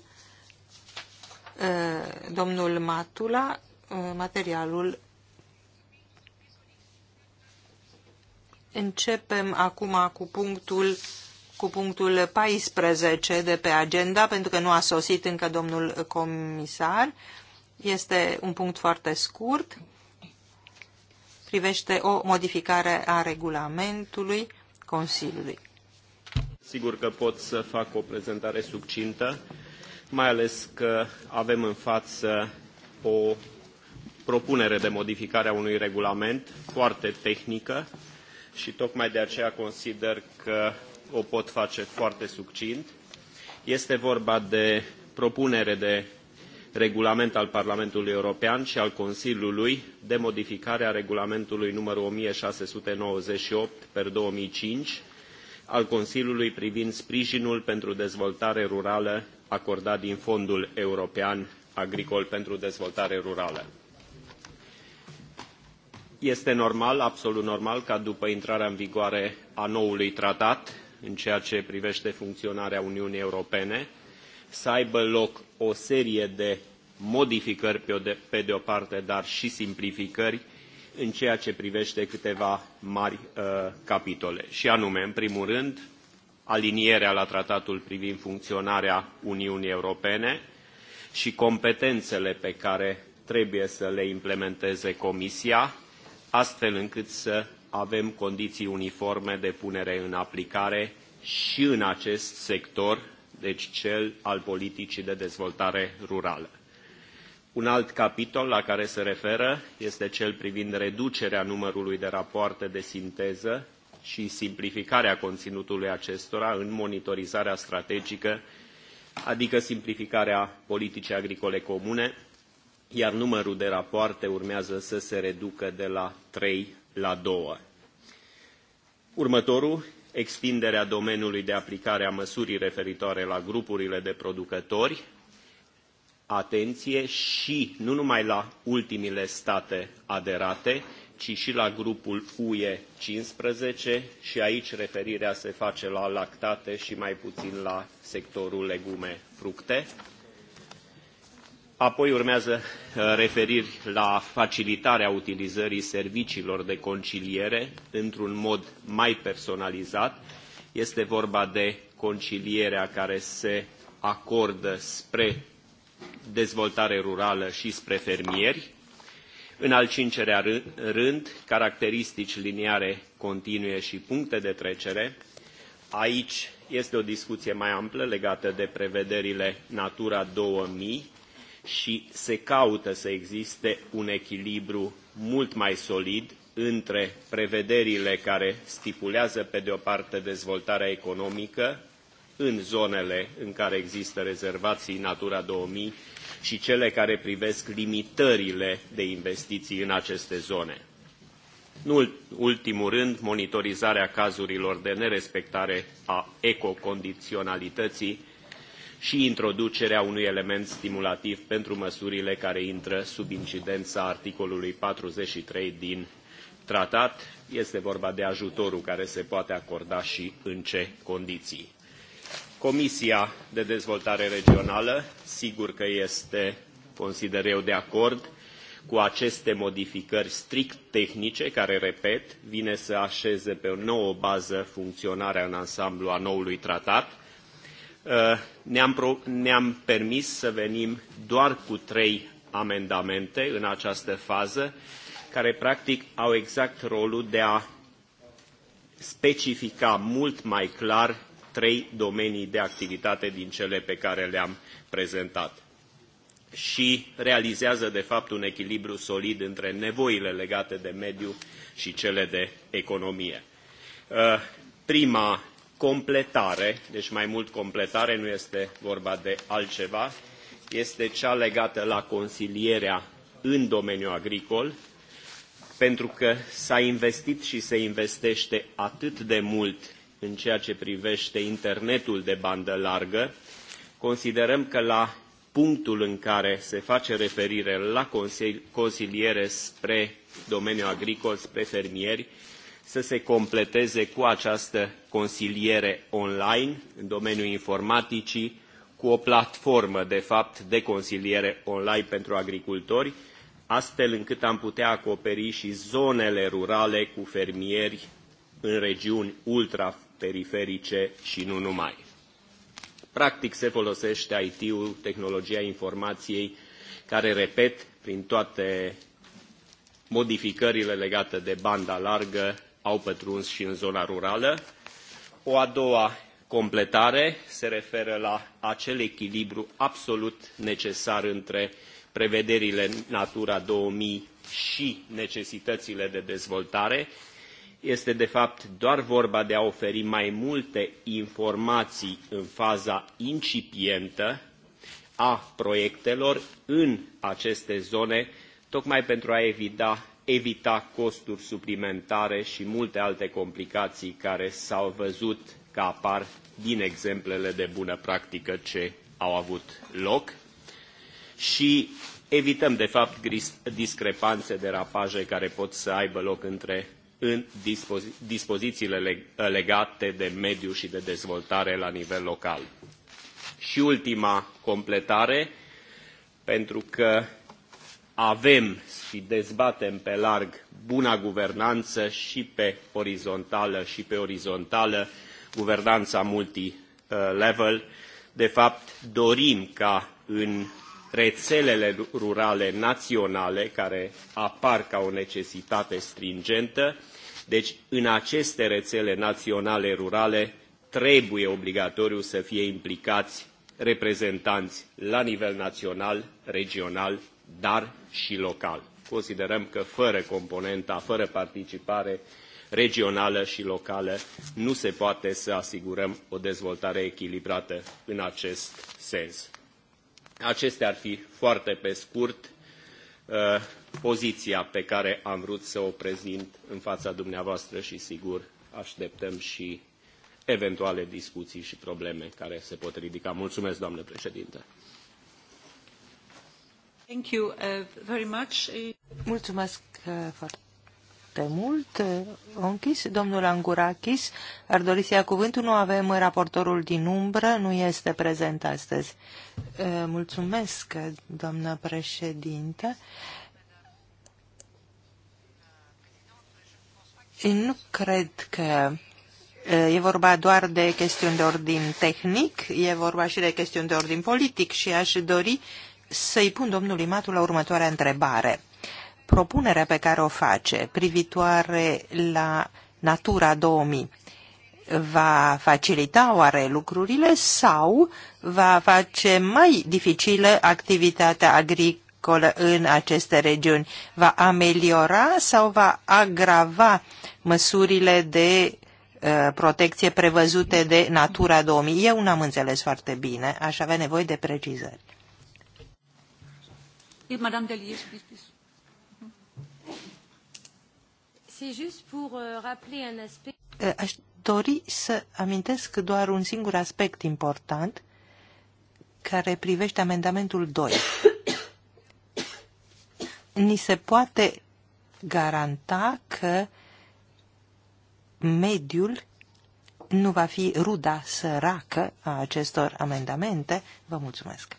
Ă, domnul Matula, ă, materialul Începem acum cu punctul cu punctul 14 de pe agenda, pentru că nu a sosit încă domnul comisar. Este un punct foarte scurt. Privește o modificare a regulamentului Consiliului.
Sigur că pot să fac o prezentare succintă, mai ales că avem în față o propunere de modificare a unui regulament foarte tehnică și tocmai de aceea consider că o pot face foarte succint. Este vorba de propunere de regulament al Parlamentului European și al Consiliului de modificare a regulamentului numărul 1698 per 2005 al Consiliului privind sprijinul pentru dezvoltare rurală acordat din Fondul European Agricol pentru Dezvoltare Rurală. Este normal, absolut normal, ca după intrarea în vigoare a noului tratat, în ceea ce privește funcționarea Uniunii Europene, să aibă loc o serie de modificări pe, de, pe de o parte, dar și simplificări în ceea ce privește câteva mari uh, capitole. Și anume, în primul rând, alinierea la tratatul privind funcționarea Uniunii Europene și competențele pe care trebuie să le implementeze Comisia, astfel încât să avem condiții uniforme de punere în aplicare și în acest sector, deci cel al politicii de dezvoltare rurală. Un alt capitol la care se referă este cel privind reducerea numărului de rapoarte de sinteză și simplificarea conținutului acestora în monitorizarea strategică, adică simplificarea politicii agricole comune, iar numărul de rapoarte urmează să se reducă de la trei la două. Următorul, extinderea domeniului de aplicare a măsurii referitoare la grupurile de producători, atenție și nu numai la ultimile state aderate, ci și la grupul UE 15 și aici referirea se face la lactate și mai puțin la sectorul legume-fructe. Apoi urmează uh, referiri la facilitarea utilizării serviciilor de conciliere într-un mod mai personalizat. Este vorba de concilierea care se acordă spre dezvoltare rurală și spre fermieri. În al cincerea rând, caracteristici liniare continue și puncte de trecere. Aici este o discuție mai amplă legată de prevederile Natura 2000, și se caută să existe un echilibru mult mai solid între prevederile care stipulează, pe de o parte, dezvoltarea economică în zonele în care există rezervații Natura 2000 și cele care privesc limitările de investiții în aceste zone. Nu ultimul rând, monitorizarea cazurilor de nerespectare a ecocondiționalității și introducerea unui element stimulativ pentru măsurile care intră sub incidența articolului 43 din tratat. Este vorba de ajutorul care se poate acorda și în ce condiții. Comisia de Dezvoltare Regională, sigur că este, consider eu, de acord cu aceste modificări strict tehnice, care, repet, vine să așeze pe o nouă bază funcționarea în ansamblu a noului tratat, Uh, ne-am, permis să venim doar cu trei amendamente în această fază, care practic au exact rolul de a specifica mult mai clar trei domenii de activitate din cele pe care le-am prezentat și realizează, de fapt, un echilibru solid între nevoile legate de mediu și cele de economie. Uh, prima completare, deci mai mult completare, nu este vorba de altceva, este cea legată la consilierea în domeniul agricol, pentru că s-a investit și se investește atât de mult în ceea ce privește internetul de bandă largă, considerăm că la punctul în care se face referire la consiliere spre domeniul agricol, spre fermieri, să se completeze cu această consiliere online în domeniul informaticii, cu o platformă, de fapt, de consiliere online pentru agricultori, astfel încât am putea acoperi și zonele rurale cu fermieri în regiuni ultraperiferice și nu numai. Practic se folosește IT-ul, tehnologia informației, care, repet, prin toate modificările legate de banda largă, au pătruns și în zona rurală. O a doua completare se referă la acel echilibru absolut necesar între prevederile Natura 2000 și necesitățile de dezvoltare. Este de fapt doar vorba de a oferi mai multe informații în faza incipientă a proiectelor în aceste zone, tocmai pentru a evita evita costuri suplimentare și multe alte complicații care s-au văzut că apar din exemplele de bună practică ce au avut loc și evităm, de fapt, discrepanțe, derapaje care pot să aibă loc între în dispozi dispozițiile legate de mediu și de dezvoltare la nivel local. Și ultima completare, pentru că avem și dezbatem pe larg buna guvernanță și pe orizontală și pe orizontală guvernanța multilevel. De fapt, dorim ca în rețelele rurale naționale care apar ca o necesitate stringentă. Deci, în aceste rețele naționale rurale trebuie obligatoriu să fie implicați reprezentanți la nivel național, regional, dar și local. Considerăm că fără componenta, fără participare regională și locală, nu se poate să asigurăm o dezvoltare echilibrată în acest sens. Acestea ar fi foarte pe scurt uh, poziția pe care am vrut să o prezint în fața dumneavoastră și sigur așteptăm și eventuale discuții și probleme care se pot ridica. Mulțumesc, doamnă președinte.
Uh, mulțumesc uh, foarte mult. Uh, închis, domnul Angurakis, ar dori să ia cuvântul. Nu avem raportorul din umbră, nu este prezent astăzi. Mulțumesc, doamnă președinte. Nu cred că e vorba doar de chestiuni de ordin tehnic, e vorba și de chestiuni de ordin politic și aș dori uh, să-i pun domnului Matu la următoarea întrebare. Propunerea pe care o face privitoare la Natura 2000 va facilita oare lucrurile sau va face mai dificilă activitatea agricolă în aceste regiuni? Va ameliora sau va agrava măsurile de uh, protecție prevăzute de Natura 2000? Eu nu am înțeles foarte bine, aș avea nevoie de precizări. Euh, euh, aș dori să amintesc doar un singur aspect important care privește amendamentul 2. <coughs> Ni se poate garanta că mediul nu va fi ruda săracă a acestor amendamente. Vă mulțumesc.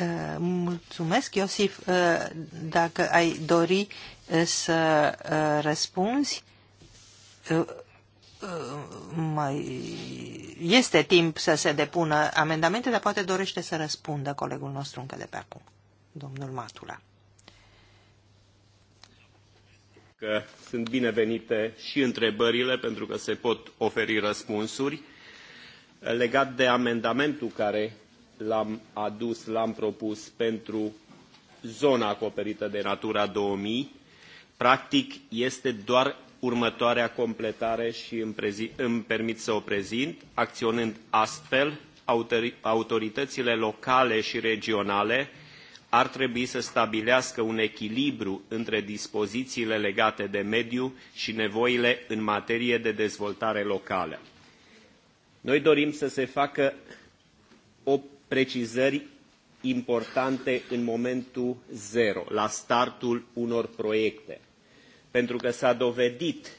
Uh, mulțumesc, Iosif, uh, dacă ai dori uh, să răspunzi, mai este timp să se depună amendamente, dar poate dorește să răspundă colegul nostru încă de pe acum, domnul Matula.
Că sunt binevenite și întrebările, pentru că se pot oferi răspunsuri. Legat de amendamentul care l-am adus, l-am propus pentru zona acoperită de Natura 2000, practic este doar următoarea completare și îmi, îmi permit să o prezint, acționând astfel, autoritățile locale și regionale ar trebui să stabilească un echilibru între dispozițiile legate de mediu și nevoile în materie de dezvoltare locală. Noi dorim să se facă o precizări importante în momentul zero, la startul unor proiecte. Pentru că s-a dovedit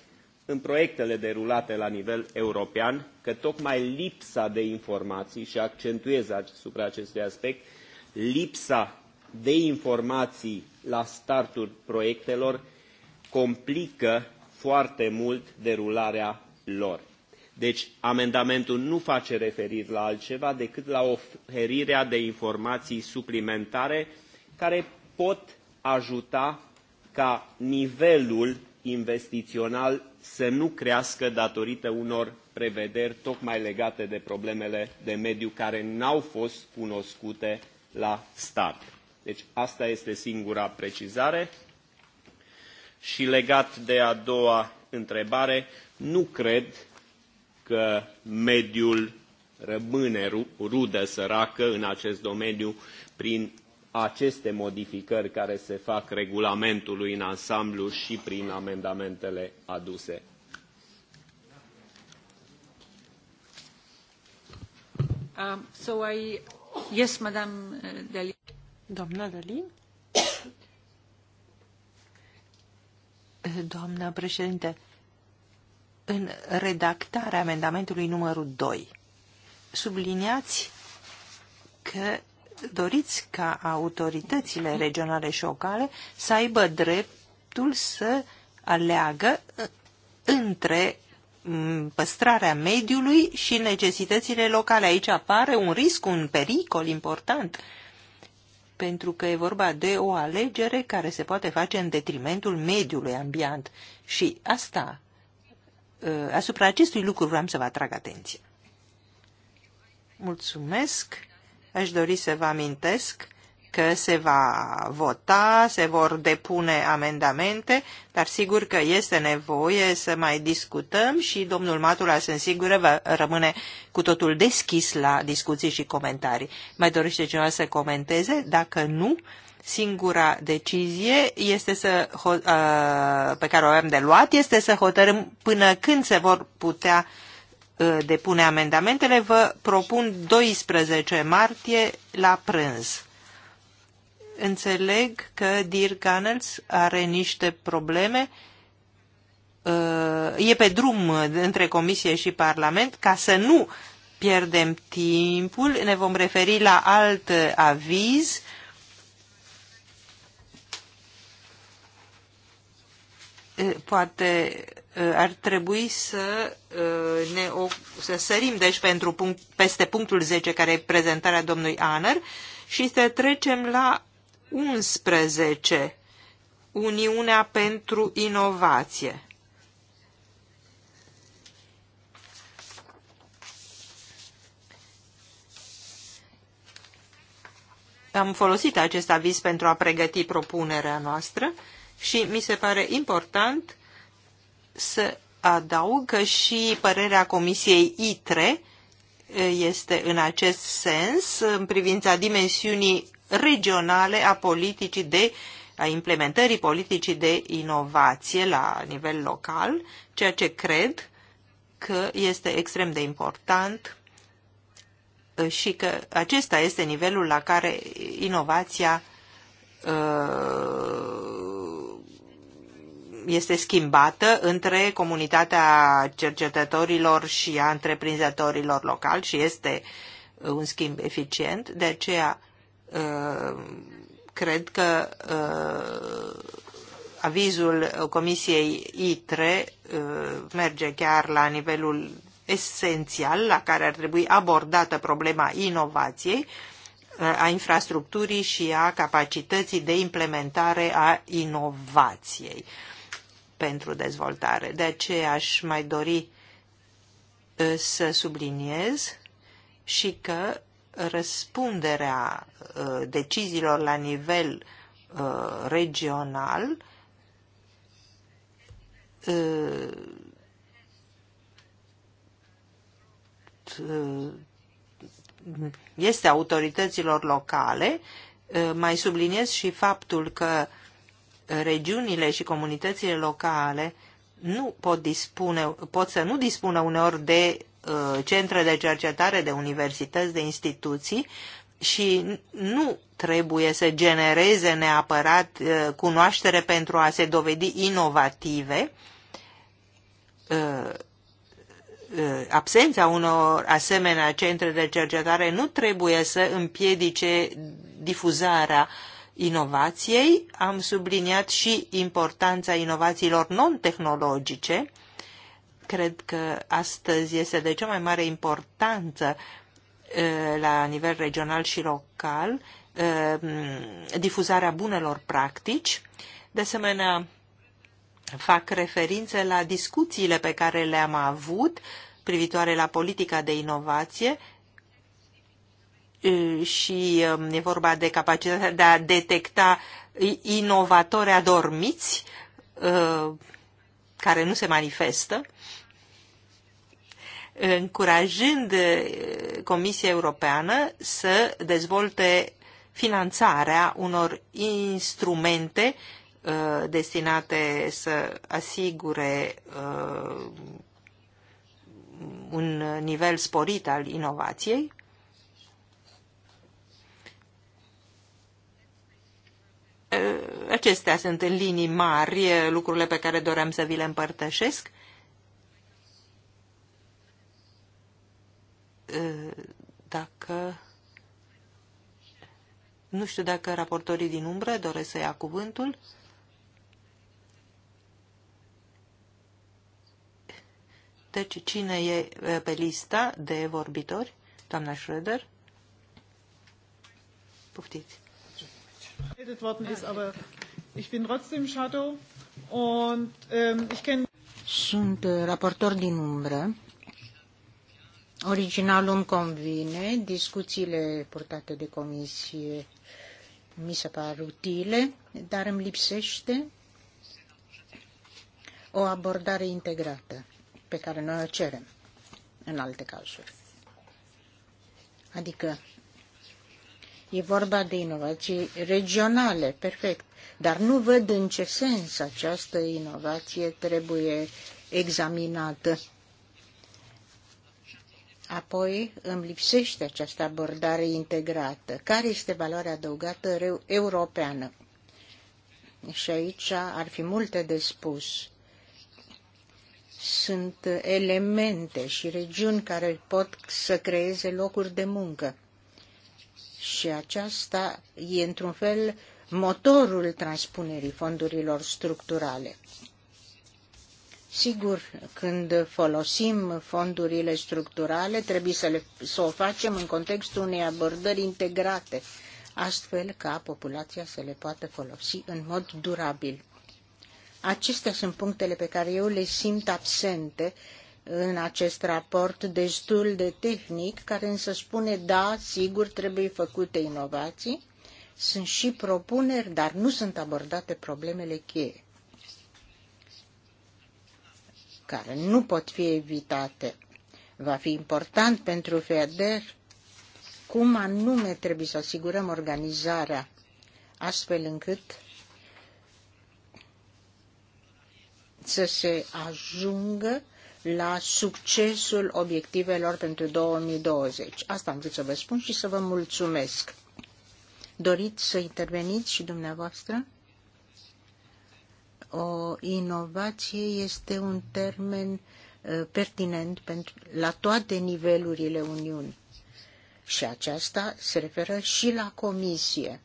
în proiectele derulate la nivel european că tocmai lipsa de informații, și accentuez asupra acestui aspect, lipsa de informații la startul proiectelor complică foarte mult derularea lor. Deci, amendamentul nu face referire la altceva decât la oferirea de informații suplimentare care pot ajuta ca nivelul investițional să nu crească datorită unor prevederi tocmai legate de problemele de mediu care n-au fost cunoscute la start. Deci asta este singura precizare. Și legat de a doua întrebare, nu cred că mediul rămâne rudă săracă în acest domeniu prin aceste modificări care se fac regulamentului în ansamblu și prin amendamentele aduse.
Um, so I... yes, Madame uh, Deli. Doamna Deli.
<coughs> Doamna președinte, în redactarea amendamentului numărul 2. Subliniați că doriți ca autoritățile regionale și locale să aibă dreptul să aleagă uh, între mm, păstrarea mediului și necesitățile locale. Aici apare un risc, un pericol important, pentru că e vorba de o alegere care se poate face în detrimentul mediului ambient. Și asta Uh, asupra acestui lucru vreau să vă atrag atenția. Mulțumesc. Aș dori să vă amintesc că se va vota, se vor depune amendamente, dar sigur că este nevoie să mai discutăm și domnul Matula, sunt sigură, va rămâne cu totul deschis la discuții și comentarii. Mai dorește cineva să comenteze? Dacă nu, Singura decizie este să, uh, pe care o avem de luat este să hotărâm până când se vor putea uh, depune amendamentele. Vă propun 12 martie la prânz. Înțeleg că Dirk Gunnels are niște probleme uh, e pe drum între Comisie și Parlament ca să nu pierdem timpul, ne vom referi la alt aviz poate ar trebui să ne să sărim deci pentru punct, peste punctul 10 care e prezentarea domnului Aner și să trecem la 11 Uniunea pentru inovație. Am folosit acest aviz pentru a pregăti propunerea noastră. Uh, și mi se pare important să adaug că și părerea Comisiei ITRE este în acest sens în privința dimensiunii regionale a politicii de a implementării politicii de inovație la nivel local, ceea ce cred că este extrem de important ă, și că acesta este nivelul la care inovația uh, este schimbată între comunitatea cercetătorilor și a întreprinzătorilor locali și este uh, un schimb eficient. De aceea uh, cred că uh, avizul Comisiei ITRE merge chiar la nivelul esențial la care ar trebui abordată problema inovației, a infrastructurii și a capacității de implementare a inovației pentru dezvoltare. De aceea aș mai dori uh, să subliniez și că răspunderea uh, deciziilor la nivel uh, regional este autorităților locale. Mai subliniez și faptul că regiunile și comunitățile locale nu pot, dispune, pot să nu dispună uneori de uh, centre de cercetare, de universități, de instituții și nu trebuie să genereze neapărat uh, cunoaștere pentru a se dovedi inovative. Uh, uh absența unor asemenea centre de cercetare nu trebuie să împiedice difuzarea uh, inovației, am subliniat și importanța inovațiilor non-tehnologice. Cred că astăzi este de cea mai mare importanță la nivel regional și local difuzarea bunelor practici. De asemenea, fac referințe la discuțiile pe care le-am avut privitoare la politica de inovație și um, e vorba de capacitatea de a detecta inovatori adormiți uh, care nu se manifestă, încurajând uh, Comisia Europeană să dezvolte finanțarea unor instrumente uh, destinate să asigure un nivel sporit al inovației acestea sunt în linii mari lucrurile pe care doream să vi le împărtășesc. Dacă nu știu dacă raportorii din umbră doresc să ia cuvântul. Deci cine e pe lista de vorbitori? Doamna Schroeder? Poftiți
abgebildet worden ist, aber
ich bin trotzdem Shadow
und ähm, ich kenne. Sunt uh, raportor din umbră. Originalul îmi convine, discuțiile purtate de comisie mi se par utile, dar îmi lipsește o abordare integrată pe care noi o cerem în alte cazuri. Adică E vorba de inovații regionale, perfect. Dar nu văd în ce sens această inovație trebuie examinată. Apoi îmi lipsește această abordare integrată. Care este valoarea adăugată europeană? Și aici ar fi multe de spus. Sunt elemente și regiuni care pot să creeze locuri de muncă și aceasta e într-un fel motorul transpunerii fondurilor structurale. Sigur, când folosim fondurile structurale, trebuie să, le, să o facem în contextul unei abordări integrate, astfel ca populația să le poată folosi în mod durabil. Acestea sunt punctele pe care eu le simt absente în acest raport destul de tehnic, care însă spune, da, sigur, trebuie făcute inovații, sunt și propuneri, dar nu sunt abordate problemele cheie, care nu pot fi evitate. Va fi important pentru FEDER cum anume trebuie să asigurăm organizarea, astfel încât să se ajungă la succesul obiectivelor pentru 2020. Asta am vrut să vă spun și să vă mulțumesc. Doriți să interveniți și dumneavoastră? O inovație este un termen uh, pertinent pentru, la toate nivelurile Uniunii. Și aceasta se referă și la comisie.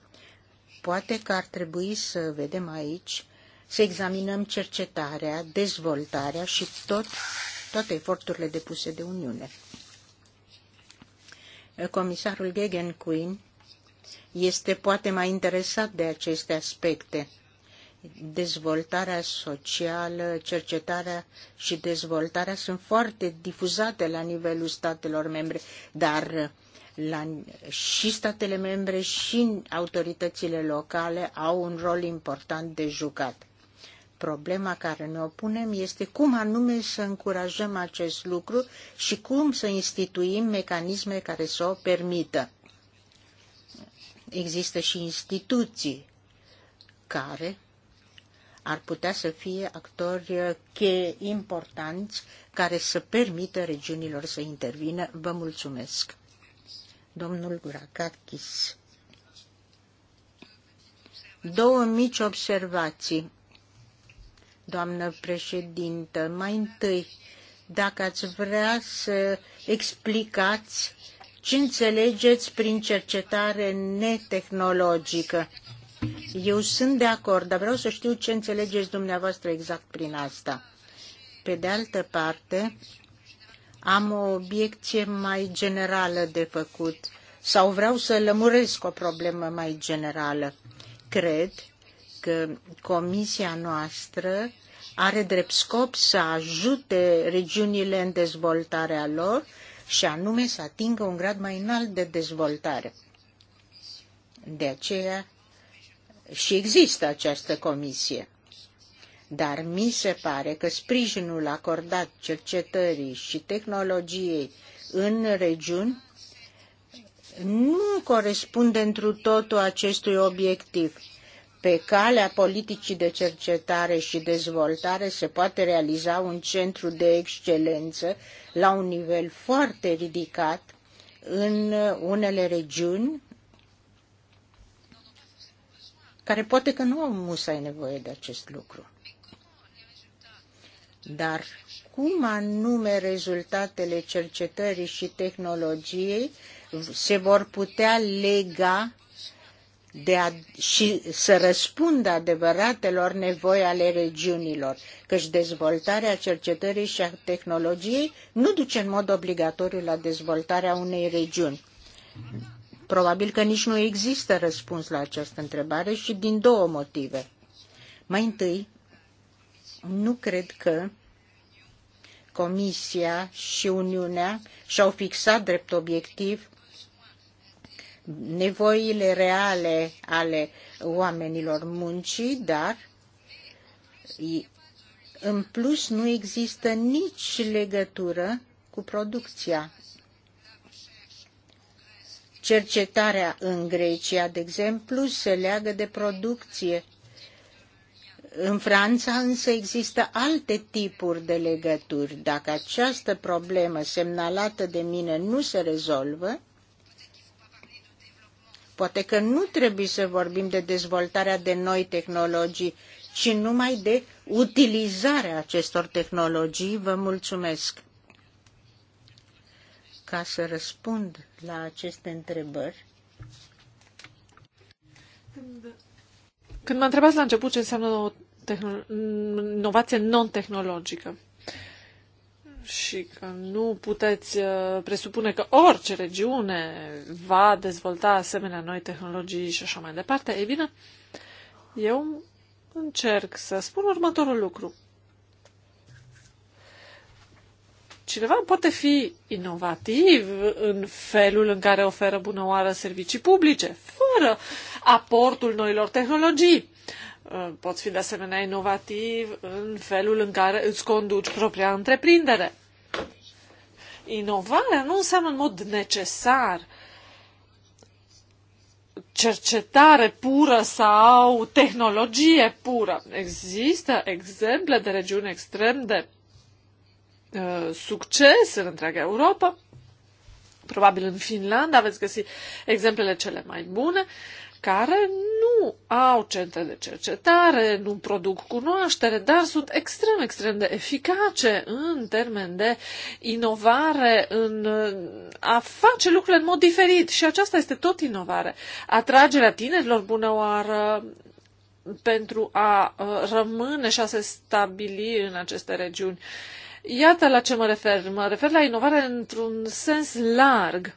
Poate că ar trebui să vedem aici să examinăm cercetarea, dezvoltarea și tot, toate eforturile depuse de Uniune. Comisarul Queen, este poate mai interesat de aceste aspecte dezvoltarea socială, cercetarea și dezvoltarea sunt foarte difuzate la nivelul statelor membre, dar la, și statele membre și autoritățile locale au un rol important de jucat. Problema care ne opunem este cum anume să încurajăm acest lucru și cum să instituim mecanisme care să o permită. Există și instituții care ar putea să fie actori cheie importanți care să permită regiunilor să intervină. Vă mulțumesc. Domnul Gurakakis. Două mici observații doamnă președintă. Mai întâi, dacă ați vrea să explicați ce înțelegeți prin cercetare netehnologică. Eu sunt de acord, dar vreau să știu ce înțelegeți dumneavoastră exact prin asta. Pe de altă parte, am o obiecție mai generală de făcut sau vreau să lămuresc o problemă mai generală. Cred comisia noastră are drept scop să ajute regiunile în dezvoltarea lor și anume să atingă un grad mai înalt de dezvoltare. De aceea și există această comisie. Dar mi se pare că sprijinul acordat cercetării și tehnologiei în regiuni nu corespunde întru totul acestui obiectiv pe calea politicii de cercetare și dezvoltare se poate realiza un centru de excelență la un nivel foarte ridicat în unele regiuni care poate că nu au musai nevoie de acest lucru. Dar cum anume rezultatele cercetării și tehnologiei se vor putea lega de a, și să răspundă adevăratelor nevoi ale regiunilor, căci dezvoltarea cercetării și a tehnologiei nu duce în mod obligatoriu la dezvoltarea unei regiuni. Probabil că nici nu există răspuns la această întrebare și din două motive. Mai întâi, nu cred că Comisia și Uniunea și-au fixat drept obiectiv nevoile reale ale oamenilor muncii, dar în plus nu există nici legătură cu producția. Cercetarea în Grecia, de exemplu, se leagă de producție. În Franța însă există alte tipuri de legături. Dacă această problemă semnalată de mine nu se rezolvă, Poate că nu trebuie să vorbim de dezvoltarea de noi tehnologii, ci numai de utilizarea acestor tehnologii. Vă mulțumesc! Ca să răspund la aceste întrebări. Când, m a întrebat
la început ce înseamnă o inovație non-tehnologică, și că nu puteți uh, presupune că orice regiune va dezvolta asemenea noi tehnologii și așa mai departe, e bine, eu încerc să spun următorul lucru. Cineva poate fi inovativ în felul în care oferă bună oară servicii publice, fără aportul noilor tehnologii. Uh, poți fi de asemenea inovativ în felul în care îți conduci propria întreprindere. Inovarea nu înseamnă în mod necesar cercetare pură sau tehnologie pură. Există exemple de regiuni extrem de uh, succes în întreaga Europa. Probabil în Finlanda veți găsi exemplele cele mai bune care nu au centre de cercetare, nu produc cunoaștere, dar sunt extrem, extrem de eficace în termen de inovare, în a face lucrurile în mod diferit. Și aceasta este tot inovare. Atragerea tinerilor bună oară, pentru a uh, rămâne și a se stabili în aceste regiuni. Iată la ce mă refer. Mă refer la inovare într-un sens larg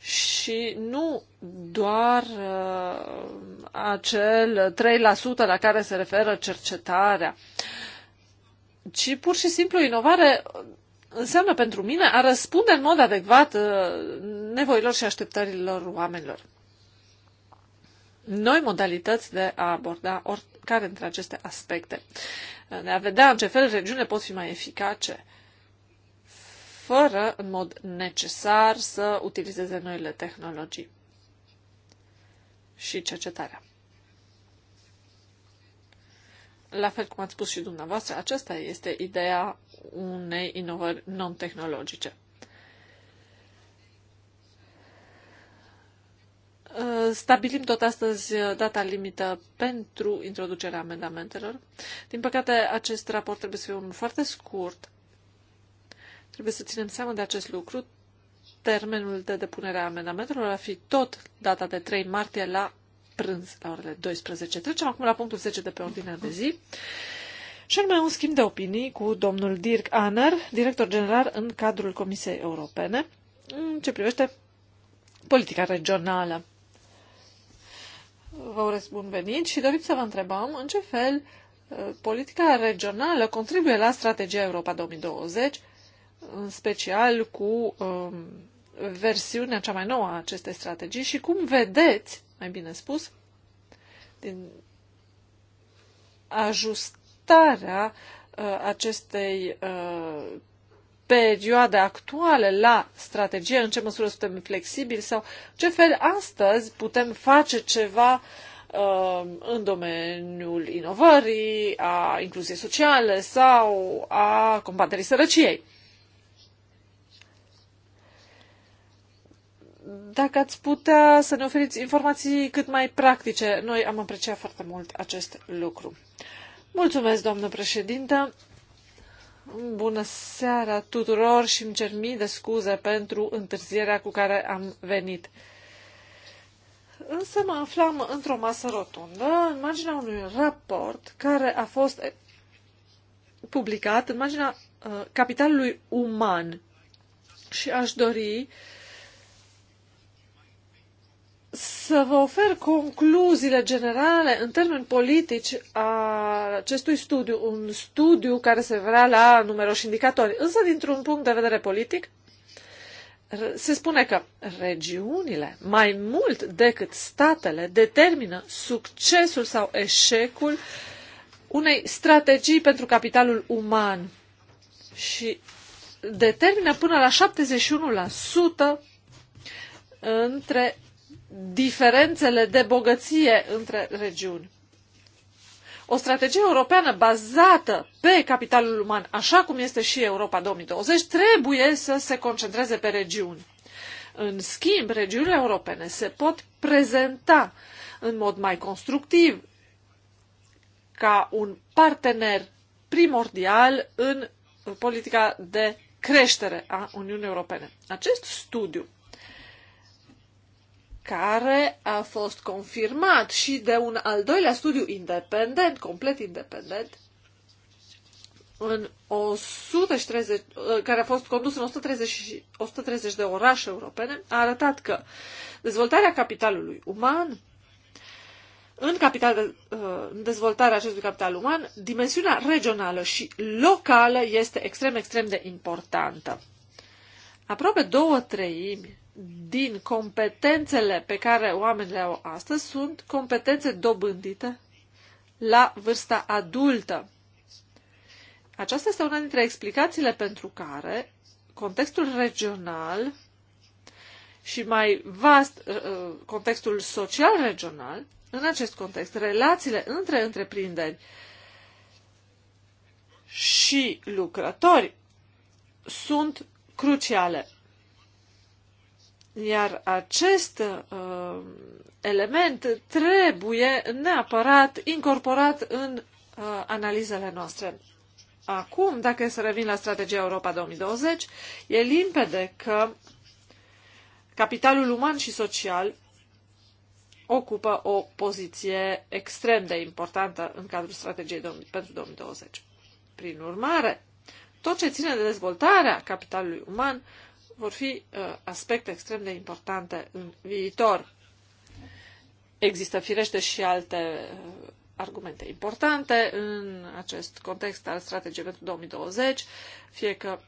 și nu doar uh, acel 3% la care se referă cercetarea, ci pur și simplu inovare înseamnă pentru mine a răspunde în mod adecvat uh, nevoilor și așteptărilor oamenilor. Noi modalități de a aborda oricare dintre aceste aspecte, de a vedea în ce fel regiune pot fi mai eficace, fără, în mod necesar, să utilizeze noile tehnologii și cercetarea. La fel cum ați spus și dumneavoastră, aceasta este ideea unei inovări non-tehnologice. Stabilim tot astăzi data limită pentru introducerea amendamentelor. Din păcate, acest raport trebuie să fie unul foarte scurt, Trebuie să ținem seama de acest lucru. Termenul de depunere a amendamentelor va fi tot data de 3 martie la prânz, la orele 12. Trecem acum la punctul 10 de pe ordinea de zi. Și anume un schimb de opinii cu domnul Dirk Anner, director general în cadrul Comisiei Europene, în ce privește politica regională. Vă urez bun venit și dorim să vă întrebăm în ce fel uh, politica regională contribuie la strategia Europa 2020 în special cu um, versiunea cea mai nouă a acestei strategii și cum vedeți, mai bine spus, din ajustarea uh, acestei uh, perioade actuale la strategie, în ce măsură suntem flexibili sau ce fel astăzi putem face ceva uh, în domeniul inovării, a incluziei sociale sau a combaterii sărăciei. dacă ați putea să ne oferiți informații cât mai practice, noi am apreciat foarte mult acest lucru. Mulțumesc, doamnă președintă! Bună seara tuturor și îmi cer mii de scuze pentru întârzierea cu care am venit. Însă mă aflam într-o masă rotundă, în marginea unui raport care a fost publicat în marginea uh, capitalului uman și aș dori uh, să vă ofer concluziile generale în termeni politici a acestui studiu, un studiu care se vrea la numeroși indicatori. Însă, dintr-un punct de vedere politic, se spune că regiunile, mai mult decât statele, determină succesul sau eșecul unei strategii pentru capitalul uman și determină până la 71% între diferențele de bogăție între regiuni. O strategie europeană bazată pe capitalul uman, așa cum este și Europa 2020, trebuie să se concentreze pe regiuni. În schimb, regiunile europene se pot prezenta în mod mai constructiv ca un partener primordial în politica de creștere a Uniunii Europene. Acest studiu care a fost confirmat și de un al doilea studiu independent, complet independent, în 130, uh, care a fost condus în 130, 130 de orașe europene, a arătat că dezvoltarea capitalului uman, în, capital de, uh, în dezvoltarea acestui capital uman, dimensiunea regională și locală este extrem, extrem de importantă. Aproape două treimi din competențele pe care oamenii le au astăzi sunt competențe dobândite la vârsta adultă. Aceasta este una dintre explicațiile pentru care contextul regional și mai vast uh, uh, contextul social regional, în acest context, relațiile între întreprinderi și lucrători sunt cruciale. Iar acest uh, element trebuie neapărat incorporat în uh, analizele noastre. Acum, dacă să revin la strategia Europa 2020, e limpede că capitalul uman și social ocupă o poziție extrem de importantă în cadrul strategiei pentru 2020. Prin urmare, tot ce ține de dezvoltarea capitalului uman vor fi uh, aspecte extrem de importante în viitor. Există firește și alte uh, argumente importante în acest context al strategiei pentru 2020, fie că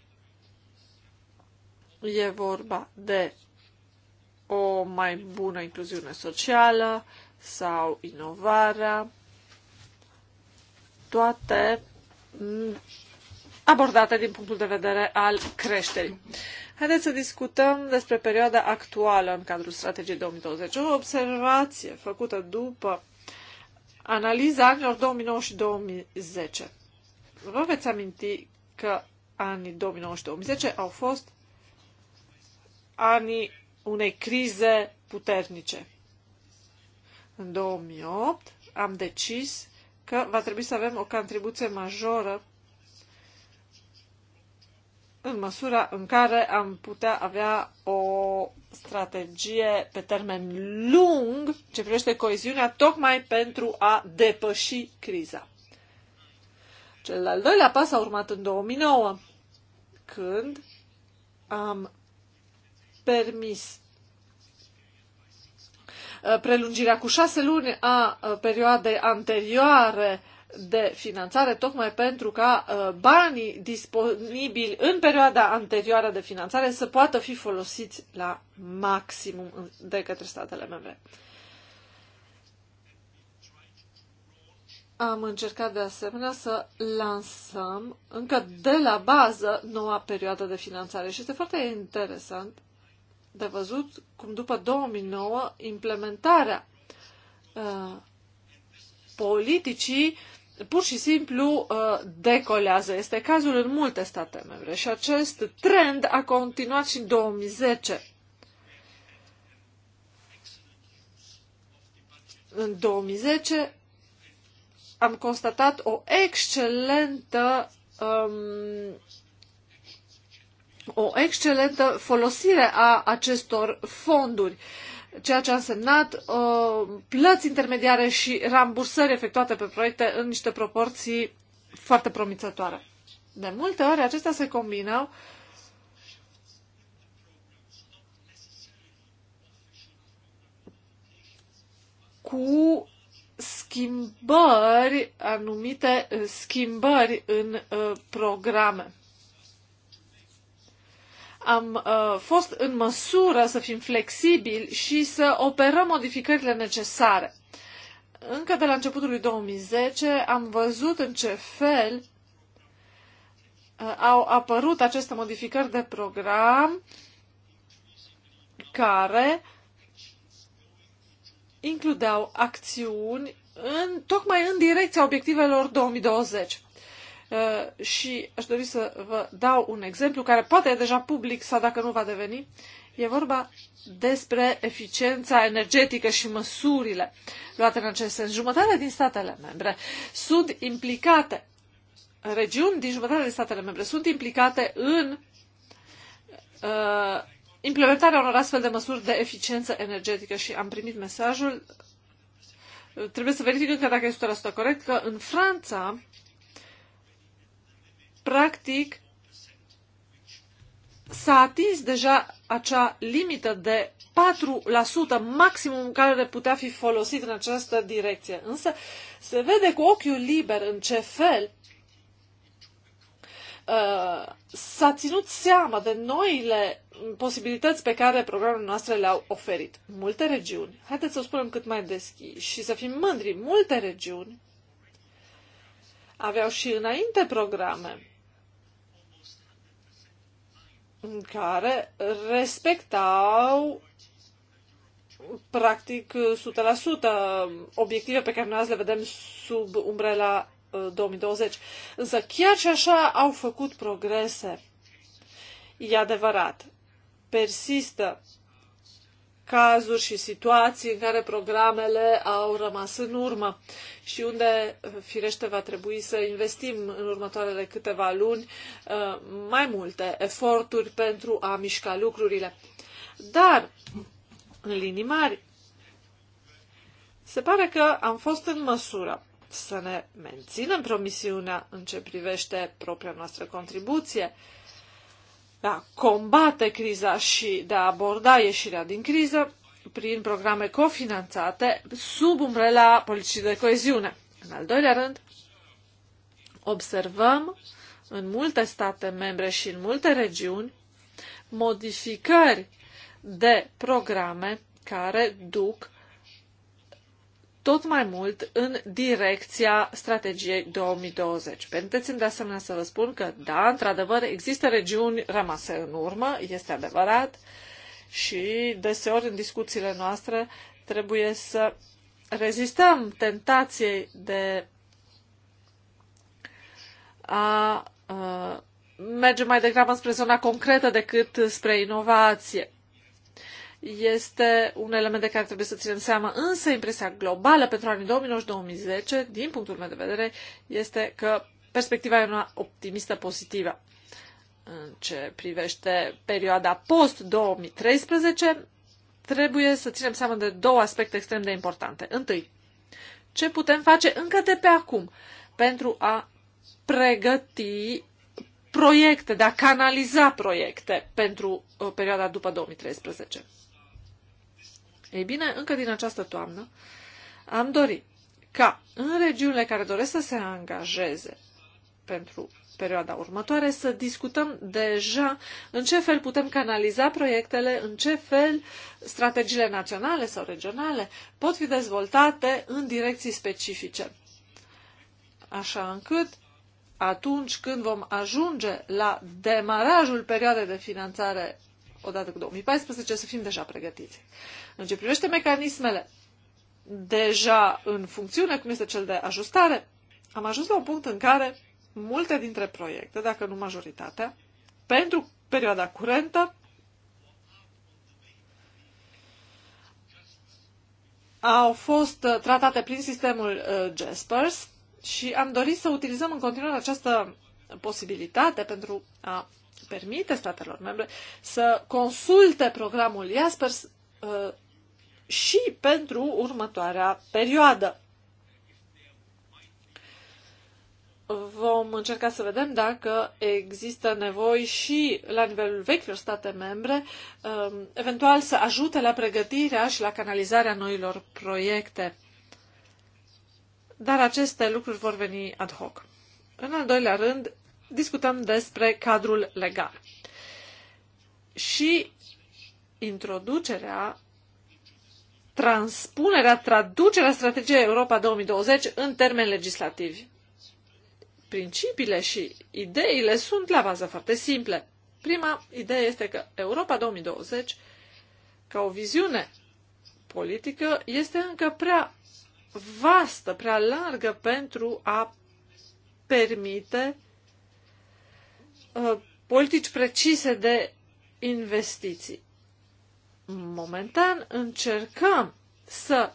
e vorba de o mai bună incluziune socială sau inovarea, toate abordate din punctul de vedere al creșterii. Haideți să discutăm despre perioada actuală în cadrul strategiei 2020. O observație făcută după analiza anilor 2009 și 2010. Vă veți aminti că anii 2009 și 2010 au fost anii unei crize puternice. În 2008 am decis că va trebui să avem o contribuție majoră în măsura în care am putea avea o strategie pe termen lung ce privește coeziunea tocmai pentru a depăși criza. Cel al doilea pas a urmat în 2009, când am permis uh, prelungirea cu șase luni a uh, perioadei anterioare de finanțare, tocmai pentru ca uh, banii disponibili în perioada anterioară de finanțare să poată fi folosiți la maximum de către statele membre. Am încercat de asemenea să lansăm încă de la bază noua perioadă de finanțare și este foarte interesant de văzut cum după 2009 implementarea uh, politicii uh, pur și simplu uh, decolează. Este cazul în multe state membre și acest trend a continuat și în 2010. În 2010 am constatat o excelentă um, o excelentă folosire a acestor fonduri. Uh, ceea ce a însemnat uh, plăți intermediare și rambursări efectuate pe proiecte în niște proporții foarte promițătoare. De multe ori acestea se combinau cu schimbări, anumite schimbări în uh, programe am uh, fost în măsură să fim flexibili și să operăm modificările necesare. Încă de la începutul lui 2010 am văzut în ce fel uh, au apărut aceste modificări de program care includeau acțiuni în, tocmai în direcția obiectivelor 2020. Uh, și aș dori să vă dau un exemplu care poate e deja public sau dacă nu va deveni. E vorba despre eficiența energetică și măsurile luate în acest sens. Jumătate din statele membre sunt implicate, regiuni din jumătate din statele membre sunt implicate în uh, implementarea unor astfel de măsuri de eficiență energetică și am primit mesajul, uh, trebuie să verific că dacă este 100% corect, că în Franța practic, s-a atins deja acea limită de 4% maximum care putea fi folosit în această direcție. Însă se vede cu ochiul liber în ce fel uh, s-a ținut seama de noile posibilități pe care programele noastre le-au oferit. Multe regiuni, haideți să o spunem cât mai deschis și să fim mândri, multe regiuni aveau și înainte programe care respectau practic 100% obiective pe care noi azi le vedem sub umbrela 2020. Uh, Însă chiar și așa au făcut progrese. E adevărat, persistă cazuri și situații în care programele au rămas în urmă și unde, firește, va trebui să investim în următoarele câteva luni uh, mai multe eforturi pentru a mișca lucrurile. Dar, în linii mari, se pare că am fost în măsură să ne menținem promisiunea în ce privește propria noastră contribuție, de a combate criza și de a aborda ieșirea din criză prin programe cofinanțate sub umbrela politicii de coeziune. În al doilea rând, observăm în multe state membre și în multe regiuni modificări de programe care duc tot mai mult în direcția strategiei 2020. Permiteți-mi de asemenea să vă spun că, da, într-adevăr, există regiuni rămase în urmă, este adevărat, și deseori în discuțiile noastre trebuie să rezistăm tentației de a, a uh, merge mai degrabă spre zona concretă decât spre inovație este un element de care trebuie să ținem seama, însă impresia globală pentru anii 2009-2010, din punctul meu de vedere, este că perspectiva e una optimistă pozitivă. În ce privește perioada post-2013, trebuie să ținem seama de două aspecte extrem de importante. Întâi, ce putem face încă de pe acum pentru a pregăti proiecte, de a canaliza proiecte pentru uh, perioada după 2013. Ei bine, încă din această toamnă am dorit ca în regiunile care doresc să se angajeze pentru perioada următoare să discutăm deja în ce fel putem canaliza proiectele, în ce fel strategiile naționale sau regionale pot fi dezvoltate în direcții specifice. Așa încât atunci când vom ajunge la demarajul perioadei de finanțare odată cu 2014, să fim deja pregătiți. În ce privește mecanismele deja în funcțiune, cum este cel de ajustare, am ajuns la un punct în care multe dintre proiecte, dacă nu majoritatea, pentru perioada curentă, au fost uh, tratate prin sistemul uh, Jaspers și am dorit să utilizăm în continuare această posibilitate pentru a permite statelor membre să consulte programul Jaspers uh, și pentru următoarea perioadă. Vom încerca să vedem dacă există nevoi și la nivelul vechilor state membre, um, eventual să ajute la pregătirea și la canalizarea noilor proiecte. Dar aceste lucruri vor veni ad hoc. În al doilea rând, discutăm despre cadrul legal. Și introducerea, transpunerea, traducerea strategiei Europa 2020 în termeni legislativi. Principiile și ideile sunt la bază foarte simple. Prima idee este că Europa 2020, ca o viziune politică, este încă prea vastă, prea largă pentru a permite Uh, politici precise de investiții. Momentan încercăm să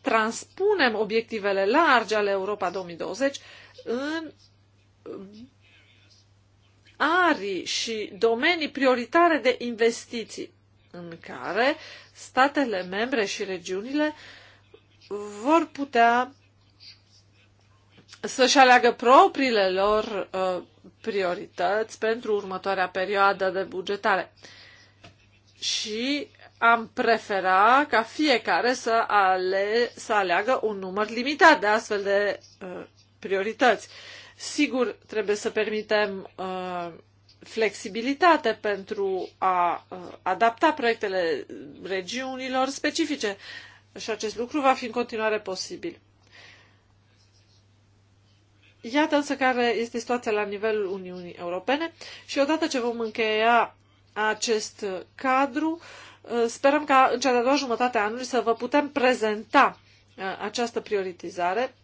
transpunem obiectivele largi ale Europa 2020 în arii și domenii prioritare de investiții în care statele membre și regiunile vor putea să-și aleagă propriile lor uh, priorități pentru următoarea perioadă de bugetare. Și am prefera ca fiecare să, ale, să aleagă un număr limitat de astfel de uh, priorități. Sigur, trebuie să permitem uh, flexibilitate pentru a uh, adapta proiectele regiunilor specifice și acest lucru va fi în continuare posibil. Iată însă care este situația la nivelul Uniunii Europene și odată ce vom încheia acest cadru, uh, sperăm ca în cea de-a doua jumătate a anului să vă putem prezenta uh, această prioritizare.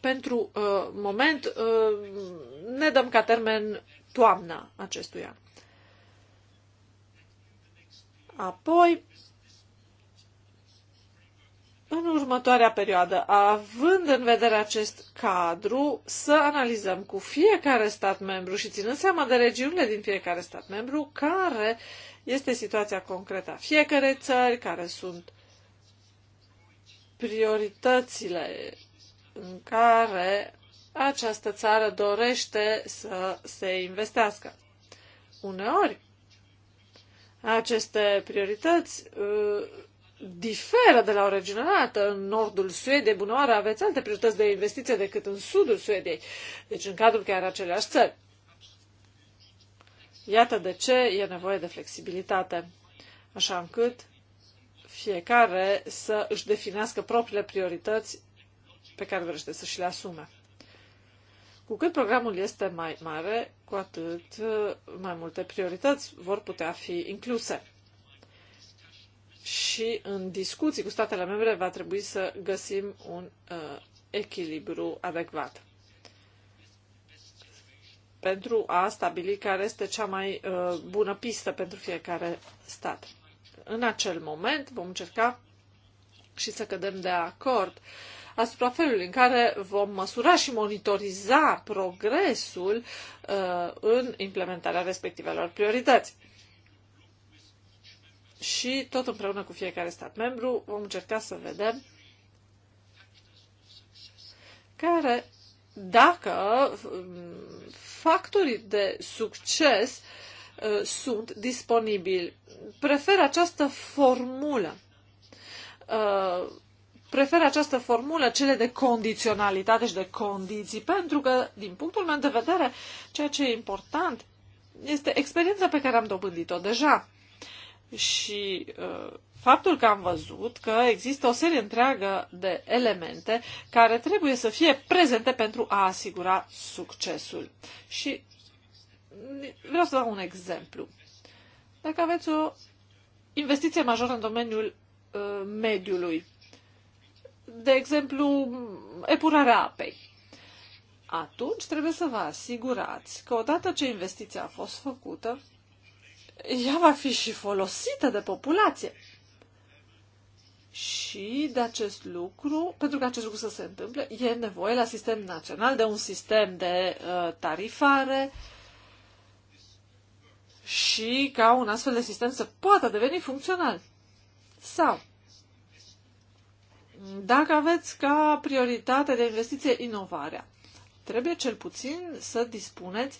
Pentru uh, moment ne dăm ca termen toamna acestui an. Apoi, în următoarea perioadă, având în vedere acest cadru, să analizăm cu fiecare stat membru și ținând seama de regiunile din fiecare stat membru, care este situația concretă a fiecare țări, care sunt prioritățile în care această țară dorește să se investească. Uneori, aceste priorități uh, diferă de la o regiune la altă. În nordul Suediei, bunoare, aveți alte priorități de investiție decât în sudul Suediei, deci în cadrul chiar aceleași țări. Iată de ce e nevoie de flexibilitate, așa încât fiecare să își definească propriile priorități pe care vrește să și le asume. Cu cât programul este mai mare, cu atât uh, mai multe priorități vor putea fi incluse și în discuții cu statele membre va trebui să găsim un uh, echilibru adecvat pentru a stabili care este cea mai uh, bună pistă pentru fiecare stat. În acel moment vom încerca și să cădem de acord asupra felului în care vom măsura și monitoriza progresul uh, în implementarea respectivelor priorități și tot împreună cu fiecare stat membru vom încerca să vedem care, dacă mm, factorii de succes uh, sunt disponibili. Prefer această formulă. Uh, prefer această formulă, cele de condiționalitate și de condiții, pentru că, din punctul meu de vedere, ceea ce e important este experiența pe care am dobândit-o deja și uh, faptul că am văzut că există o serie întreagă de elemente care trebuie să fie prezente pentru a asigura succesul. Și vreau să dau un exemplu. Dacă aveți o investiție majoră în domeniul uh, mediului, de exemplu, epurarea apei, atunci trebuie să vă asigurați că odată ce investiția a fost făcută, ea va fi și folosită de populație. Și de acest lucru, pentru că acest lucru să se întâmple, e nevoie la sistem național de un sistem de uh, tarifare și ca un astfel de sistem să poată deveni funcțional. Sau, dacă aveți ca prioritate de investiție inovarea, trebuie cel puțin să dispuneți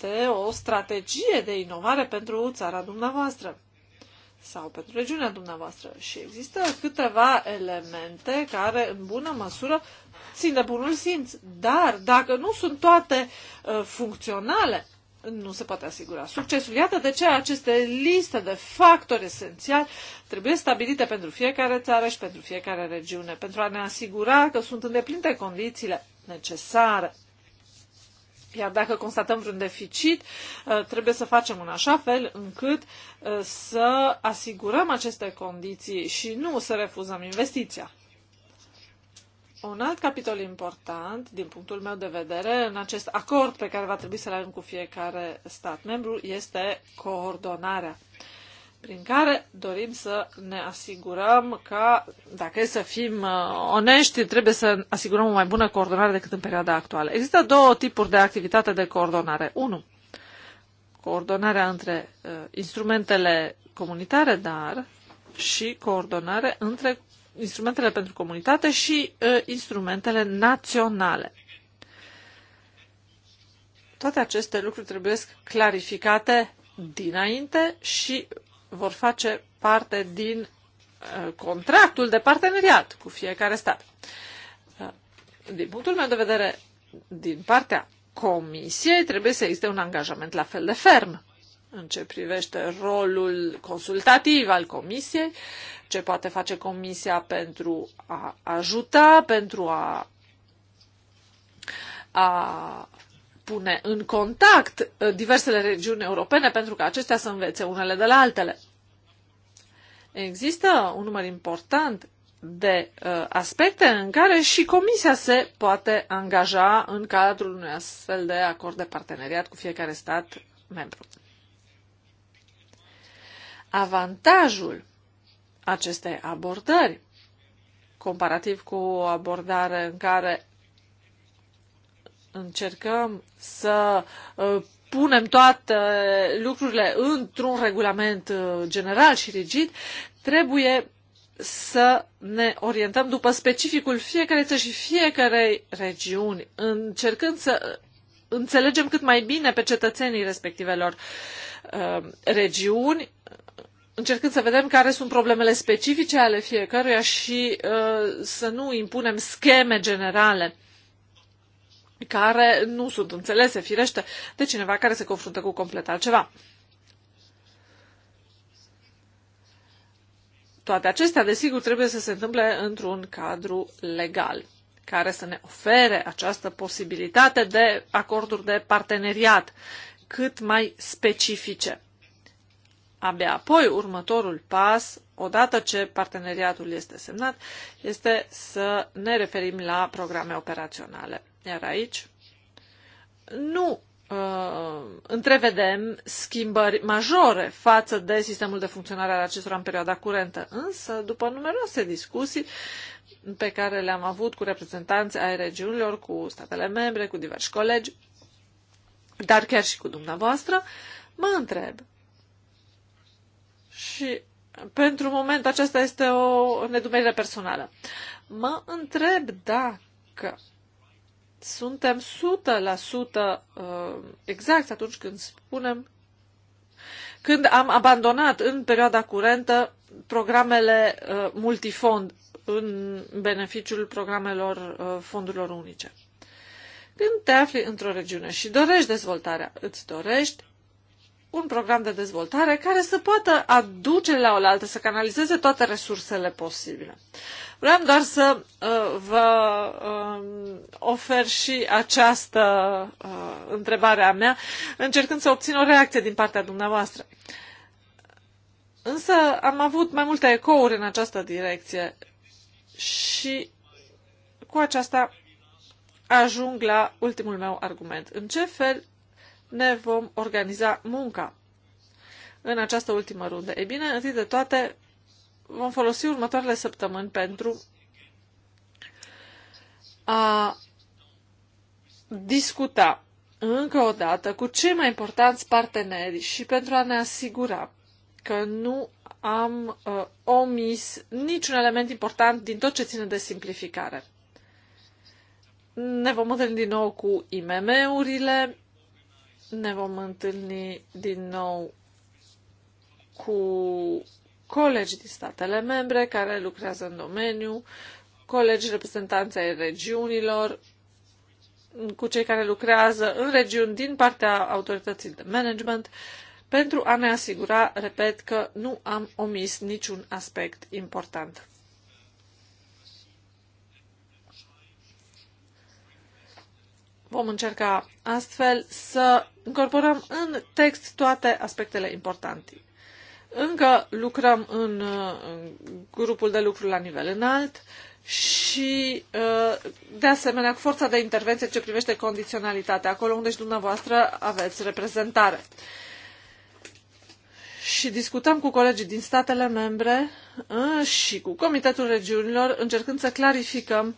de o strategie de inovare pentru țara dumneavoastră sau pentru regiunea dumneavoastră. Și există câteva elemente care, în bună măsură, țin de bunul simț. Dar, dacă nu sunt toate uh, funcționale, nu se poate asigura succesul. Iată de ce aceste liste de factori esențiali trebuie stabilite pentru fiecare țară și pentru fiecare regiune, pentru a ne asigura că sunt îndeplinite condițiile necesare. Iar dacă constatăm vreun deficit, uh, trebuie să facem în așa fel încât uh, să asigurăm aceste condiții și nu să refuzăm investiția. Un alt capitol important, din punctul meu de vedere, în acest acord pe care va trebui să-l avem cu fiecare stat membru, este coordonarea prin care dorim să ne asigurăm că, dacă e să fim uh, onești, trebuie să asigurăm o mai bună coordonare decât în perioada actuală. Există două tipuri de activitate de coordonare. Unu, coordonarea între uh, instrumentele comunitare, dar și coordonare între instrumentele pentru comunitate și uh, instrumentele naționale. Toate aceste lucruri trebuie clarificate dinainte și vor face parte din uh, contractul de parteneriat cu fiecare stat. Uh, din punctul meu de vedere, din partea Comisiei trebuie să existe un angajament la fel de ferm în ce privește rolul consultativ al Comisiei, ce poate face Comisia pentru a ajuta, pentru a, a pune în contact uh, diversele regiuni europene pentru că acestea să învețe unele de la altele. Există un număr important de uh, aspecte în care și Comisia se poate angaja în cadrul unui astfel de acord de parteneriat cu fiecare stat membru. Avantajul acestei abordări, comparativ cu o abordare în care încercăm să uh, punem toate lucrurile într-un regulament uh, general și rigid, trebuie să ne orientăm după specificul fiecarei țări și fiecarei regiuni, încercând să înțelegem cât mai bine pe cetățenii respectivelor uh, regiuni, încercând să vedem care sunt problemele specifice ale fiecăruia și să nu impunem scheme generale care nu sunt înțelese, firește, de cineva care se confruntă cu complet altceva. Toate acestea, desigur, trebuie să se întâmple într-un cadru legal care să ne ofere această posibilitate de acorduri de parteneriat cât mai specifice. Abia apoi, următorul pas, odată ce parteneriatul este semnat, este să ne referim la programe operaționale. Iar aici nu uh, întrevedem schimbări majore față de sistemul de funcționare al acestora în perioada curentă. Însă, după numeroase discuții pe care le-am avut cu reprezentanți ai regiunilor, cu statele membre, cu diversi colegi, dar chiar și cu dumneavoastră, mă întreb. Și pentru moment aceasta este o nedumerire personală. Mă întreb dacă suntem 100% uh, exact atunci când spunem când am abandonat în perioada curentă programele uh, multifond în beneficiul programelor uh, fondurilor unice. Când te afli într-o regiune și dorești dezvoltarea, îți dorești un program de dezvoltare care să poată aduce la oaltă, să canalizeze toate resursele posibile. Vreau doar să uh, vă uh, ofer și această uh, întrebare a mea, încercând să obțin o reacție din partea dumneavoastră. Însă am avut mai multe ecouri în această direcție și cu aceasta ajung la ultimul meu argument. În ce fel ne vom organiza munca în această ultimă rundă? Ei bine, întâi de toate, vom folosi următoarele săptămâni pentru a discuta încă o dată cu cei mai importanți parteneri și pentru a ne asigura că nu am uh, omis niciun element important din tot ce ține de simplificare. Ne vom întâlni din nou cu IMM-urile, ne vom întâlni din nou cu colegi din statele membre care lucrează în domeniu, colegi reprezentanți ai regiunilor, cu cei care lucrează în regiuni din partea autorității de management, pentru a ne asigura, repet, că nu am omis niciun aspect important. Vom încerca astfel să incorporăm în text toate aspectele importante. Încă lucrăm în grupul de lucru la nivel înalt și, ă, de asemenea, cu forța de intervenție ce privește condiționalitatea, acolo unde și dumneavoastră aveți reprezentare. Și discutăm cu colegii din statele membre ă, și cu Comitetul Regiunilor, încercând să clarificăm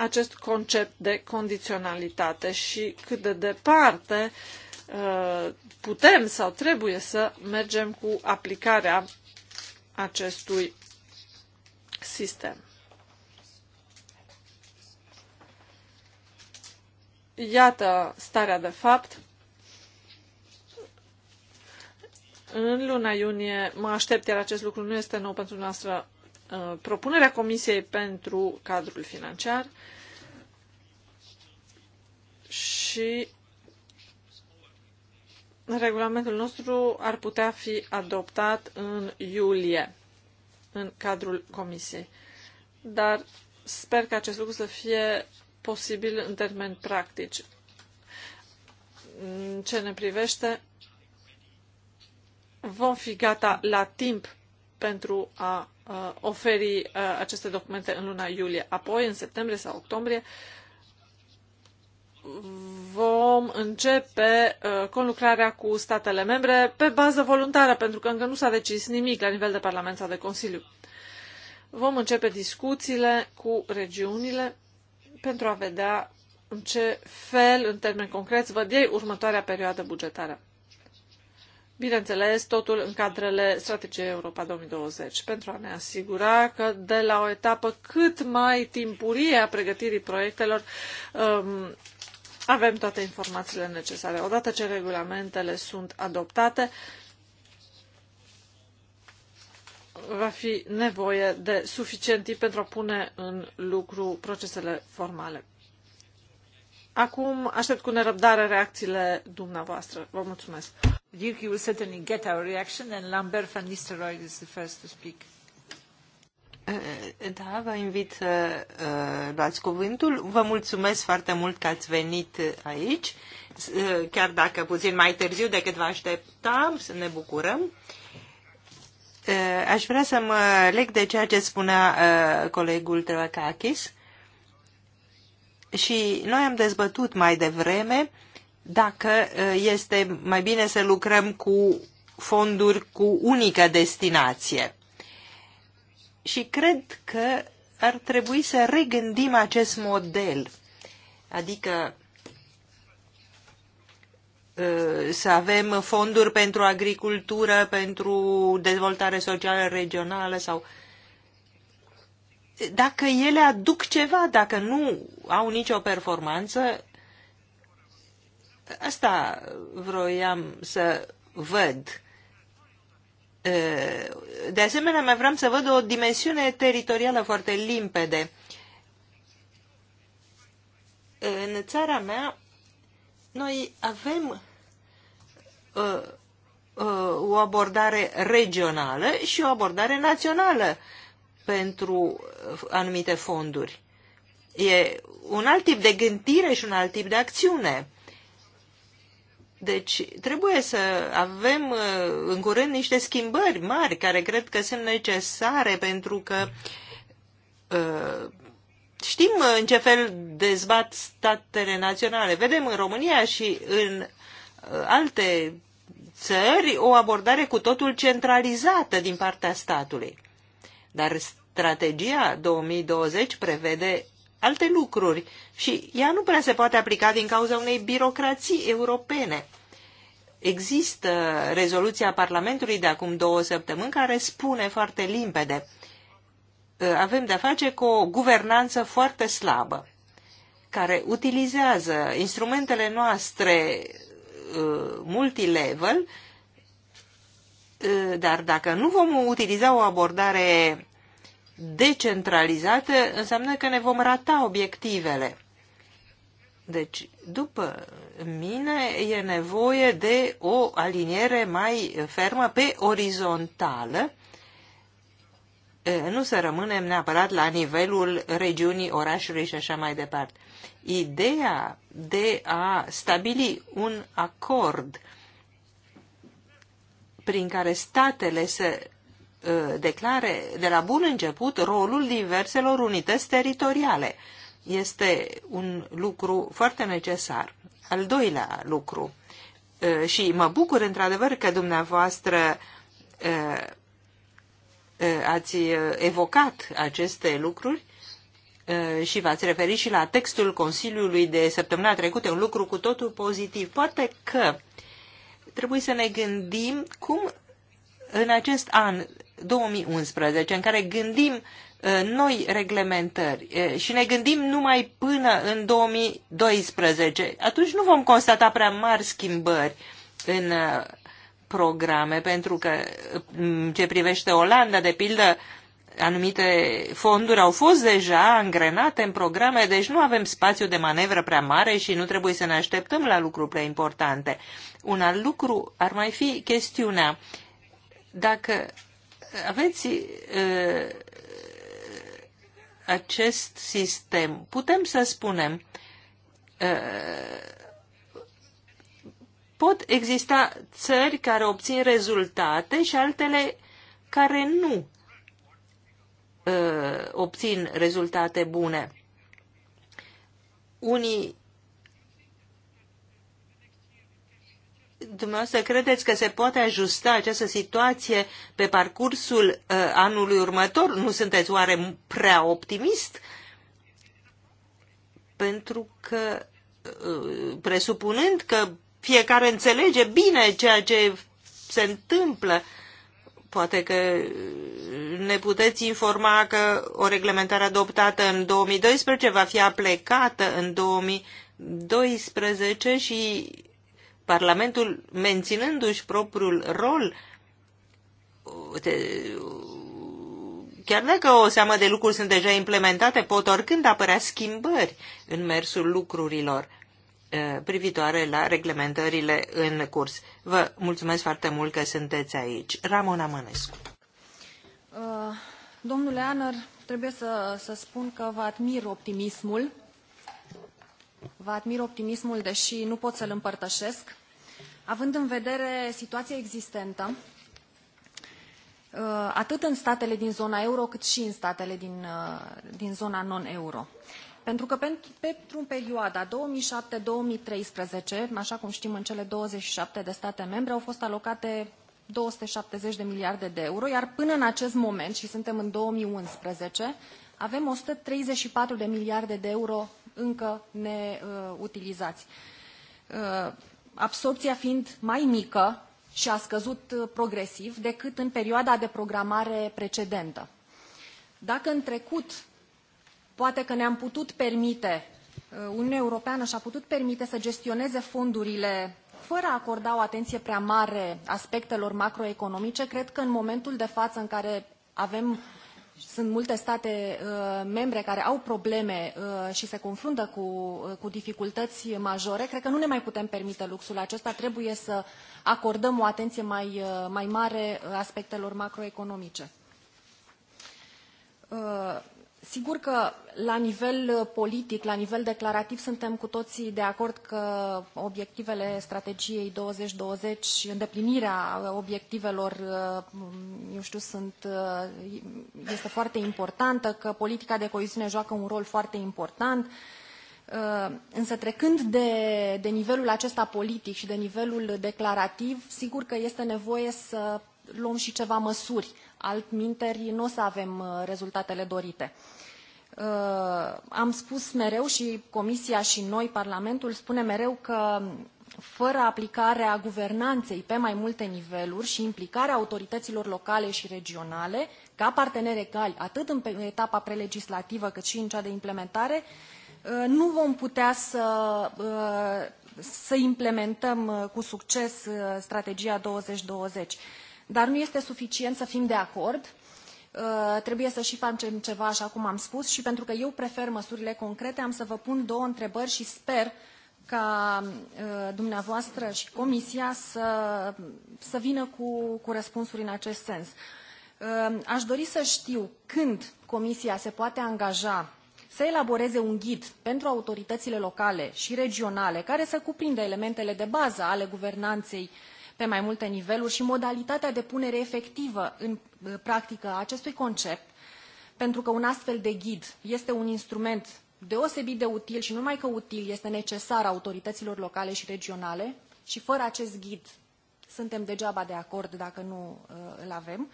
acest concept de condiționalitate și cât de departe uh, putem sau trebuie să mergem cu aplicarea acestui sistem. Iată starea de fapt. În luna iunie mă aștept, iar acest lucru nu este nou pentru noastră Uh, propunerea Comisiei pentru cadrul financiar și regulamentul nostru ar putea fi adoptat în iulie în cadrul Comisiei. Dar sper că acest lucru să fie posibil în termeni practici. În ce ne privește, vom fi gata la timp pentru a Uh, oferi uh, aceste documente în luna iulie. Apoi, în septembrie sau octombrie, vom începe uh, conlucrarea cu statele membre pe bază voluntară, pentru că încă nu s-a decis nimic la nivel de Parlament sau de Consiliu. Vom începe discuțiile cu regiunile pentru a vedea în ce fel, în termeni concreți, văd ei următoarea perioadă bugetară. Bineînțeles, totul în cadrele strategiei Europa 2020, pentru a ne asigura că de la o etapă cât mai timpurie a pregătirii proiectelor um, avem toate informațiile necesare. Odată ce regulamentele sunt adoptate, va fi nevoie de suficient timp pentru a pune în lucru procesele formale. Acum aștept cu nerăbdare reacțiile dumneavoastră. Vă mulțumesc! Dirk, you will certainly get our reaction, and Lambert van Nistelrooy is the first to speak.
Eh, da, vă invit să eh, luați cuvântul. Vă mulțumesc foarte mult că ați venit eh, aici, chiar dacă puțin mai târziu decât vă așteptam, să ne bucurăm. Aș vrea să mă leg de ceea ce spunea colegul Trevakakis. Și noi am dezbătut mai devreme uh, dacă este mai bine să lucrăm cu fonduri cu unică destinație. Și cred că ar trebui să regândim acest model, adică să avem fonduri pentru agricultură, pentru dezvoltare socială regională sau dacă ele aduc ceva, dacă nu au nicio performanță, Asta vroiam să văd. De asemenea, mai vreau să văd o dimensiune teritorială foarte limpede. În țara mea, noi avem o abordare regională și o abordare națională pentru anumite fonduri. E un alt tip de gândire și un alt tip de acțiune. Deci trebuie să avem uh, în curând niște schimbări mari care cred că sunt necesare pentru că uh, știm uh, în ce fel dezbat statele naționale. Vedem în România și în alte țări o abordare cu totul centralizată din partea statului. Dar strategia 2020 prevede alte lucruri și ea nu prea se poate aplica din cauza unei birocrații europene. Există rezoluția Parlamentului de acum două săptămâni care spune foarte limpede ă, avem de-a face cu o guvernanță foarte slabă, care utilizează instrumentele noastre ă, multilevel, ă, dar dacă nu vom utiliza o abordare decentralizate, înseamnă că ne vom rata obiectivele. Deci, după mine, e nevoie de o aliniere mai fermă pe orizontală, nu să rămânem neapărat la nivelul regiunii, orașului și așa mai departe. Ideea de a stabili un acord prin care statele să Uh, declare de la bun început rolul diverselor unități teritoriale. Este un lucru foarte necesar. Al doilea lucru, uh, și mă bucur într-adevăr că dumneavoastră uh, ați evocat aceste lucruri și v-ați referit și la textul Consiliului de săptămâna trecută, un lucru cu totul pozitiv. Poate că trebuie să ne gândim cum în acest an 2011 în care gândim uh, noi reglementări uh, și ne gândim numai până în 2012, atunci nu vom constata prea mari schimbări în uh, programe, pentru că ce privește Olanda, de pildă, anumite fonduri au fost deja angrenate în programe, deci nu avem spațiu de manevră prea mare și nu trebuie să ne așteptăm la lucruri prea importante. Un alt lucru ar mai fi chestiunea dacă aveți uh, acest sistem, putem să spunem, uh, pot exista țări care obțin rezultate și altele care nu uh, obțin rezultate bune. Unii Dumneavoastră credeți că se poate ajusta această situație pe parcursul uh, anului următor? Nu sunteți oare prea optimist? Pentru că, uh, presupunând că fiecare înțelege bine ceea ce se întâmplă, poate că uh, ne puteți informa că o reglementare adoptată în 2012 va fi aplicată în 2012 și Parlamentul, menținându-și propriul rol, te, chiar dacă o seamă de lucruri sunt deja implementate, pot oricând apărea schimbări în mersul lucrurilor privitoare la reglementările în curs. Vă mulțumesc foarte mult că sunteți aici. Ramona Mănescu.
domnule Anăr, trebuie să, să spun că vă admir optimismul. Vă admir optimismul, deși nu pot să-l împărtășesc având în vedere situația existentă, uh, atât în statele din zona euro, cât și în statele din, uh, din zona non-euro. Pentru că pentru, pentru perioada 2007-2013, așa cum știm, în cele 27 de state membre au fost alocate 270 de miliarde de euro, iar până în acest moment, și suntem în 2011, avem 134 de miliarde de euro încă neutilizați. Uh, absorpția fiind mai mică și a scăzut uh, progresiv decât în perioada de programare precedentă. Dacă în trecut poate că ne-am putut permite, uh, Uniunea Europeană și-a putut permite să gestioneze fondurile fără a acorda o atenție prea mare aspectelor macroeconomice, cred că în momentul de față în care avem sunt multe state uh, membre care au probleme uh, și se confruntă cu, uh, cu dificultăți majore. Cred că nu ne mai putem permite luxul acesta. Trebuie să acordăm o atenție mai, mai mare aspectelor macroeconomice. Sigur că la nivel uh, politic, la nivel declarativ, suntem cu toții de acord că obiectivele strategiei 2020, îndeplinirea uh, obiectivelor, uh, mm, eu știu, sunt, este foarte importantă, că politica de coeziune joacă un rol foarte important, Însă trecând de, de nivelul acesta politic și de nivelul declarativ, sigur că este nevoie să luăm și ceva măsuri. Altminteri nu o să avem uh, rezultatele dorite. Uh, am spus mereu și Comisia și noi, Parlamentul, spune mereu că um, fără aplicarea guvernanței pe mai multe niveluri și implicarea autorităților locale și regionale, ca parteneri egali, atât în etapa prelegislativă cât și în cea de implementare, uh, nu vom putea să, să implementăm cu succes strategia 2020. Dar nu este suficient să fim de acord. Uh, trebuie să și facem ceva, așa cum am spus, și pentru că eu prefer măsurile concrete, am să vă pun două întrebări și sper ca uh, dumneavoastră și Comisia să, să vină cu, cu răspunsuri în acest sens. Uh, aș dori să știu când Comisia se poate angaja să elaboreze un ghid pentru autoritățile locale și regionale care să cuprindă elementele de bază ale guvernanței uh, pe mai multe niveluri și modalitatea de punere efectivă în uh, practică a acestui concept, pentru că un astfel de ghid este un instrument deosebit de util și nu numai că util, este necesar autorităților locale și regionale și fără acest ghid suntem degeaba de acord dacă nu uh, îl avem.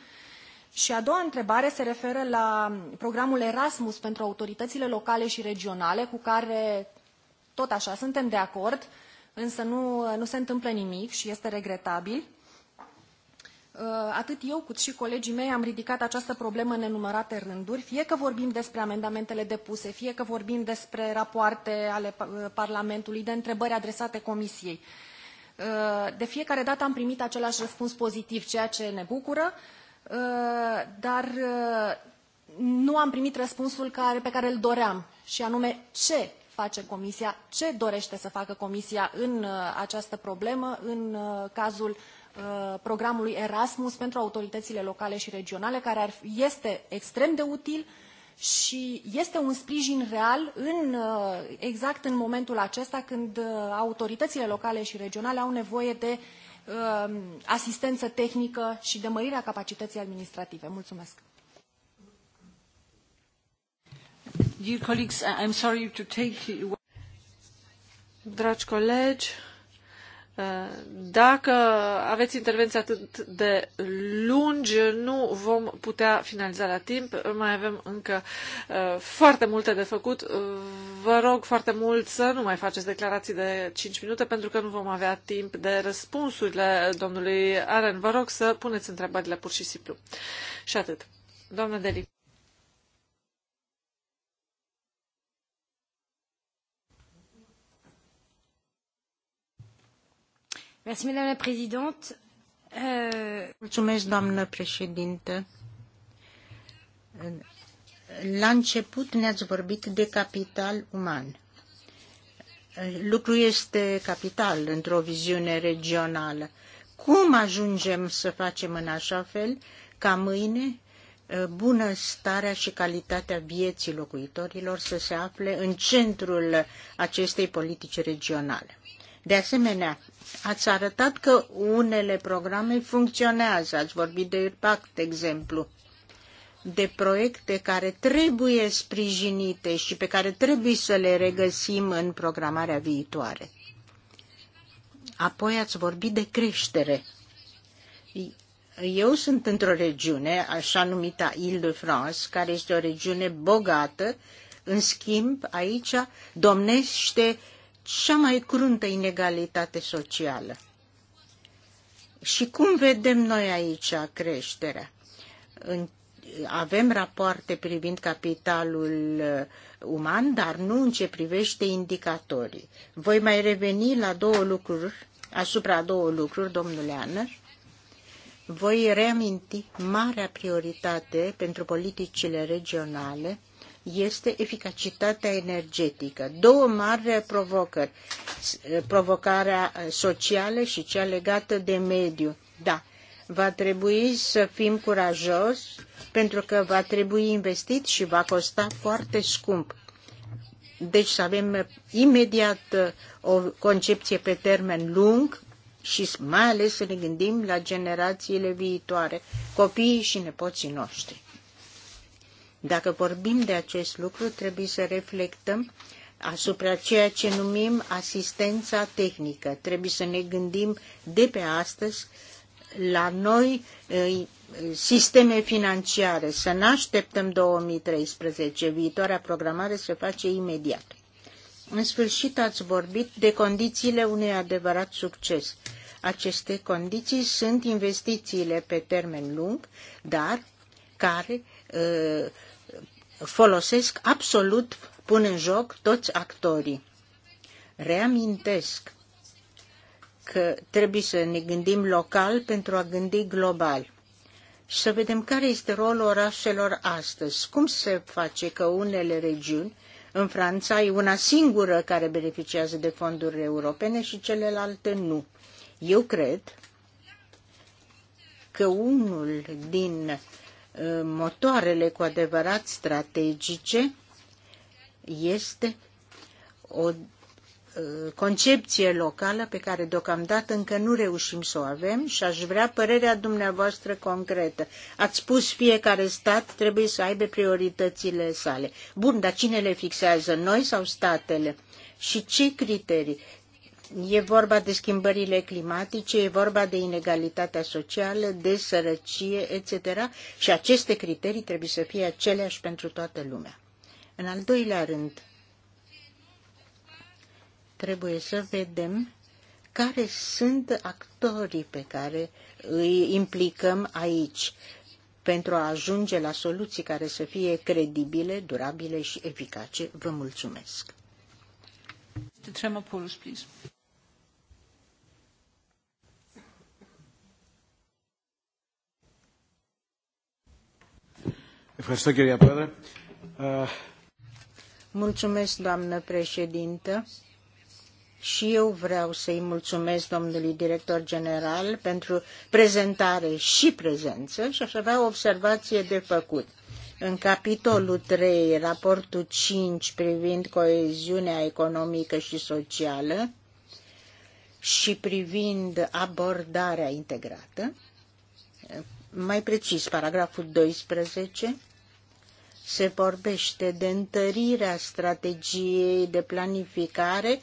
Și a doua întrebare se referă la programul Erasmus pentru autoritățile locale și regionale, cu care tot așa suntem de acord, însă nu, nu se întâmplă nimic și este regretabil. Uh, atât eu cât și colegii mei am ridicat această problemă în nenumărate rânduri, fie că vorbim despre amendamentele depuse, fie că vorbim despre rapoarte ale uh, Parlamentului, de întrebări adresate Comisiei. Uh, de fiecare dată am primit același răspuns pozitiv, ceea ce ne bucură, dar nu am primit răspunsul care, pe care îl doream, și anume ce face Comisia, ce dorește să facă Comisia în uh, această problemă, în uh, cazul uh, programului Erasmus pentru autoritățile locale și regionale, care este extrem de util și este un sprijin real în, exact în momentul acesta când autoritățile locale și regionale au nevoie de asistență tehnică și de mărirea capacității administrative. Mulțumesc!
Dragi colegi, uh, dacă aveți intervenții atât de lungi, nu vom putea finaliza la timp. Mai avem încă uh, foarte multe de făcut. Uh, vă rog foarte mult să nu mai faceți declarații de 5 minute, pentru că nu vom avea timp de răspunsurile domnului Aren. Vă rog să puneți întrebările pur și simplu. Și atât. Doamna Deli.
Euh,
Mulțumesc, doamnă președintă. La început ne-ați vorbit de capital uman. Lucru este capital într-o viziune regională. Cum ajungem să facem în așa fel ca mâine uh, bună starea și calitatea vieții locuitorilor să se afle în centrul acestei politici regionale? De asemenea, ați arătat că unele programe funcționează, ați vorbit de IRPAC, de exemplu, de proiecte care trebuie sprijinite și pe care trebuie să le regăsim în programarea viitoare. Apoi ați vorbit de creștere. Eu sunt într-o regiune, așa numită Île-de-France, care este o regiune bogată, în schimb, aici domnește uh, cea mai cruntă inegalitate socială. Și cum vedem noi aici creșterea? În avem rapoarte privind capitalul uh, uman, dar nu în ce privește indicatorii. Voi mai reveni la două lucruri, asupra două lucruri, domnule Anăr. Voi reaminti marea prioritate pentru politicile regionale este eficacitatea energetică. Două mari provocări, provocarea socială și cea legată de mediu. Da, va trebui să fim curajoși pentru că va trebui investit și va costa foarte scump. Deci să avem imediat uh, o concepție pe termen lung și mai ales să ne gândim la generațiile viitoare, copiii și nepoții noștri. Dacă vorbim de acest lucru, trebuie să reflectăm asupra ceea ce numim asistența tehnică. Trebuie să ne gândim de pe astăzi la noi eh, sisteme financiare, să nu așteptăm 2013, viitoarea programare se face imediat. În sfârșit ați vorbit de condițiile unui adevărat succes. Aceste condiții sunt investițiile pe termen lung, dar care eh, folosesc absolut, pun în joc toți actorii. Reamintesc că trebuie să ne gândim local pentru a gândi global. Și să vedem care este rolul orașelor astăzi. Cum se face că unele regiuni, în Franța, e una singură care beneficiază de fonduri europene și celelalte nu. Eu cred că unul din uh, motoarele cu adevărat strategice este o uh, concepție locală pe care deocamdată încă nu reușim să o avem și aș vrea părerea dumneavoastră concretă. Ați spus fiecare stat trebuie să aibă prioritățile sale. Bun, dar cine le fixează, noi sau statele? Și ce criterii? E vorba de schimbările climatice, e vorba de inegalitatea socială, de sărăcie, etc. Și aceste criterii trebuie să fie aceleași pentru toată lumea. În al doilea rând, trebuie să vedem care sunt actorii pe care îi implicăm aici pentru a ajunge la soluții care să fie credibile, durabile și eficace. Vă mulțumesc. Tremopoulos, please. Mulțumesc, doamnă președintă. Și eu vreau să-i mulțumesc domnului director general pentru prezentare și prezență și aș avea o observație de făcut. În capitolul 3, raportul 5 privind coeziunea economică și socială și privind abordarea integrată, mai precis, paragraful 12 se vorbește de întărirea strategiei de planificare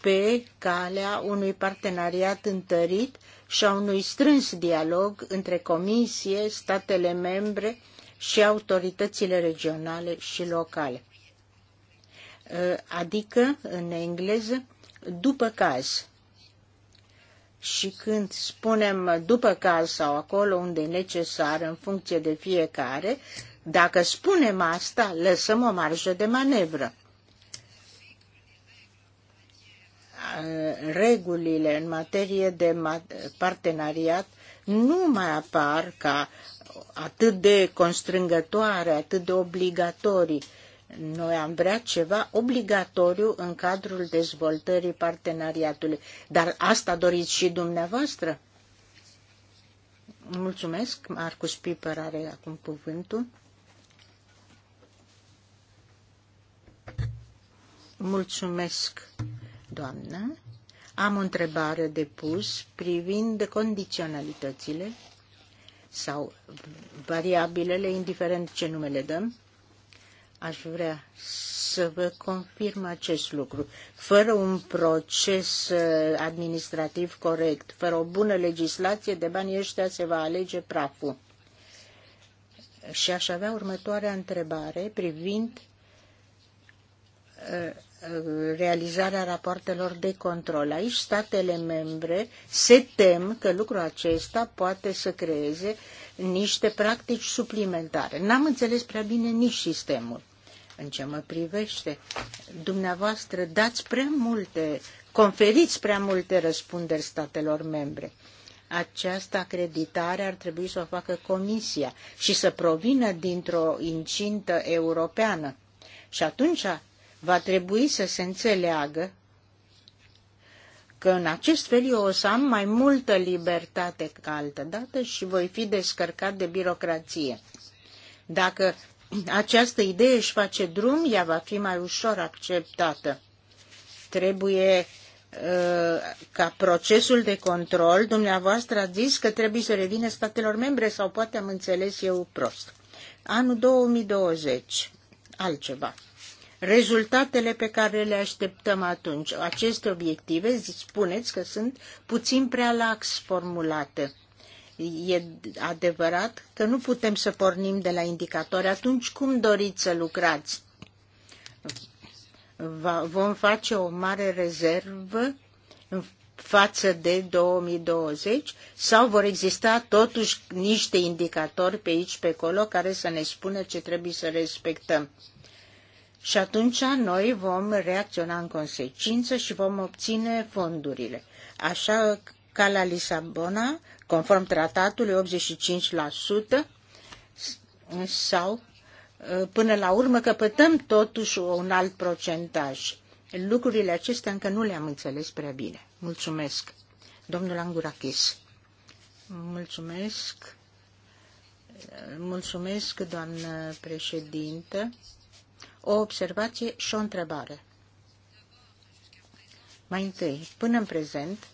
pe calea unui parteneriat întărit și a unui strâns dialog între Comisie, statele membre și autoritățile regionale și locale. Adică, în engleză, după caz și când spunem după caz sau acolo unde e necesar în funcție de fiecare, dacă spunem asta, lăsăm o marjă de manevră. Regulile în materie de parteneriat nu mai apar ca atât de constrângătoare, atât de obligatorii noi am vrea ceva obligatoriu în cadrul dezvoltării parteneriatului. Dar asta doriți și dumneavoastră? Mulțumesc. Marcus Piper are acum cuvântul. Mulțumesc, doamnă. Am o întrebare de pus privind condiționalitățile sau variabilele, indiferent ce numele dăm, Aș vrea să vă confirm acest lucru. Fără un proces uh, administrativ corect, fără o bună legislație, de banii ăștia se va alege praful. Și aș avea următoarea întrebare privind uh, realizarea rapoartelor de control. Aici statele membre se tem că lucrul acesta poate să creeze niște practici suplimentare. N-am înțeles prea bine nici sistemul în ce mă privește. Dumneavoastră dați prea multe, conferiți prea multe răspunderi statelor membre. Această acreditare ar trebui să o facă Comisia și să provină dintr-o incintă europeană. Și atunci va trebui să se înțeleagă că în acest fel eu o să am mai multă libertate ca altădată și voi fi descărcat de birocrație. Dacă această idee își face drum, ea va fi mai ușor acceptată. Trebuie uh, ca procesul de control, dumneavoastră a zis că trebuie să revină statelor membre sau poate am înțeles eu prost. Anul 2020, altceva. Rezultatele pe care le așteptăm atunci, aceste obiective, spuneți că sunt puțin prea lax formulate. E adevărat că nu putem să pornim de la indicatori. Atunci cum doriți să lucrați? vom face o mare rezervă în față de 2020 sau vor exista totuși niște indicatori pe aici, pe acolo, care să ne spună ce trebuie să respectăm. Și atunci noi vom reacționa în consecință și vom obține fondurile. Așa ca la Lisabona conform tratatului 85% sau uh, până la urmă căpătăm totuși un alt procentaj. Lucrurile acestea încă nu le-am înțeles prea bine. Mulțumesc. Domnul Angurakis. Mulțumesc. Mulțumesc, doamnă președintă. O observație și o întrebare. Mai întâi, până în prezent,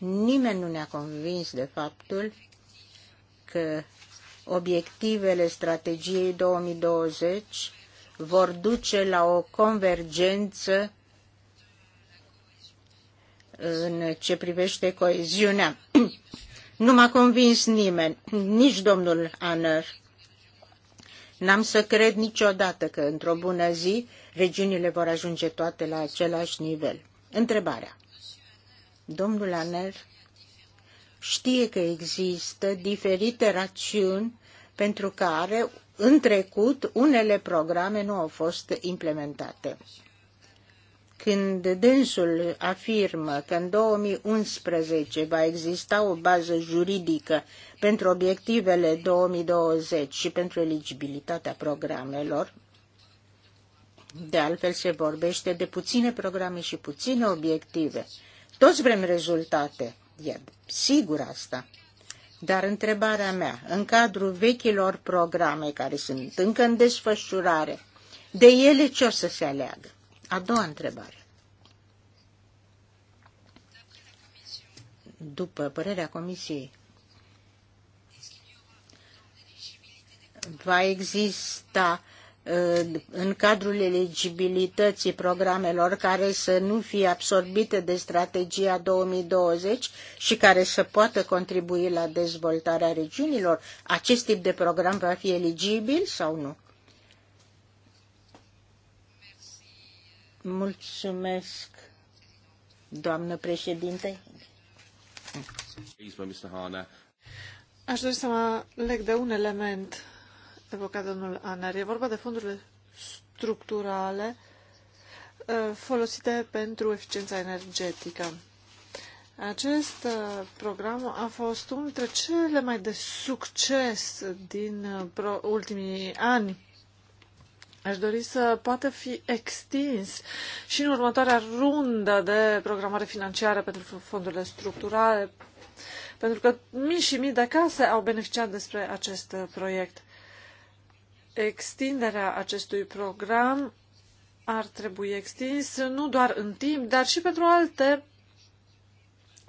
Nimeni nu ne-a convins de faptul că obiectivele strategiei 2020 vor duce la o convergență în ce privește coeziunea. <clears throat> Nu m-a convins nimeni, nici domnul Aner. N-am să cred niciodată că într-o bună zi regiunile vor ajunge toate la același nivel. Întrebarea. Domnul Lanel știe că există diferite rațiuni pentru care în trecut unele programe nu au fost implementate. Când dânsul afirmă că în 2011 va exista o bază juridică pentru obiectivele 2020 și pentru eligibilitatea programelor, de altfel se vorbește de puține programe și puține obiective, toți vrem rezultate. E sigur asta. Dar întrebarea mea, în cadrul vechilor programe care sunt încă în desfășurare, de ele ce o să se aleagă? A doua întrebare. După părerea Comisiei, va exista în cadrul eligibilității programelor care să nu fie absorbite de strategia 2020 și care să poată contribui la dezvoltarea regiunilor? Acest tip de program va fi eligibil sau nu? Mulțumesc, doamnă președinte. Aș dori să mă leg de un
element evocat domnul Aner. E vorba de fondurile structurale uh, folosite pentru eficiența energetică. Acest uh, program a fost unul dintre cele mai de succes din uh, ultimii ani. Aș dori să poată fi extins și în următoarea rundă de programare financiară pentru fondurile structurale, pentru că mii și mii de case au beneficiat despre acest proiect. Extinderea acestui program ar trebui extins nu doar în timp, dar și pentru alte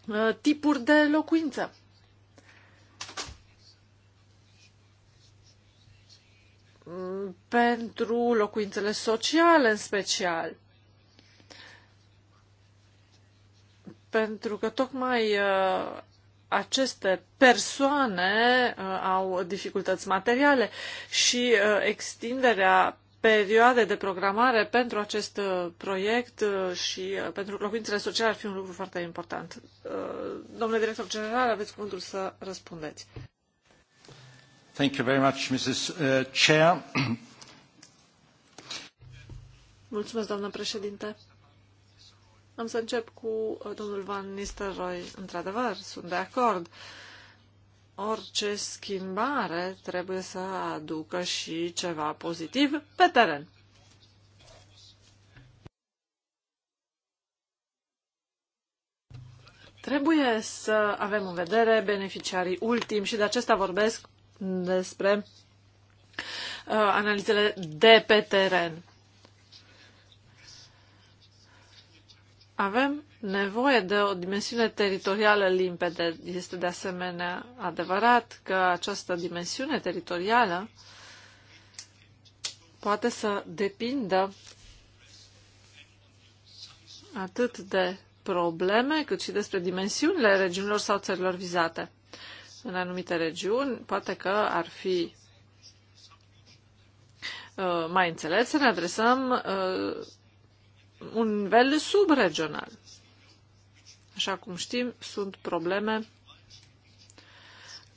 uh, tipuri de locuință. Mm, pentru locuințele sociale în special. Pentru că tocmai uh, aceste persoane uh, au dificultăți materiale și uh, extinderea perioade de programare pentru acest uh, proiect uh, și uh, pentru locuințele sociale ar fi un lucru foarte important. Domnule director general, aveți cuvântul să răspundeți.
Thank you very much, Mrs. Chair.
Mulțumesc, doamnă președinte. Am să încep cu uh, domnul Van Nistelrooy. Într-adevăr, sunt de acord. Orice schimbare trebuie să aducă și ceva pozitiv pe teren. Trebuie să avem în vedere beneficiarii ultimi și de acesta vorbesc despre uh, analizele de pe teren. Avem nevoie de o dimensiune teritorială limpede. Este de asemenea adevărat că această dimensiune teritorială poate să depindă atât de probleme, cât și despre dimensiunile regiunilor sau țărilor vizate. În anumite regiuni, poate că ar fi uh, mai înțeles să ne adresăm uh, un nivel subregional. Așa cum știm, sunt probleme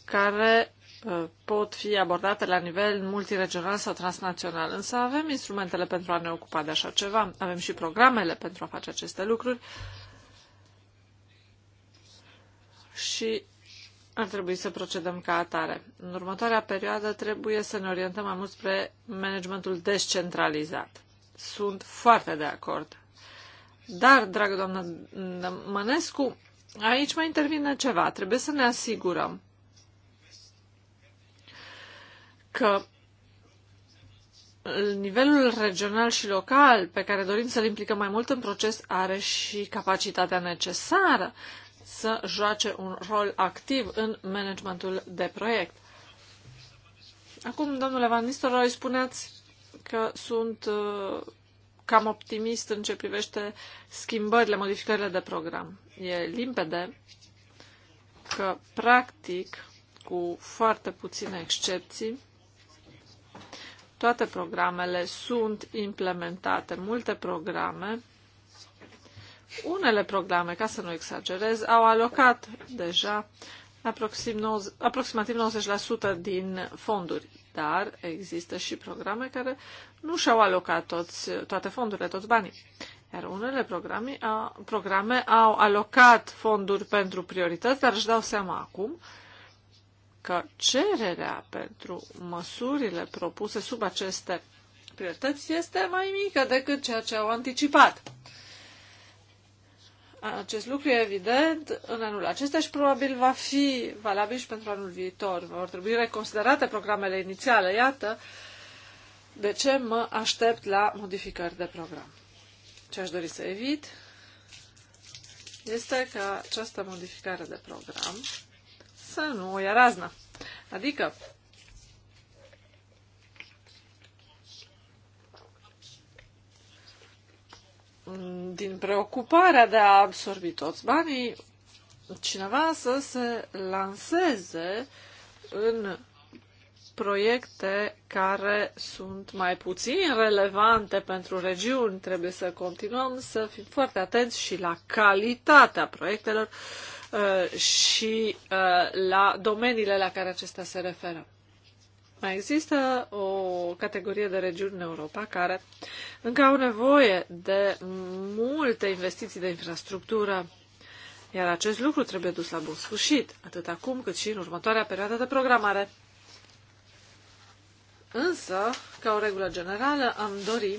care uh, pot fi abordate la nivel multiregional sau transnațional, însă avem instrumentele pentru a ne ocupa de așa ceva, avem și programele pentru a face aceste lucruri și ar trebui să procedăm ca atare. În următoarea perioadă trebuie să ne orientăm mai mult spre managementul descentralizat. Sunt foarte de acord. Dar, dragă doamnă Mănescu, aici mai intervine ceva. Trebuie să ne asigurăm că nivelul regional și local pe care dorim să-l implicăm mai mult în proces are și capacitatea necesară să joace un rol activ în managementul de proiect. Acum, domnule Van Nistelrooy, spuneați că sunt uh, cam optimist în ce privește schimbările, modificările de program. E limpede că, practic, cu foarte puține excepții, toate programele sunt implementate, multe programe. Unele programe, ca să nu exagerez, au alocat deja aproxim 90, aproximativ 90% din fonduri dar există și programe care nu și-au alocat toți, toate fondurile, toți banii. Iar unele programe, a, programe au alocat fonduri pentru priorități, dar își dau seama acum că cererea pentru măsurile propuse sub aceste priorități este mai mică decât ceea ce au anticipat. Acest lucru e evident în anul acesta și probabil va fi valabil și pentru anul viitor. Vor trebui reconsiderate programele inițiale. Iată de ce mă aștept la modificări de program. Ce aș dori să evit este ca această modificare de program să nu o ia raznă. Adică din preocuparea de a absorbi toți banii, cineva să se lanseze în proiecte care sunt mai puțin relevante pentru regiuni. Trebuie să continuăm să fim foarte atenți și la calitatea proiectelor uh, și uh, la domeniile la care acestea se referă. Mai există o categorie de regiuni în Europa care încă au nevoie de multe investiții de infrastructură, iar acest lucru trebuie dus la bun sfârșit, atât acum cât și în următoarea perioadă de programare. Însă, ca o regulă generală, am dori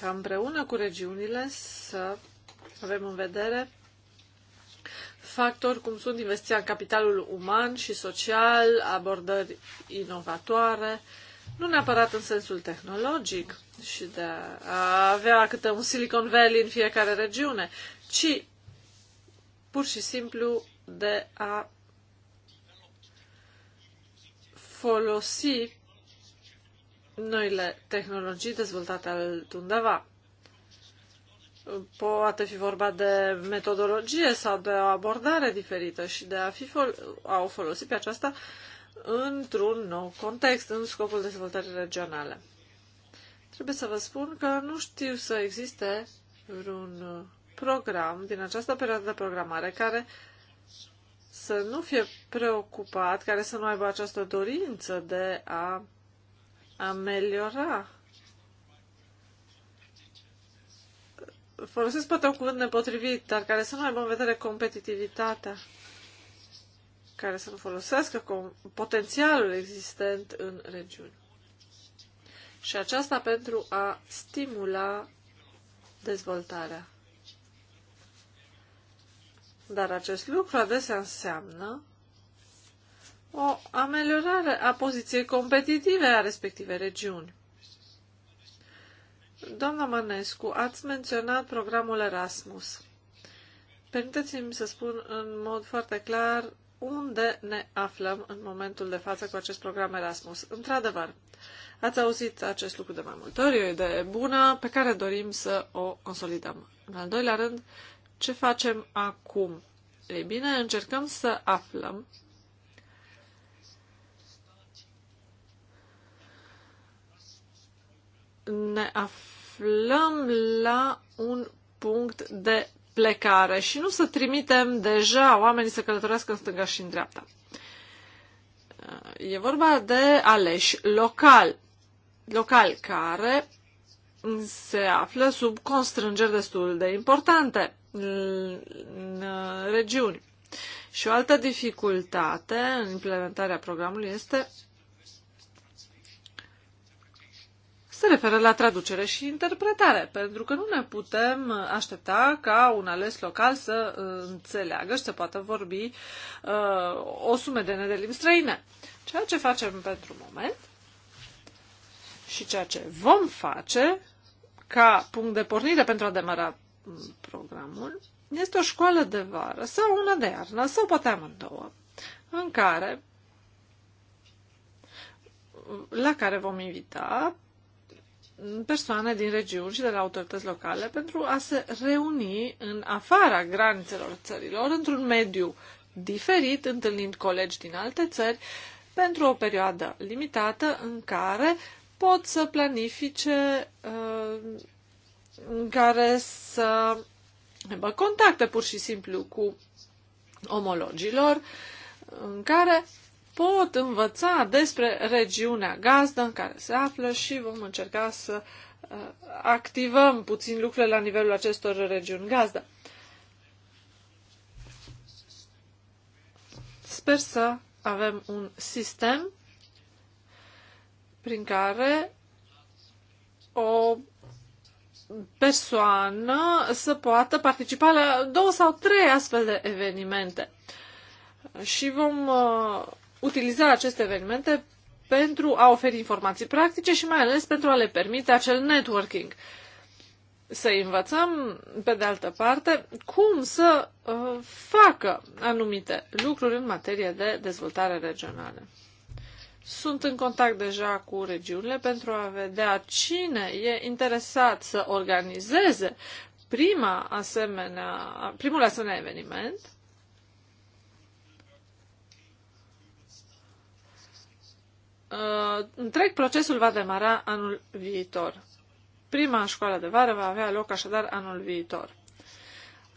ca împreună cu regiunile să avem în vedere factori cum sunt investiția în capitalul uman și social, abordări inovatoare, nu neapărat în sensul tehnologic și de a avea câte un Silicon Valley în fiecare regiune, ci pur și simplu de a folosi noile tehnologii dezvoltate altundeva. Poate fi vorba de metodologie sau de o abordare diferită și de a, fi fol- a o folosi pe aceasta într-un nou context, în scopul dezvoltării regionale. Trebuie să vă spun că nu știu să existe vreun program din această perioadă de programare care să nu fie preocupat, care să nu aibă această dorință de a ameliora folosesc poate un cuvânt nepotrivit, dar care să nu aibă în vedere competitivitatea, care să nu folosească potențialul existent în regiuni. Și aceasta pentru a stimula dezvoltarea. Dar acest lucru adesea înseamnă o ameliorare a poziției competitive a respective regiuni. Doamna Manescu, ați menționat programul Erasmus. Permiteți-mi să spun în mod foarte clar unde ne aflăm în momentul de față cu acest program Erasmus. Într-adevăr, ați auzit acest lucru de mai multe ori, o idee bună pe care dorim să o consolidăm. În al doilea rând, ce facem acum? Ei bine, încercăm să aflăm ne aflăm la un punct de plecare și nu să trimitem deja oamenii să călătorească în stânga și în dreapta. E vorba de aleși local, local care se află sub constrângeri destul de importante în regiuni. Și o altă dificultate în implementarea programului este se referă la traducere și interpretare, pentru că nu ne putem aștepta ca un ales local să uh, înțeleagă și să poată vorbi uh, o sumedenie de limbi străine. Ceea ce facem pentru moment și ceea ce vom face ca punct de pornire pentru a demara mm, programul este o școală de vară sau una de iarnă sau poate amândouă, în care la care vom invita persoane din regiuni și de la autorități locale pentru a se reuni în afara granițelor țărilor, într-un mediu diferit, întâlnind colegi din alte țări, pentru o perioadă limitată în care pot să planifice, uh, în care să aibă contacte pur și simplu cu omologilor, în care pot învăța despre regiunea gazdă în care se află și vom încerca să uh, activăm puțin lucrurile la nivelul acestor regiuni gazdă. Sper să avem un sistem prin care o persoană să poată participa la două sau trei astfel de evenimente. Și vom uh, utiliza aceste evenimente pentru a oferi informații practice și mai ales pentru a le permite acel networking. Să învățăm, pe de altă parte, cum să uh, facă anumite lucruri în materie de dezvoltare regională. Sunt în contact deja cu regiunile pentru a vedea cine e interesat să organizeze prima asemenea, primul asemenea eveniment uh, întreg procesul va demara anul viitor. Prima școală de vară va avea loc așadar anul viitor.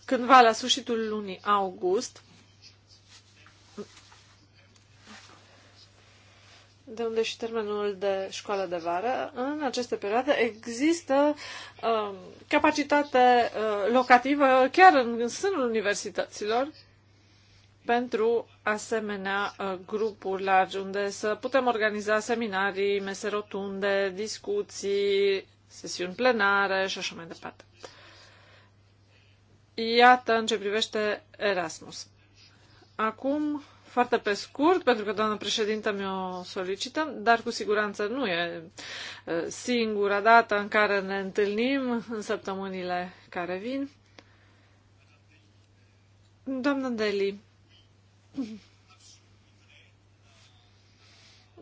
Cândva la sfârșitul lunii august, de unde și termenul de școală de vară, în aceste perioade există uh, capacitate uh, locativă chiar în, în sânul universităților pentru asemenea uh, grupuri largi unde să putem organiza seminarii, mese rotunde, discuții, sesiuni plenare și așa mai departe. Iată în ce privește Erasmus. Acum, foarte pe scurt, pentru că doamna președintă mi-o solicită, dar cu siguranță nu e uh, singura dată în care ne întâlnim în săptămânile care vin. Doamna Deli,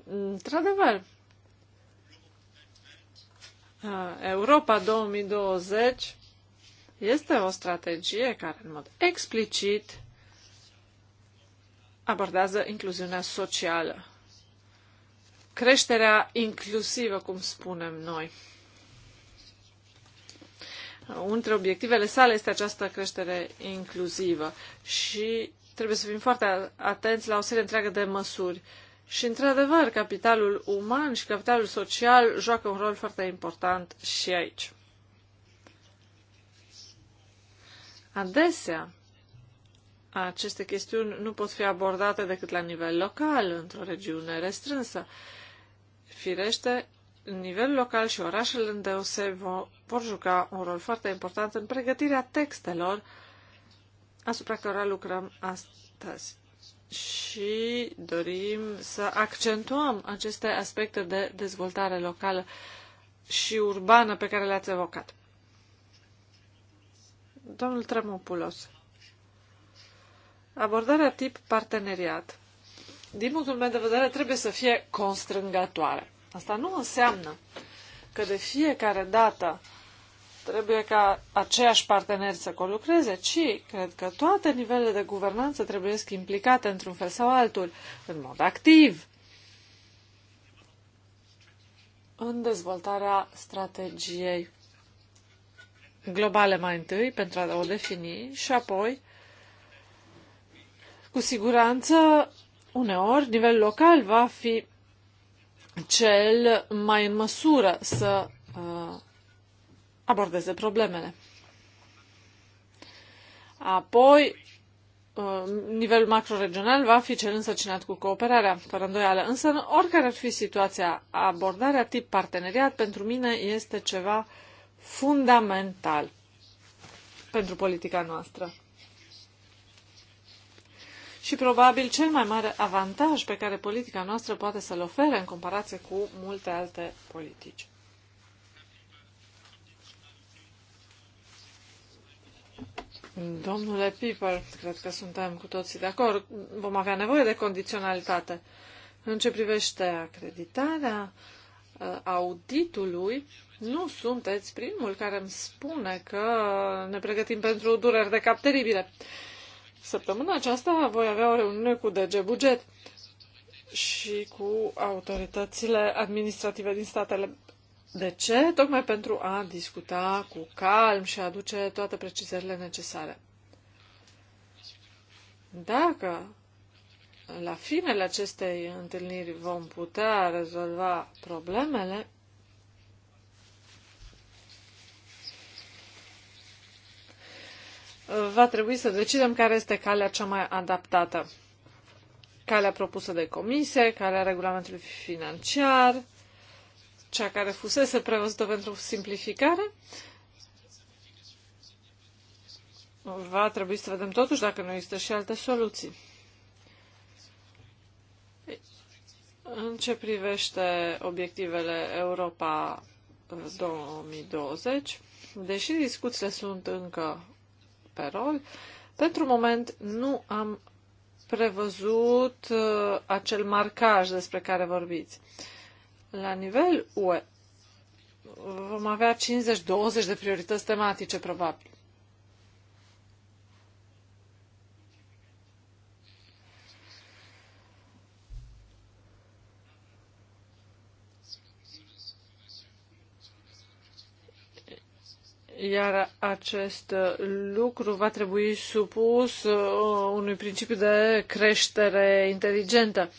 Într-adevăr, uh, Europa 2020 este o strategie care, în mod explicit, abordează incluziunea socială. Creșterea inclusivă, cum spunem noi. Unul dintre obiectivele sale este această creștere inclusivă și Trebuie să fim foarte atenți la o serie întreagă de măsuri. Și, într-adevăr, capitalul uman și capitalul social joacă un rol foarte important și aici. Adesea, aceste chestiuni nu pot fi abordate decât la nivel local, într-o regiune restrânsă. Firește, nivelul local și orașele îndeose vor juca un rol foarte important în pregătirea textelor asupra cărora lucrăm astăzi. Și dorim să accentuăm aceste aspecte de dezvoltare locală și urbană pe care le-ați evocat. Domnul Tremopulos, abordarea tip parteneriat, din punctul meu de vedere, trebuie să fie constrângătoare. Asta nu înseamnă că de fiecare dată trebuie ca aceiași parteneri să colucreze, ci cred că toate nivelele de guvernanță trebuie implicate într-un fel sau altul, în mod activ, în dezvoltarea strategiei globale mai întâi pentru a o defini și apoi, cu siguranță, uneori, nivelul local va fi cel mai în măsură să abordeze problemele. Apoi, uh, nivelul macroregional va fi cel însăcinat cu cooperarea, fără îndoială. Însă, în oricare ar fi situația, abordarea tip parteneriat pentru mine este ceva fundamental pentru politica noastră. Și probabil cel mai mare avantaj pe care politica noastră poate să-l ofere în comparație cu multe alte politici. Domnule Piper, cred că suntem cu toții de acord. Vom avea nevoie de condiționalitate. În ce privește acreditarea uh, auditului, nu sunteți primul care îmi spune că ne pregătim pentru dureri de cap teribile. Săptămâna aceasta voi avea o reuniune cu DG Buget și cu autoritățile administrative din statele de ce? Tocmai pentru a discuta cu calm și a aduce toate precizările necesare. Dacă la finele acestei întâlniri vom putea rezolva problemele, va trebui să decidem care este calea cea mai adaptată. Calea propusă de comisie, calea regulamentului financiar, cea care fusese prevăzută pentru simplificare. Va trebui să vedem totuși dacă nu există și alte soluții. În ce privește obiectivele Europa 2020, uh, deși discuțiile sunt încă pe rol, pentru moment nu am prevăzut uh, acel marcaj despre care vorbiți. Uh, la nivel UE vom avea 50-20 de priorități tematice, probabil. iar acest lucru va trebui supus uh, unui principiu de creștere inteligentă.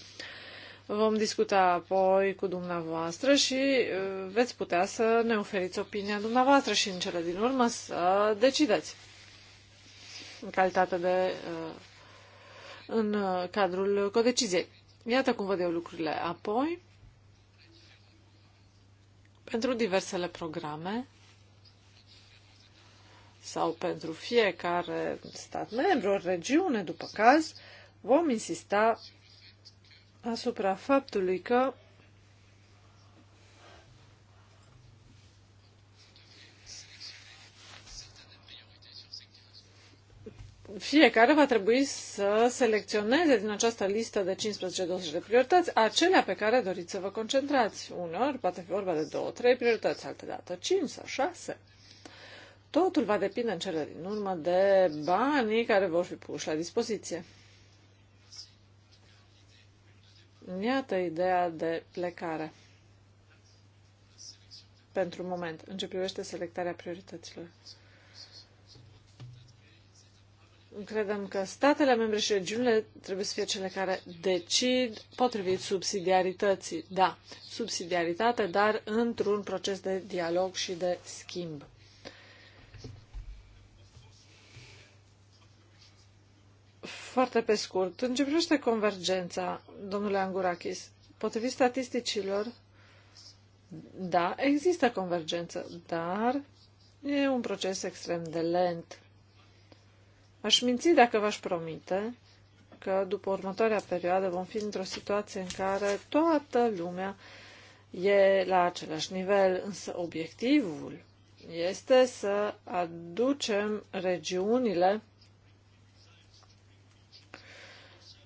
Vom discuta apoi cu dumneavoastră și uh, veți putea să ne oferiți opinia dumneavoastră și în cele din urmă să decideți în calitate de uh, în uh, cadrul codeciziei. Iată cum văd eu lucrurile. Apoi, pentru diversele programe sau pentru fiecare stat membru, regiune, după caz, vom insista asupra faptului că fiecare va trebui să selecționeze din această listă de 15-20 de priorități acelea pe care doriți să vă concentrați. Uneori poate fi vorba de 2-3 priorități, altă dată 5 sau 6. Totul va depinde în cele din urmă de banii care vor fi puși la dispoziție. Iată ideea de plecare pentru moment, în ce privește selectarea priorităților. Credem că statele membre și regiunile trebuie să fie cele care decid potrivit subsidiarității. Da, subsidiaritate, dar într-un proces de dialog și de schimb. Foarte pe scurt, în ce privește convergența, domnule Angurakis, potrivit statisticilor, da, există convergență, dar e un proces extrem de lent. Aș minți dacă v-aș promite că după următoarea perioadă vom fi într-o situație în care toată lumea e la același nivel, însă obiectivul este să aducem regiunile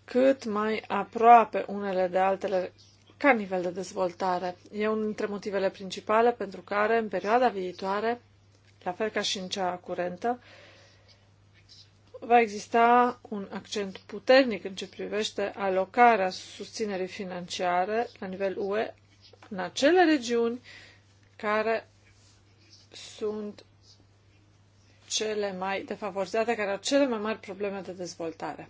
cât mai aproape unele de altele ca nivel de dezvoltare. E unul dintre motivele principale pentru care, în perioada viitoare, la fel ca și în cea curentă, va exista un accent puternic în ce privește alocarea susținerii financiare la nivel UE în acele regiuni care sunt cele mai defavorizate, care au cele mai mari probleme de dezvoltare.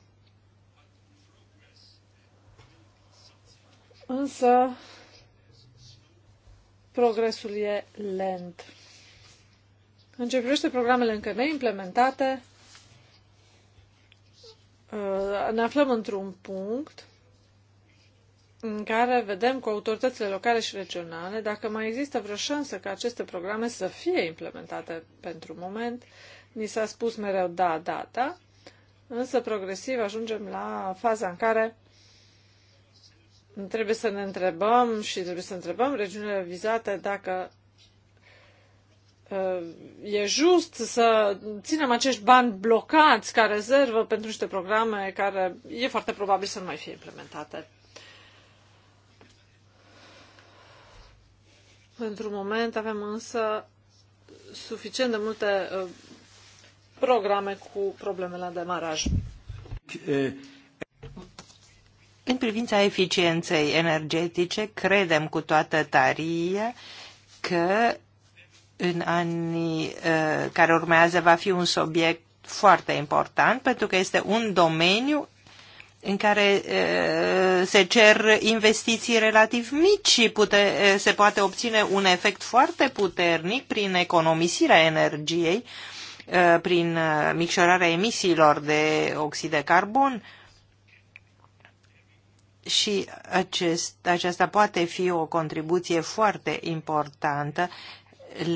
însă progresul e lent. În ce privește programele încă neimplementate, uh, ne aflăm într-un punct în care vedem cu autoritățile locale și regionale dacă mai există vreo șansă ca aceste programe să fie implementate pentru moment. Ni s-a spus mereu da, da, da, însă progresiv ajungem la faza în care Trebuie să ne întrebăm și trebuie să întrebăm regiunile vizate dacă uh, e just să ținem acești bani blocați ca rezervă pentru niște programe care e foarte probabil să nu mai fie implementate. Pentru moment avem însă suficient de multe uh, programe cu probleme la demaraj.
Eh, în privința eficienței energetice, credem cu toată tăria că în anii uh, care urmează va fi un subiect foarte important pentru că este un domeniu în care uh, se cer investiții relativ mici și pute, uh, se poate obține un efect foarte puternic prin economisirea energiei, prin micșorarea emisiilor de oxid de carbon și acest, aceasta poate fi o contribuție foarte importantă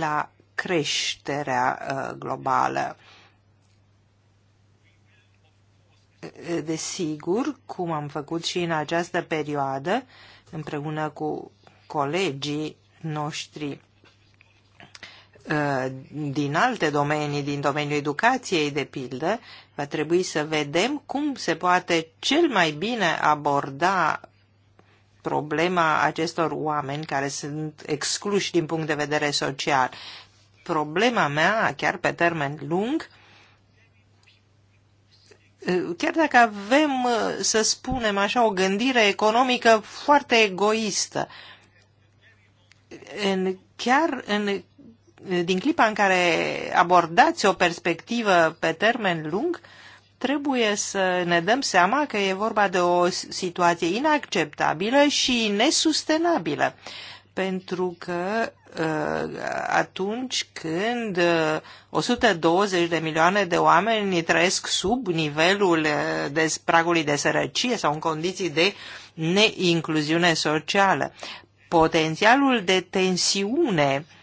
la creșterea uh, globală. Desigur, cum am făcut și în această perioadă, împreună cu colegii noștri din alte domenii, din domeniul educației, de pildă, va trebui să vedem cum se poate cel mai bine aborda problema acestor oameni care sunt excluși din punct de vedere social. Problema mea, chiar pe termen lung, chiar dacă avem, să spunem așa, o gândire economică foarte egoistă, în, chiar în din clipa în care abordați o perspectivă pe termen lung, trebuie să ne dăm seama că e vorba de o situație inacceptabilă și nesustenabilă. Pentru că uh, atunci când 120 uh, de milioane de oameni trăiesc sub nivelul uh, de pragului de sărăcie sau în condiții de neincluziune socială, potențialul de tensiune uh,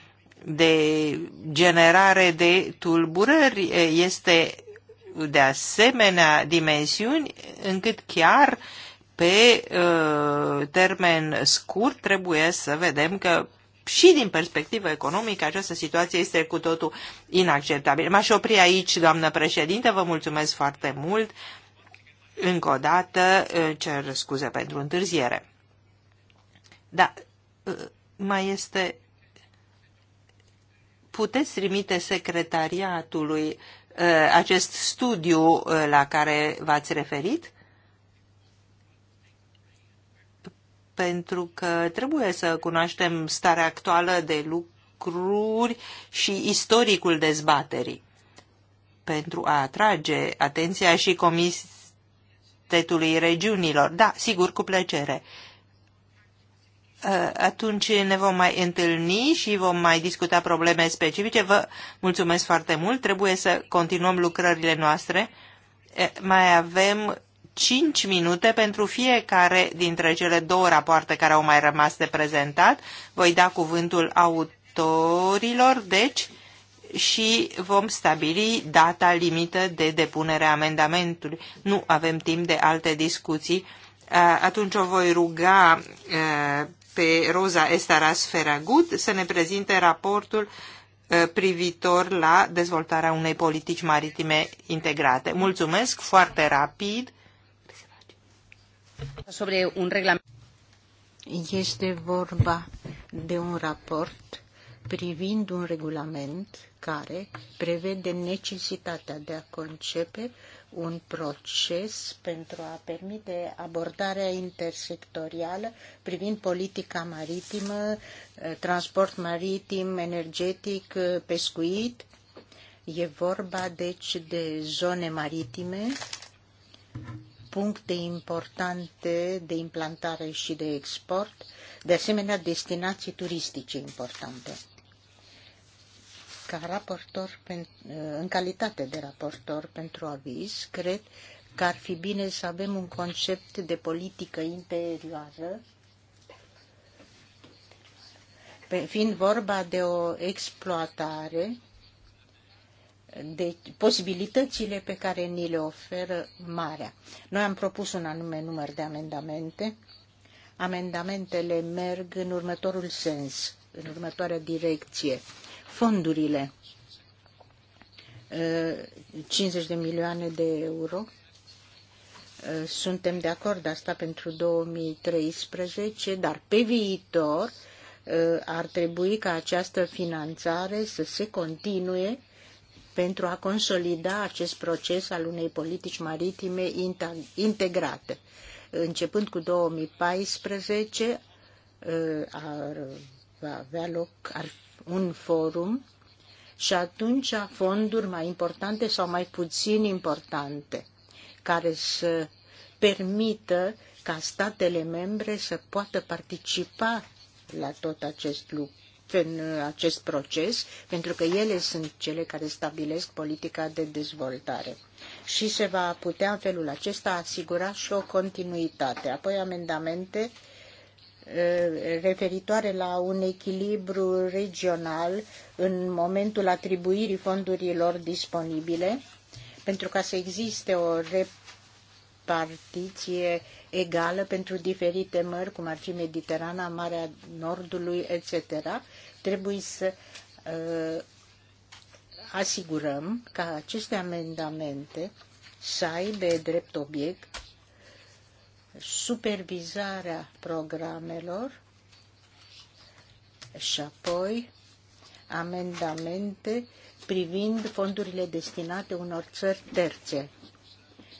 de generare de tulburări este de asemenea dimensiuni încât chiar pe uh, termen scurt trebuie să vedem că și din perspectivă economică această situație este cu totul inacceptabilă. M-aș opri aici, doamnă președinte, vă mulțumesc foarte mult. Încă o dată ă, cer scuze pentru întârziere. Da, ă, mai este puteți trimite secretariatului uh, acest studiu uh, la care v-ați referit? Pentru că trebuie să cunoaștem starea actuală de lucruri și istoricul dezbaterii pentru a atrage atenția și comisetului regiunilor. Da, sigur, cu plăcere atunci ne vom mai întâlni și vom mai discuta probleme specifice. Vă mulțumesc foarte mult. Trebuie să continuăm lucrările noastre. Mai avem 5 minute pentru fiecare dintre cele două rapoarte care au mai rămas de prezentat. Voi da cuvântul autorilor, deci, și vom stabili data limită de depunere a amendamentului. Nu avem timp de alte discuții. Atunci o voi ruga pe Roza Estaras Feragut să ne prezinte raportul uh, privitor la dezvoltarea unei politici maritime integrate. Mulțumesc foarte rapid. Sobre un Este
vorba de un raport privind un regulament care prevede necesitatea de a concepe un proces pentru a permite abordarea intersectorială privind politica maritimă, eh, transport maritim, energetic, eh, pescuit. E vorba, deci, de zone maritime, puncte importante de implantare și de export, de asemenea destinații turistice importante ca raportor, uh, în calitate de raportor pentru aviz, cred că ar fi bine să avem un concept de politică interioară, fiind vorba de o exploatare, de posibilitățile pe care ni le oferă marea. Noi am propus un anume număr de amendamente. Amendamentele merg în următorul sens, în următoarea direcție fondurile. 50 uh, de milioane de euro. Uh, suntem de acord asta pentru 2013, dar pe viitor uh, ar trebui ca această finanțare să se continue pentru a consolida acest proces al unei politici maritime integrate. Începând cu 2014, ar va avea loc, ar un forum și atunci fonduri mai importante sau mai puțin importante care să permită ca statele membre să poată participa la tot acest lucru în acest proces, pentru că ele sunt cele care stabilesc politica de dezvoltare. Și se va putea în felul acesta asigura și o continuitate. Apoi amendamente uh, Eh, referitoare la un echilibru regional în momentul atribuirii fondurilor disponibile, pentru ca să existe o repartiție egală pentru diferite mări, cum ar fi Mediterana, Marea Nordului, etc., trebuie să uh, asigurăm ca aceste amendamente să aibă drept obiect supervizarea programelor și apoi amendamente privind fondurile destinate unor țări terțe.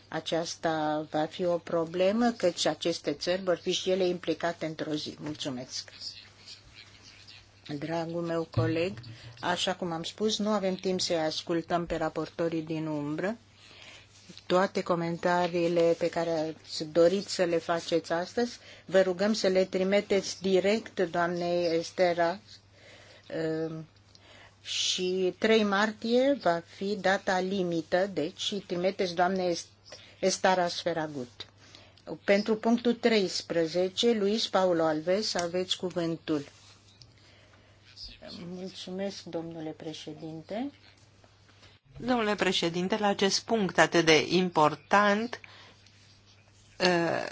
Aceasta va fi o problemă, căci aceste țări vor fi și ele implicate într-o zi. Mulțumesc! Dragul meu coleg, așa cum am spus, nu avem timp să ascultăm pe raportorii din umbră, toate comentariile pe care dorit să le faceți astăzi. Vă rugăm să le trimiteți direct doamnei Estera ehm, și 3 martie va fi data limită, deci trimiteți doamnei Estera Sferagut. Pentru punctul 13, Luis Paulo Alves, aveți cuvântul. Mulțumesc, domnule președinte.
Domnule președinte, la acest punct atât de important, uh,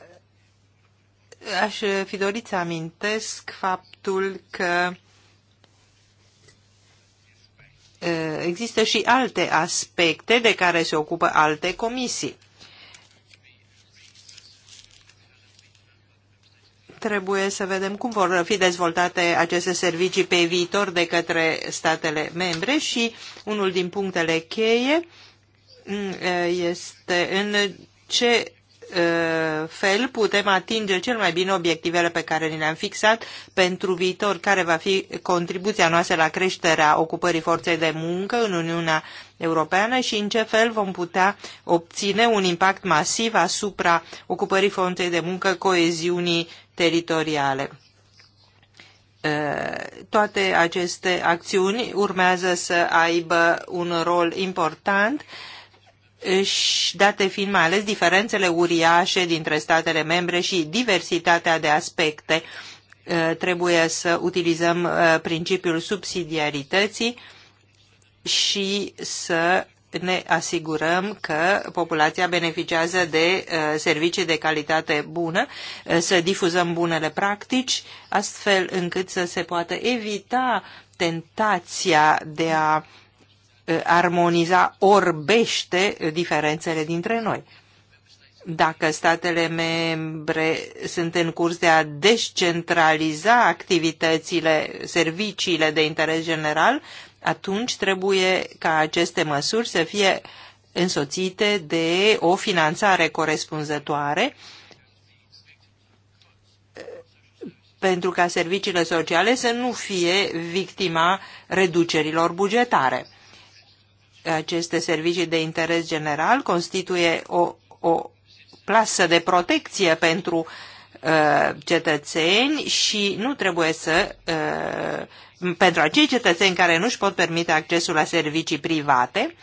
aș fi dorit să amintesc faptul că uh, există și alte aspecte de care se ocupă alte comisii. Trebuie să vedem cum vor fi dezvoltate aceste servicii pe viitor de către statele membre și unul din punctele cheie mm, este în ce fel putem atinge cel mai bine obiectivele pe care ni le-am fixat pentru viitor, care va fi contribuția noastră la creșterea ocupării forței de muncă în Uniunea Europeană și în ce fel vom putea obține un impact masiv asupra ocupării forței de muncă, coeziunii teritoriale. Toate aceste acțiuni urmează să aibă un rol important și date fiind mai ales diferențele uriașe dintre statele membre și diversitatea de aspecte, trebuie să utilizăm principiul subsidiarității și să ne asigurăm că populația beneficiază de uh, servicii de calitate bună, uh, să difuzăm bunele practici, astfel încât să se poată evita tentația de a uh, armoniza orbește diferențele dintre noi. Dacă statele membre sunt în curs de a descentraliza activitățile, serviciile de interes general, atunci trebuie ca aceste măsuri să fie însoțite de o finanțare corespunzătoare pentru ca serviciile sociale să nu fie victima reducerilor bugetare. Aceste servicii de interes general constituie o, o plasă de protecție pentru uh, Uh, cetățeni și nu trebuie să, uh, pentru acei cetățeni care nu își pot permite accesul la servicii private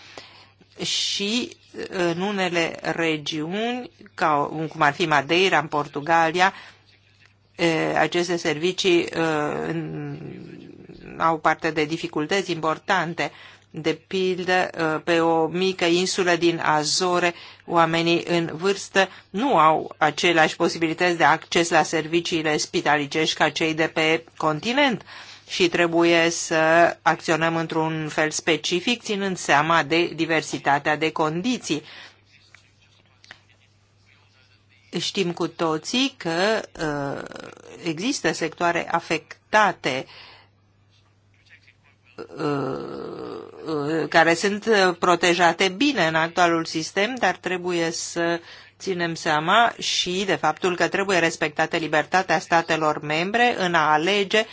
și uh, în unele regiuni, ca, cum ar fi Madeira, în Portugalia, aceste servicii au parte de dificultăți importante de pildă, uh, pe o mică insulă din Azore, oamenii în vârstă nu au aceleași posibilități de acces la serviciile spitalicești ca cei de pe continent și trebuie să acționăm într-un fel specific, ținând seama de diversitatea de condiții. Știm cu toții că uh, există sectoare afectate uh, Uh, care sunt uh, protejate bine în actualul sistem, dar trebuie să ținem seama și de faptul că trebuie respectată libertatea statelor membre în a alege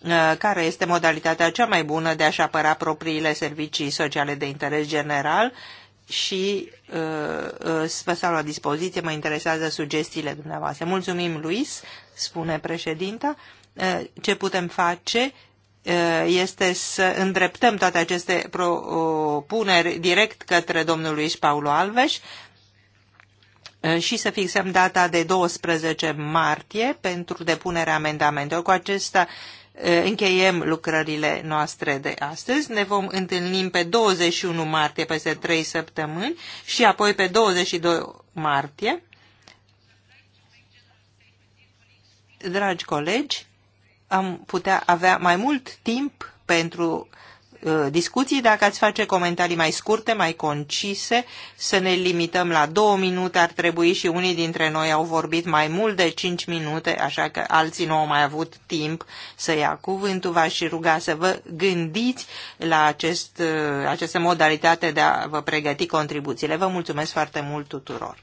uh, care este modalitatea cea mai bună de a-și apăra propriile servicii sociale de interes general și vă stau la dispoziție, mă interesează sugestiile dumneavoastră. Mulțumim, Luis, spune președinta. Ce putem face Eh, este să îndreptăm toate aceste propuneri direct către domnul Luis Paulo Alves eh, și să fixăm data de 12 martie pentru depunerea amendamentelor. Cu acesta eh, încheiem lucrările noastre de astăzi. Ne vom întâlni pe 21 martie, peste 3 săptămâni, și apoi pe 22 martie. Dragi colegi, am putea avea mai mult timp pentru uh, discuții, dacă ați face comentarii mai scurte, mai concise, să ne limităm la două minute ar trebui și unii dintre noi au vorbit mai mult de cinci minute, așa că alții nu au mai avut timp să ia cuvântul. V-aș ruga să vă gândiți la acest, uh, această modalitate de a vă pregăti contribuțiile. Vă mulțumesc foarte mult tuturor!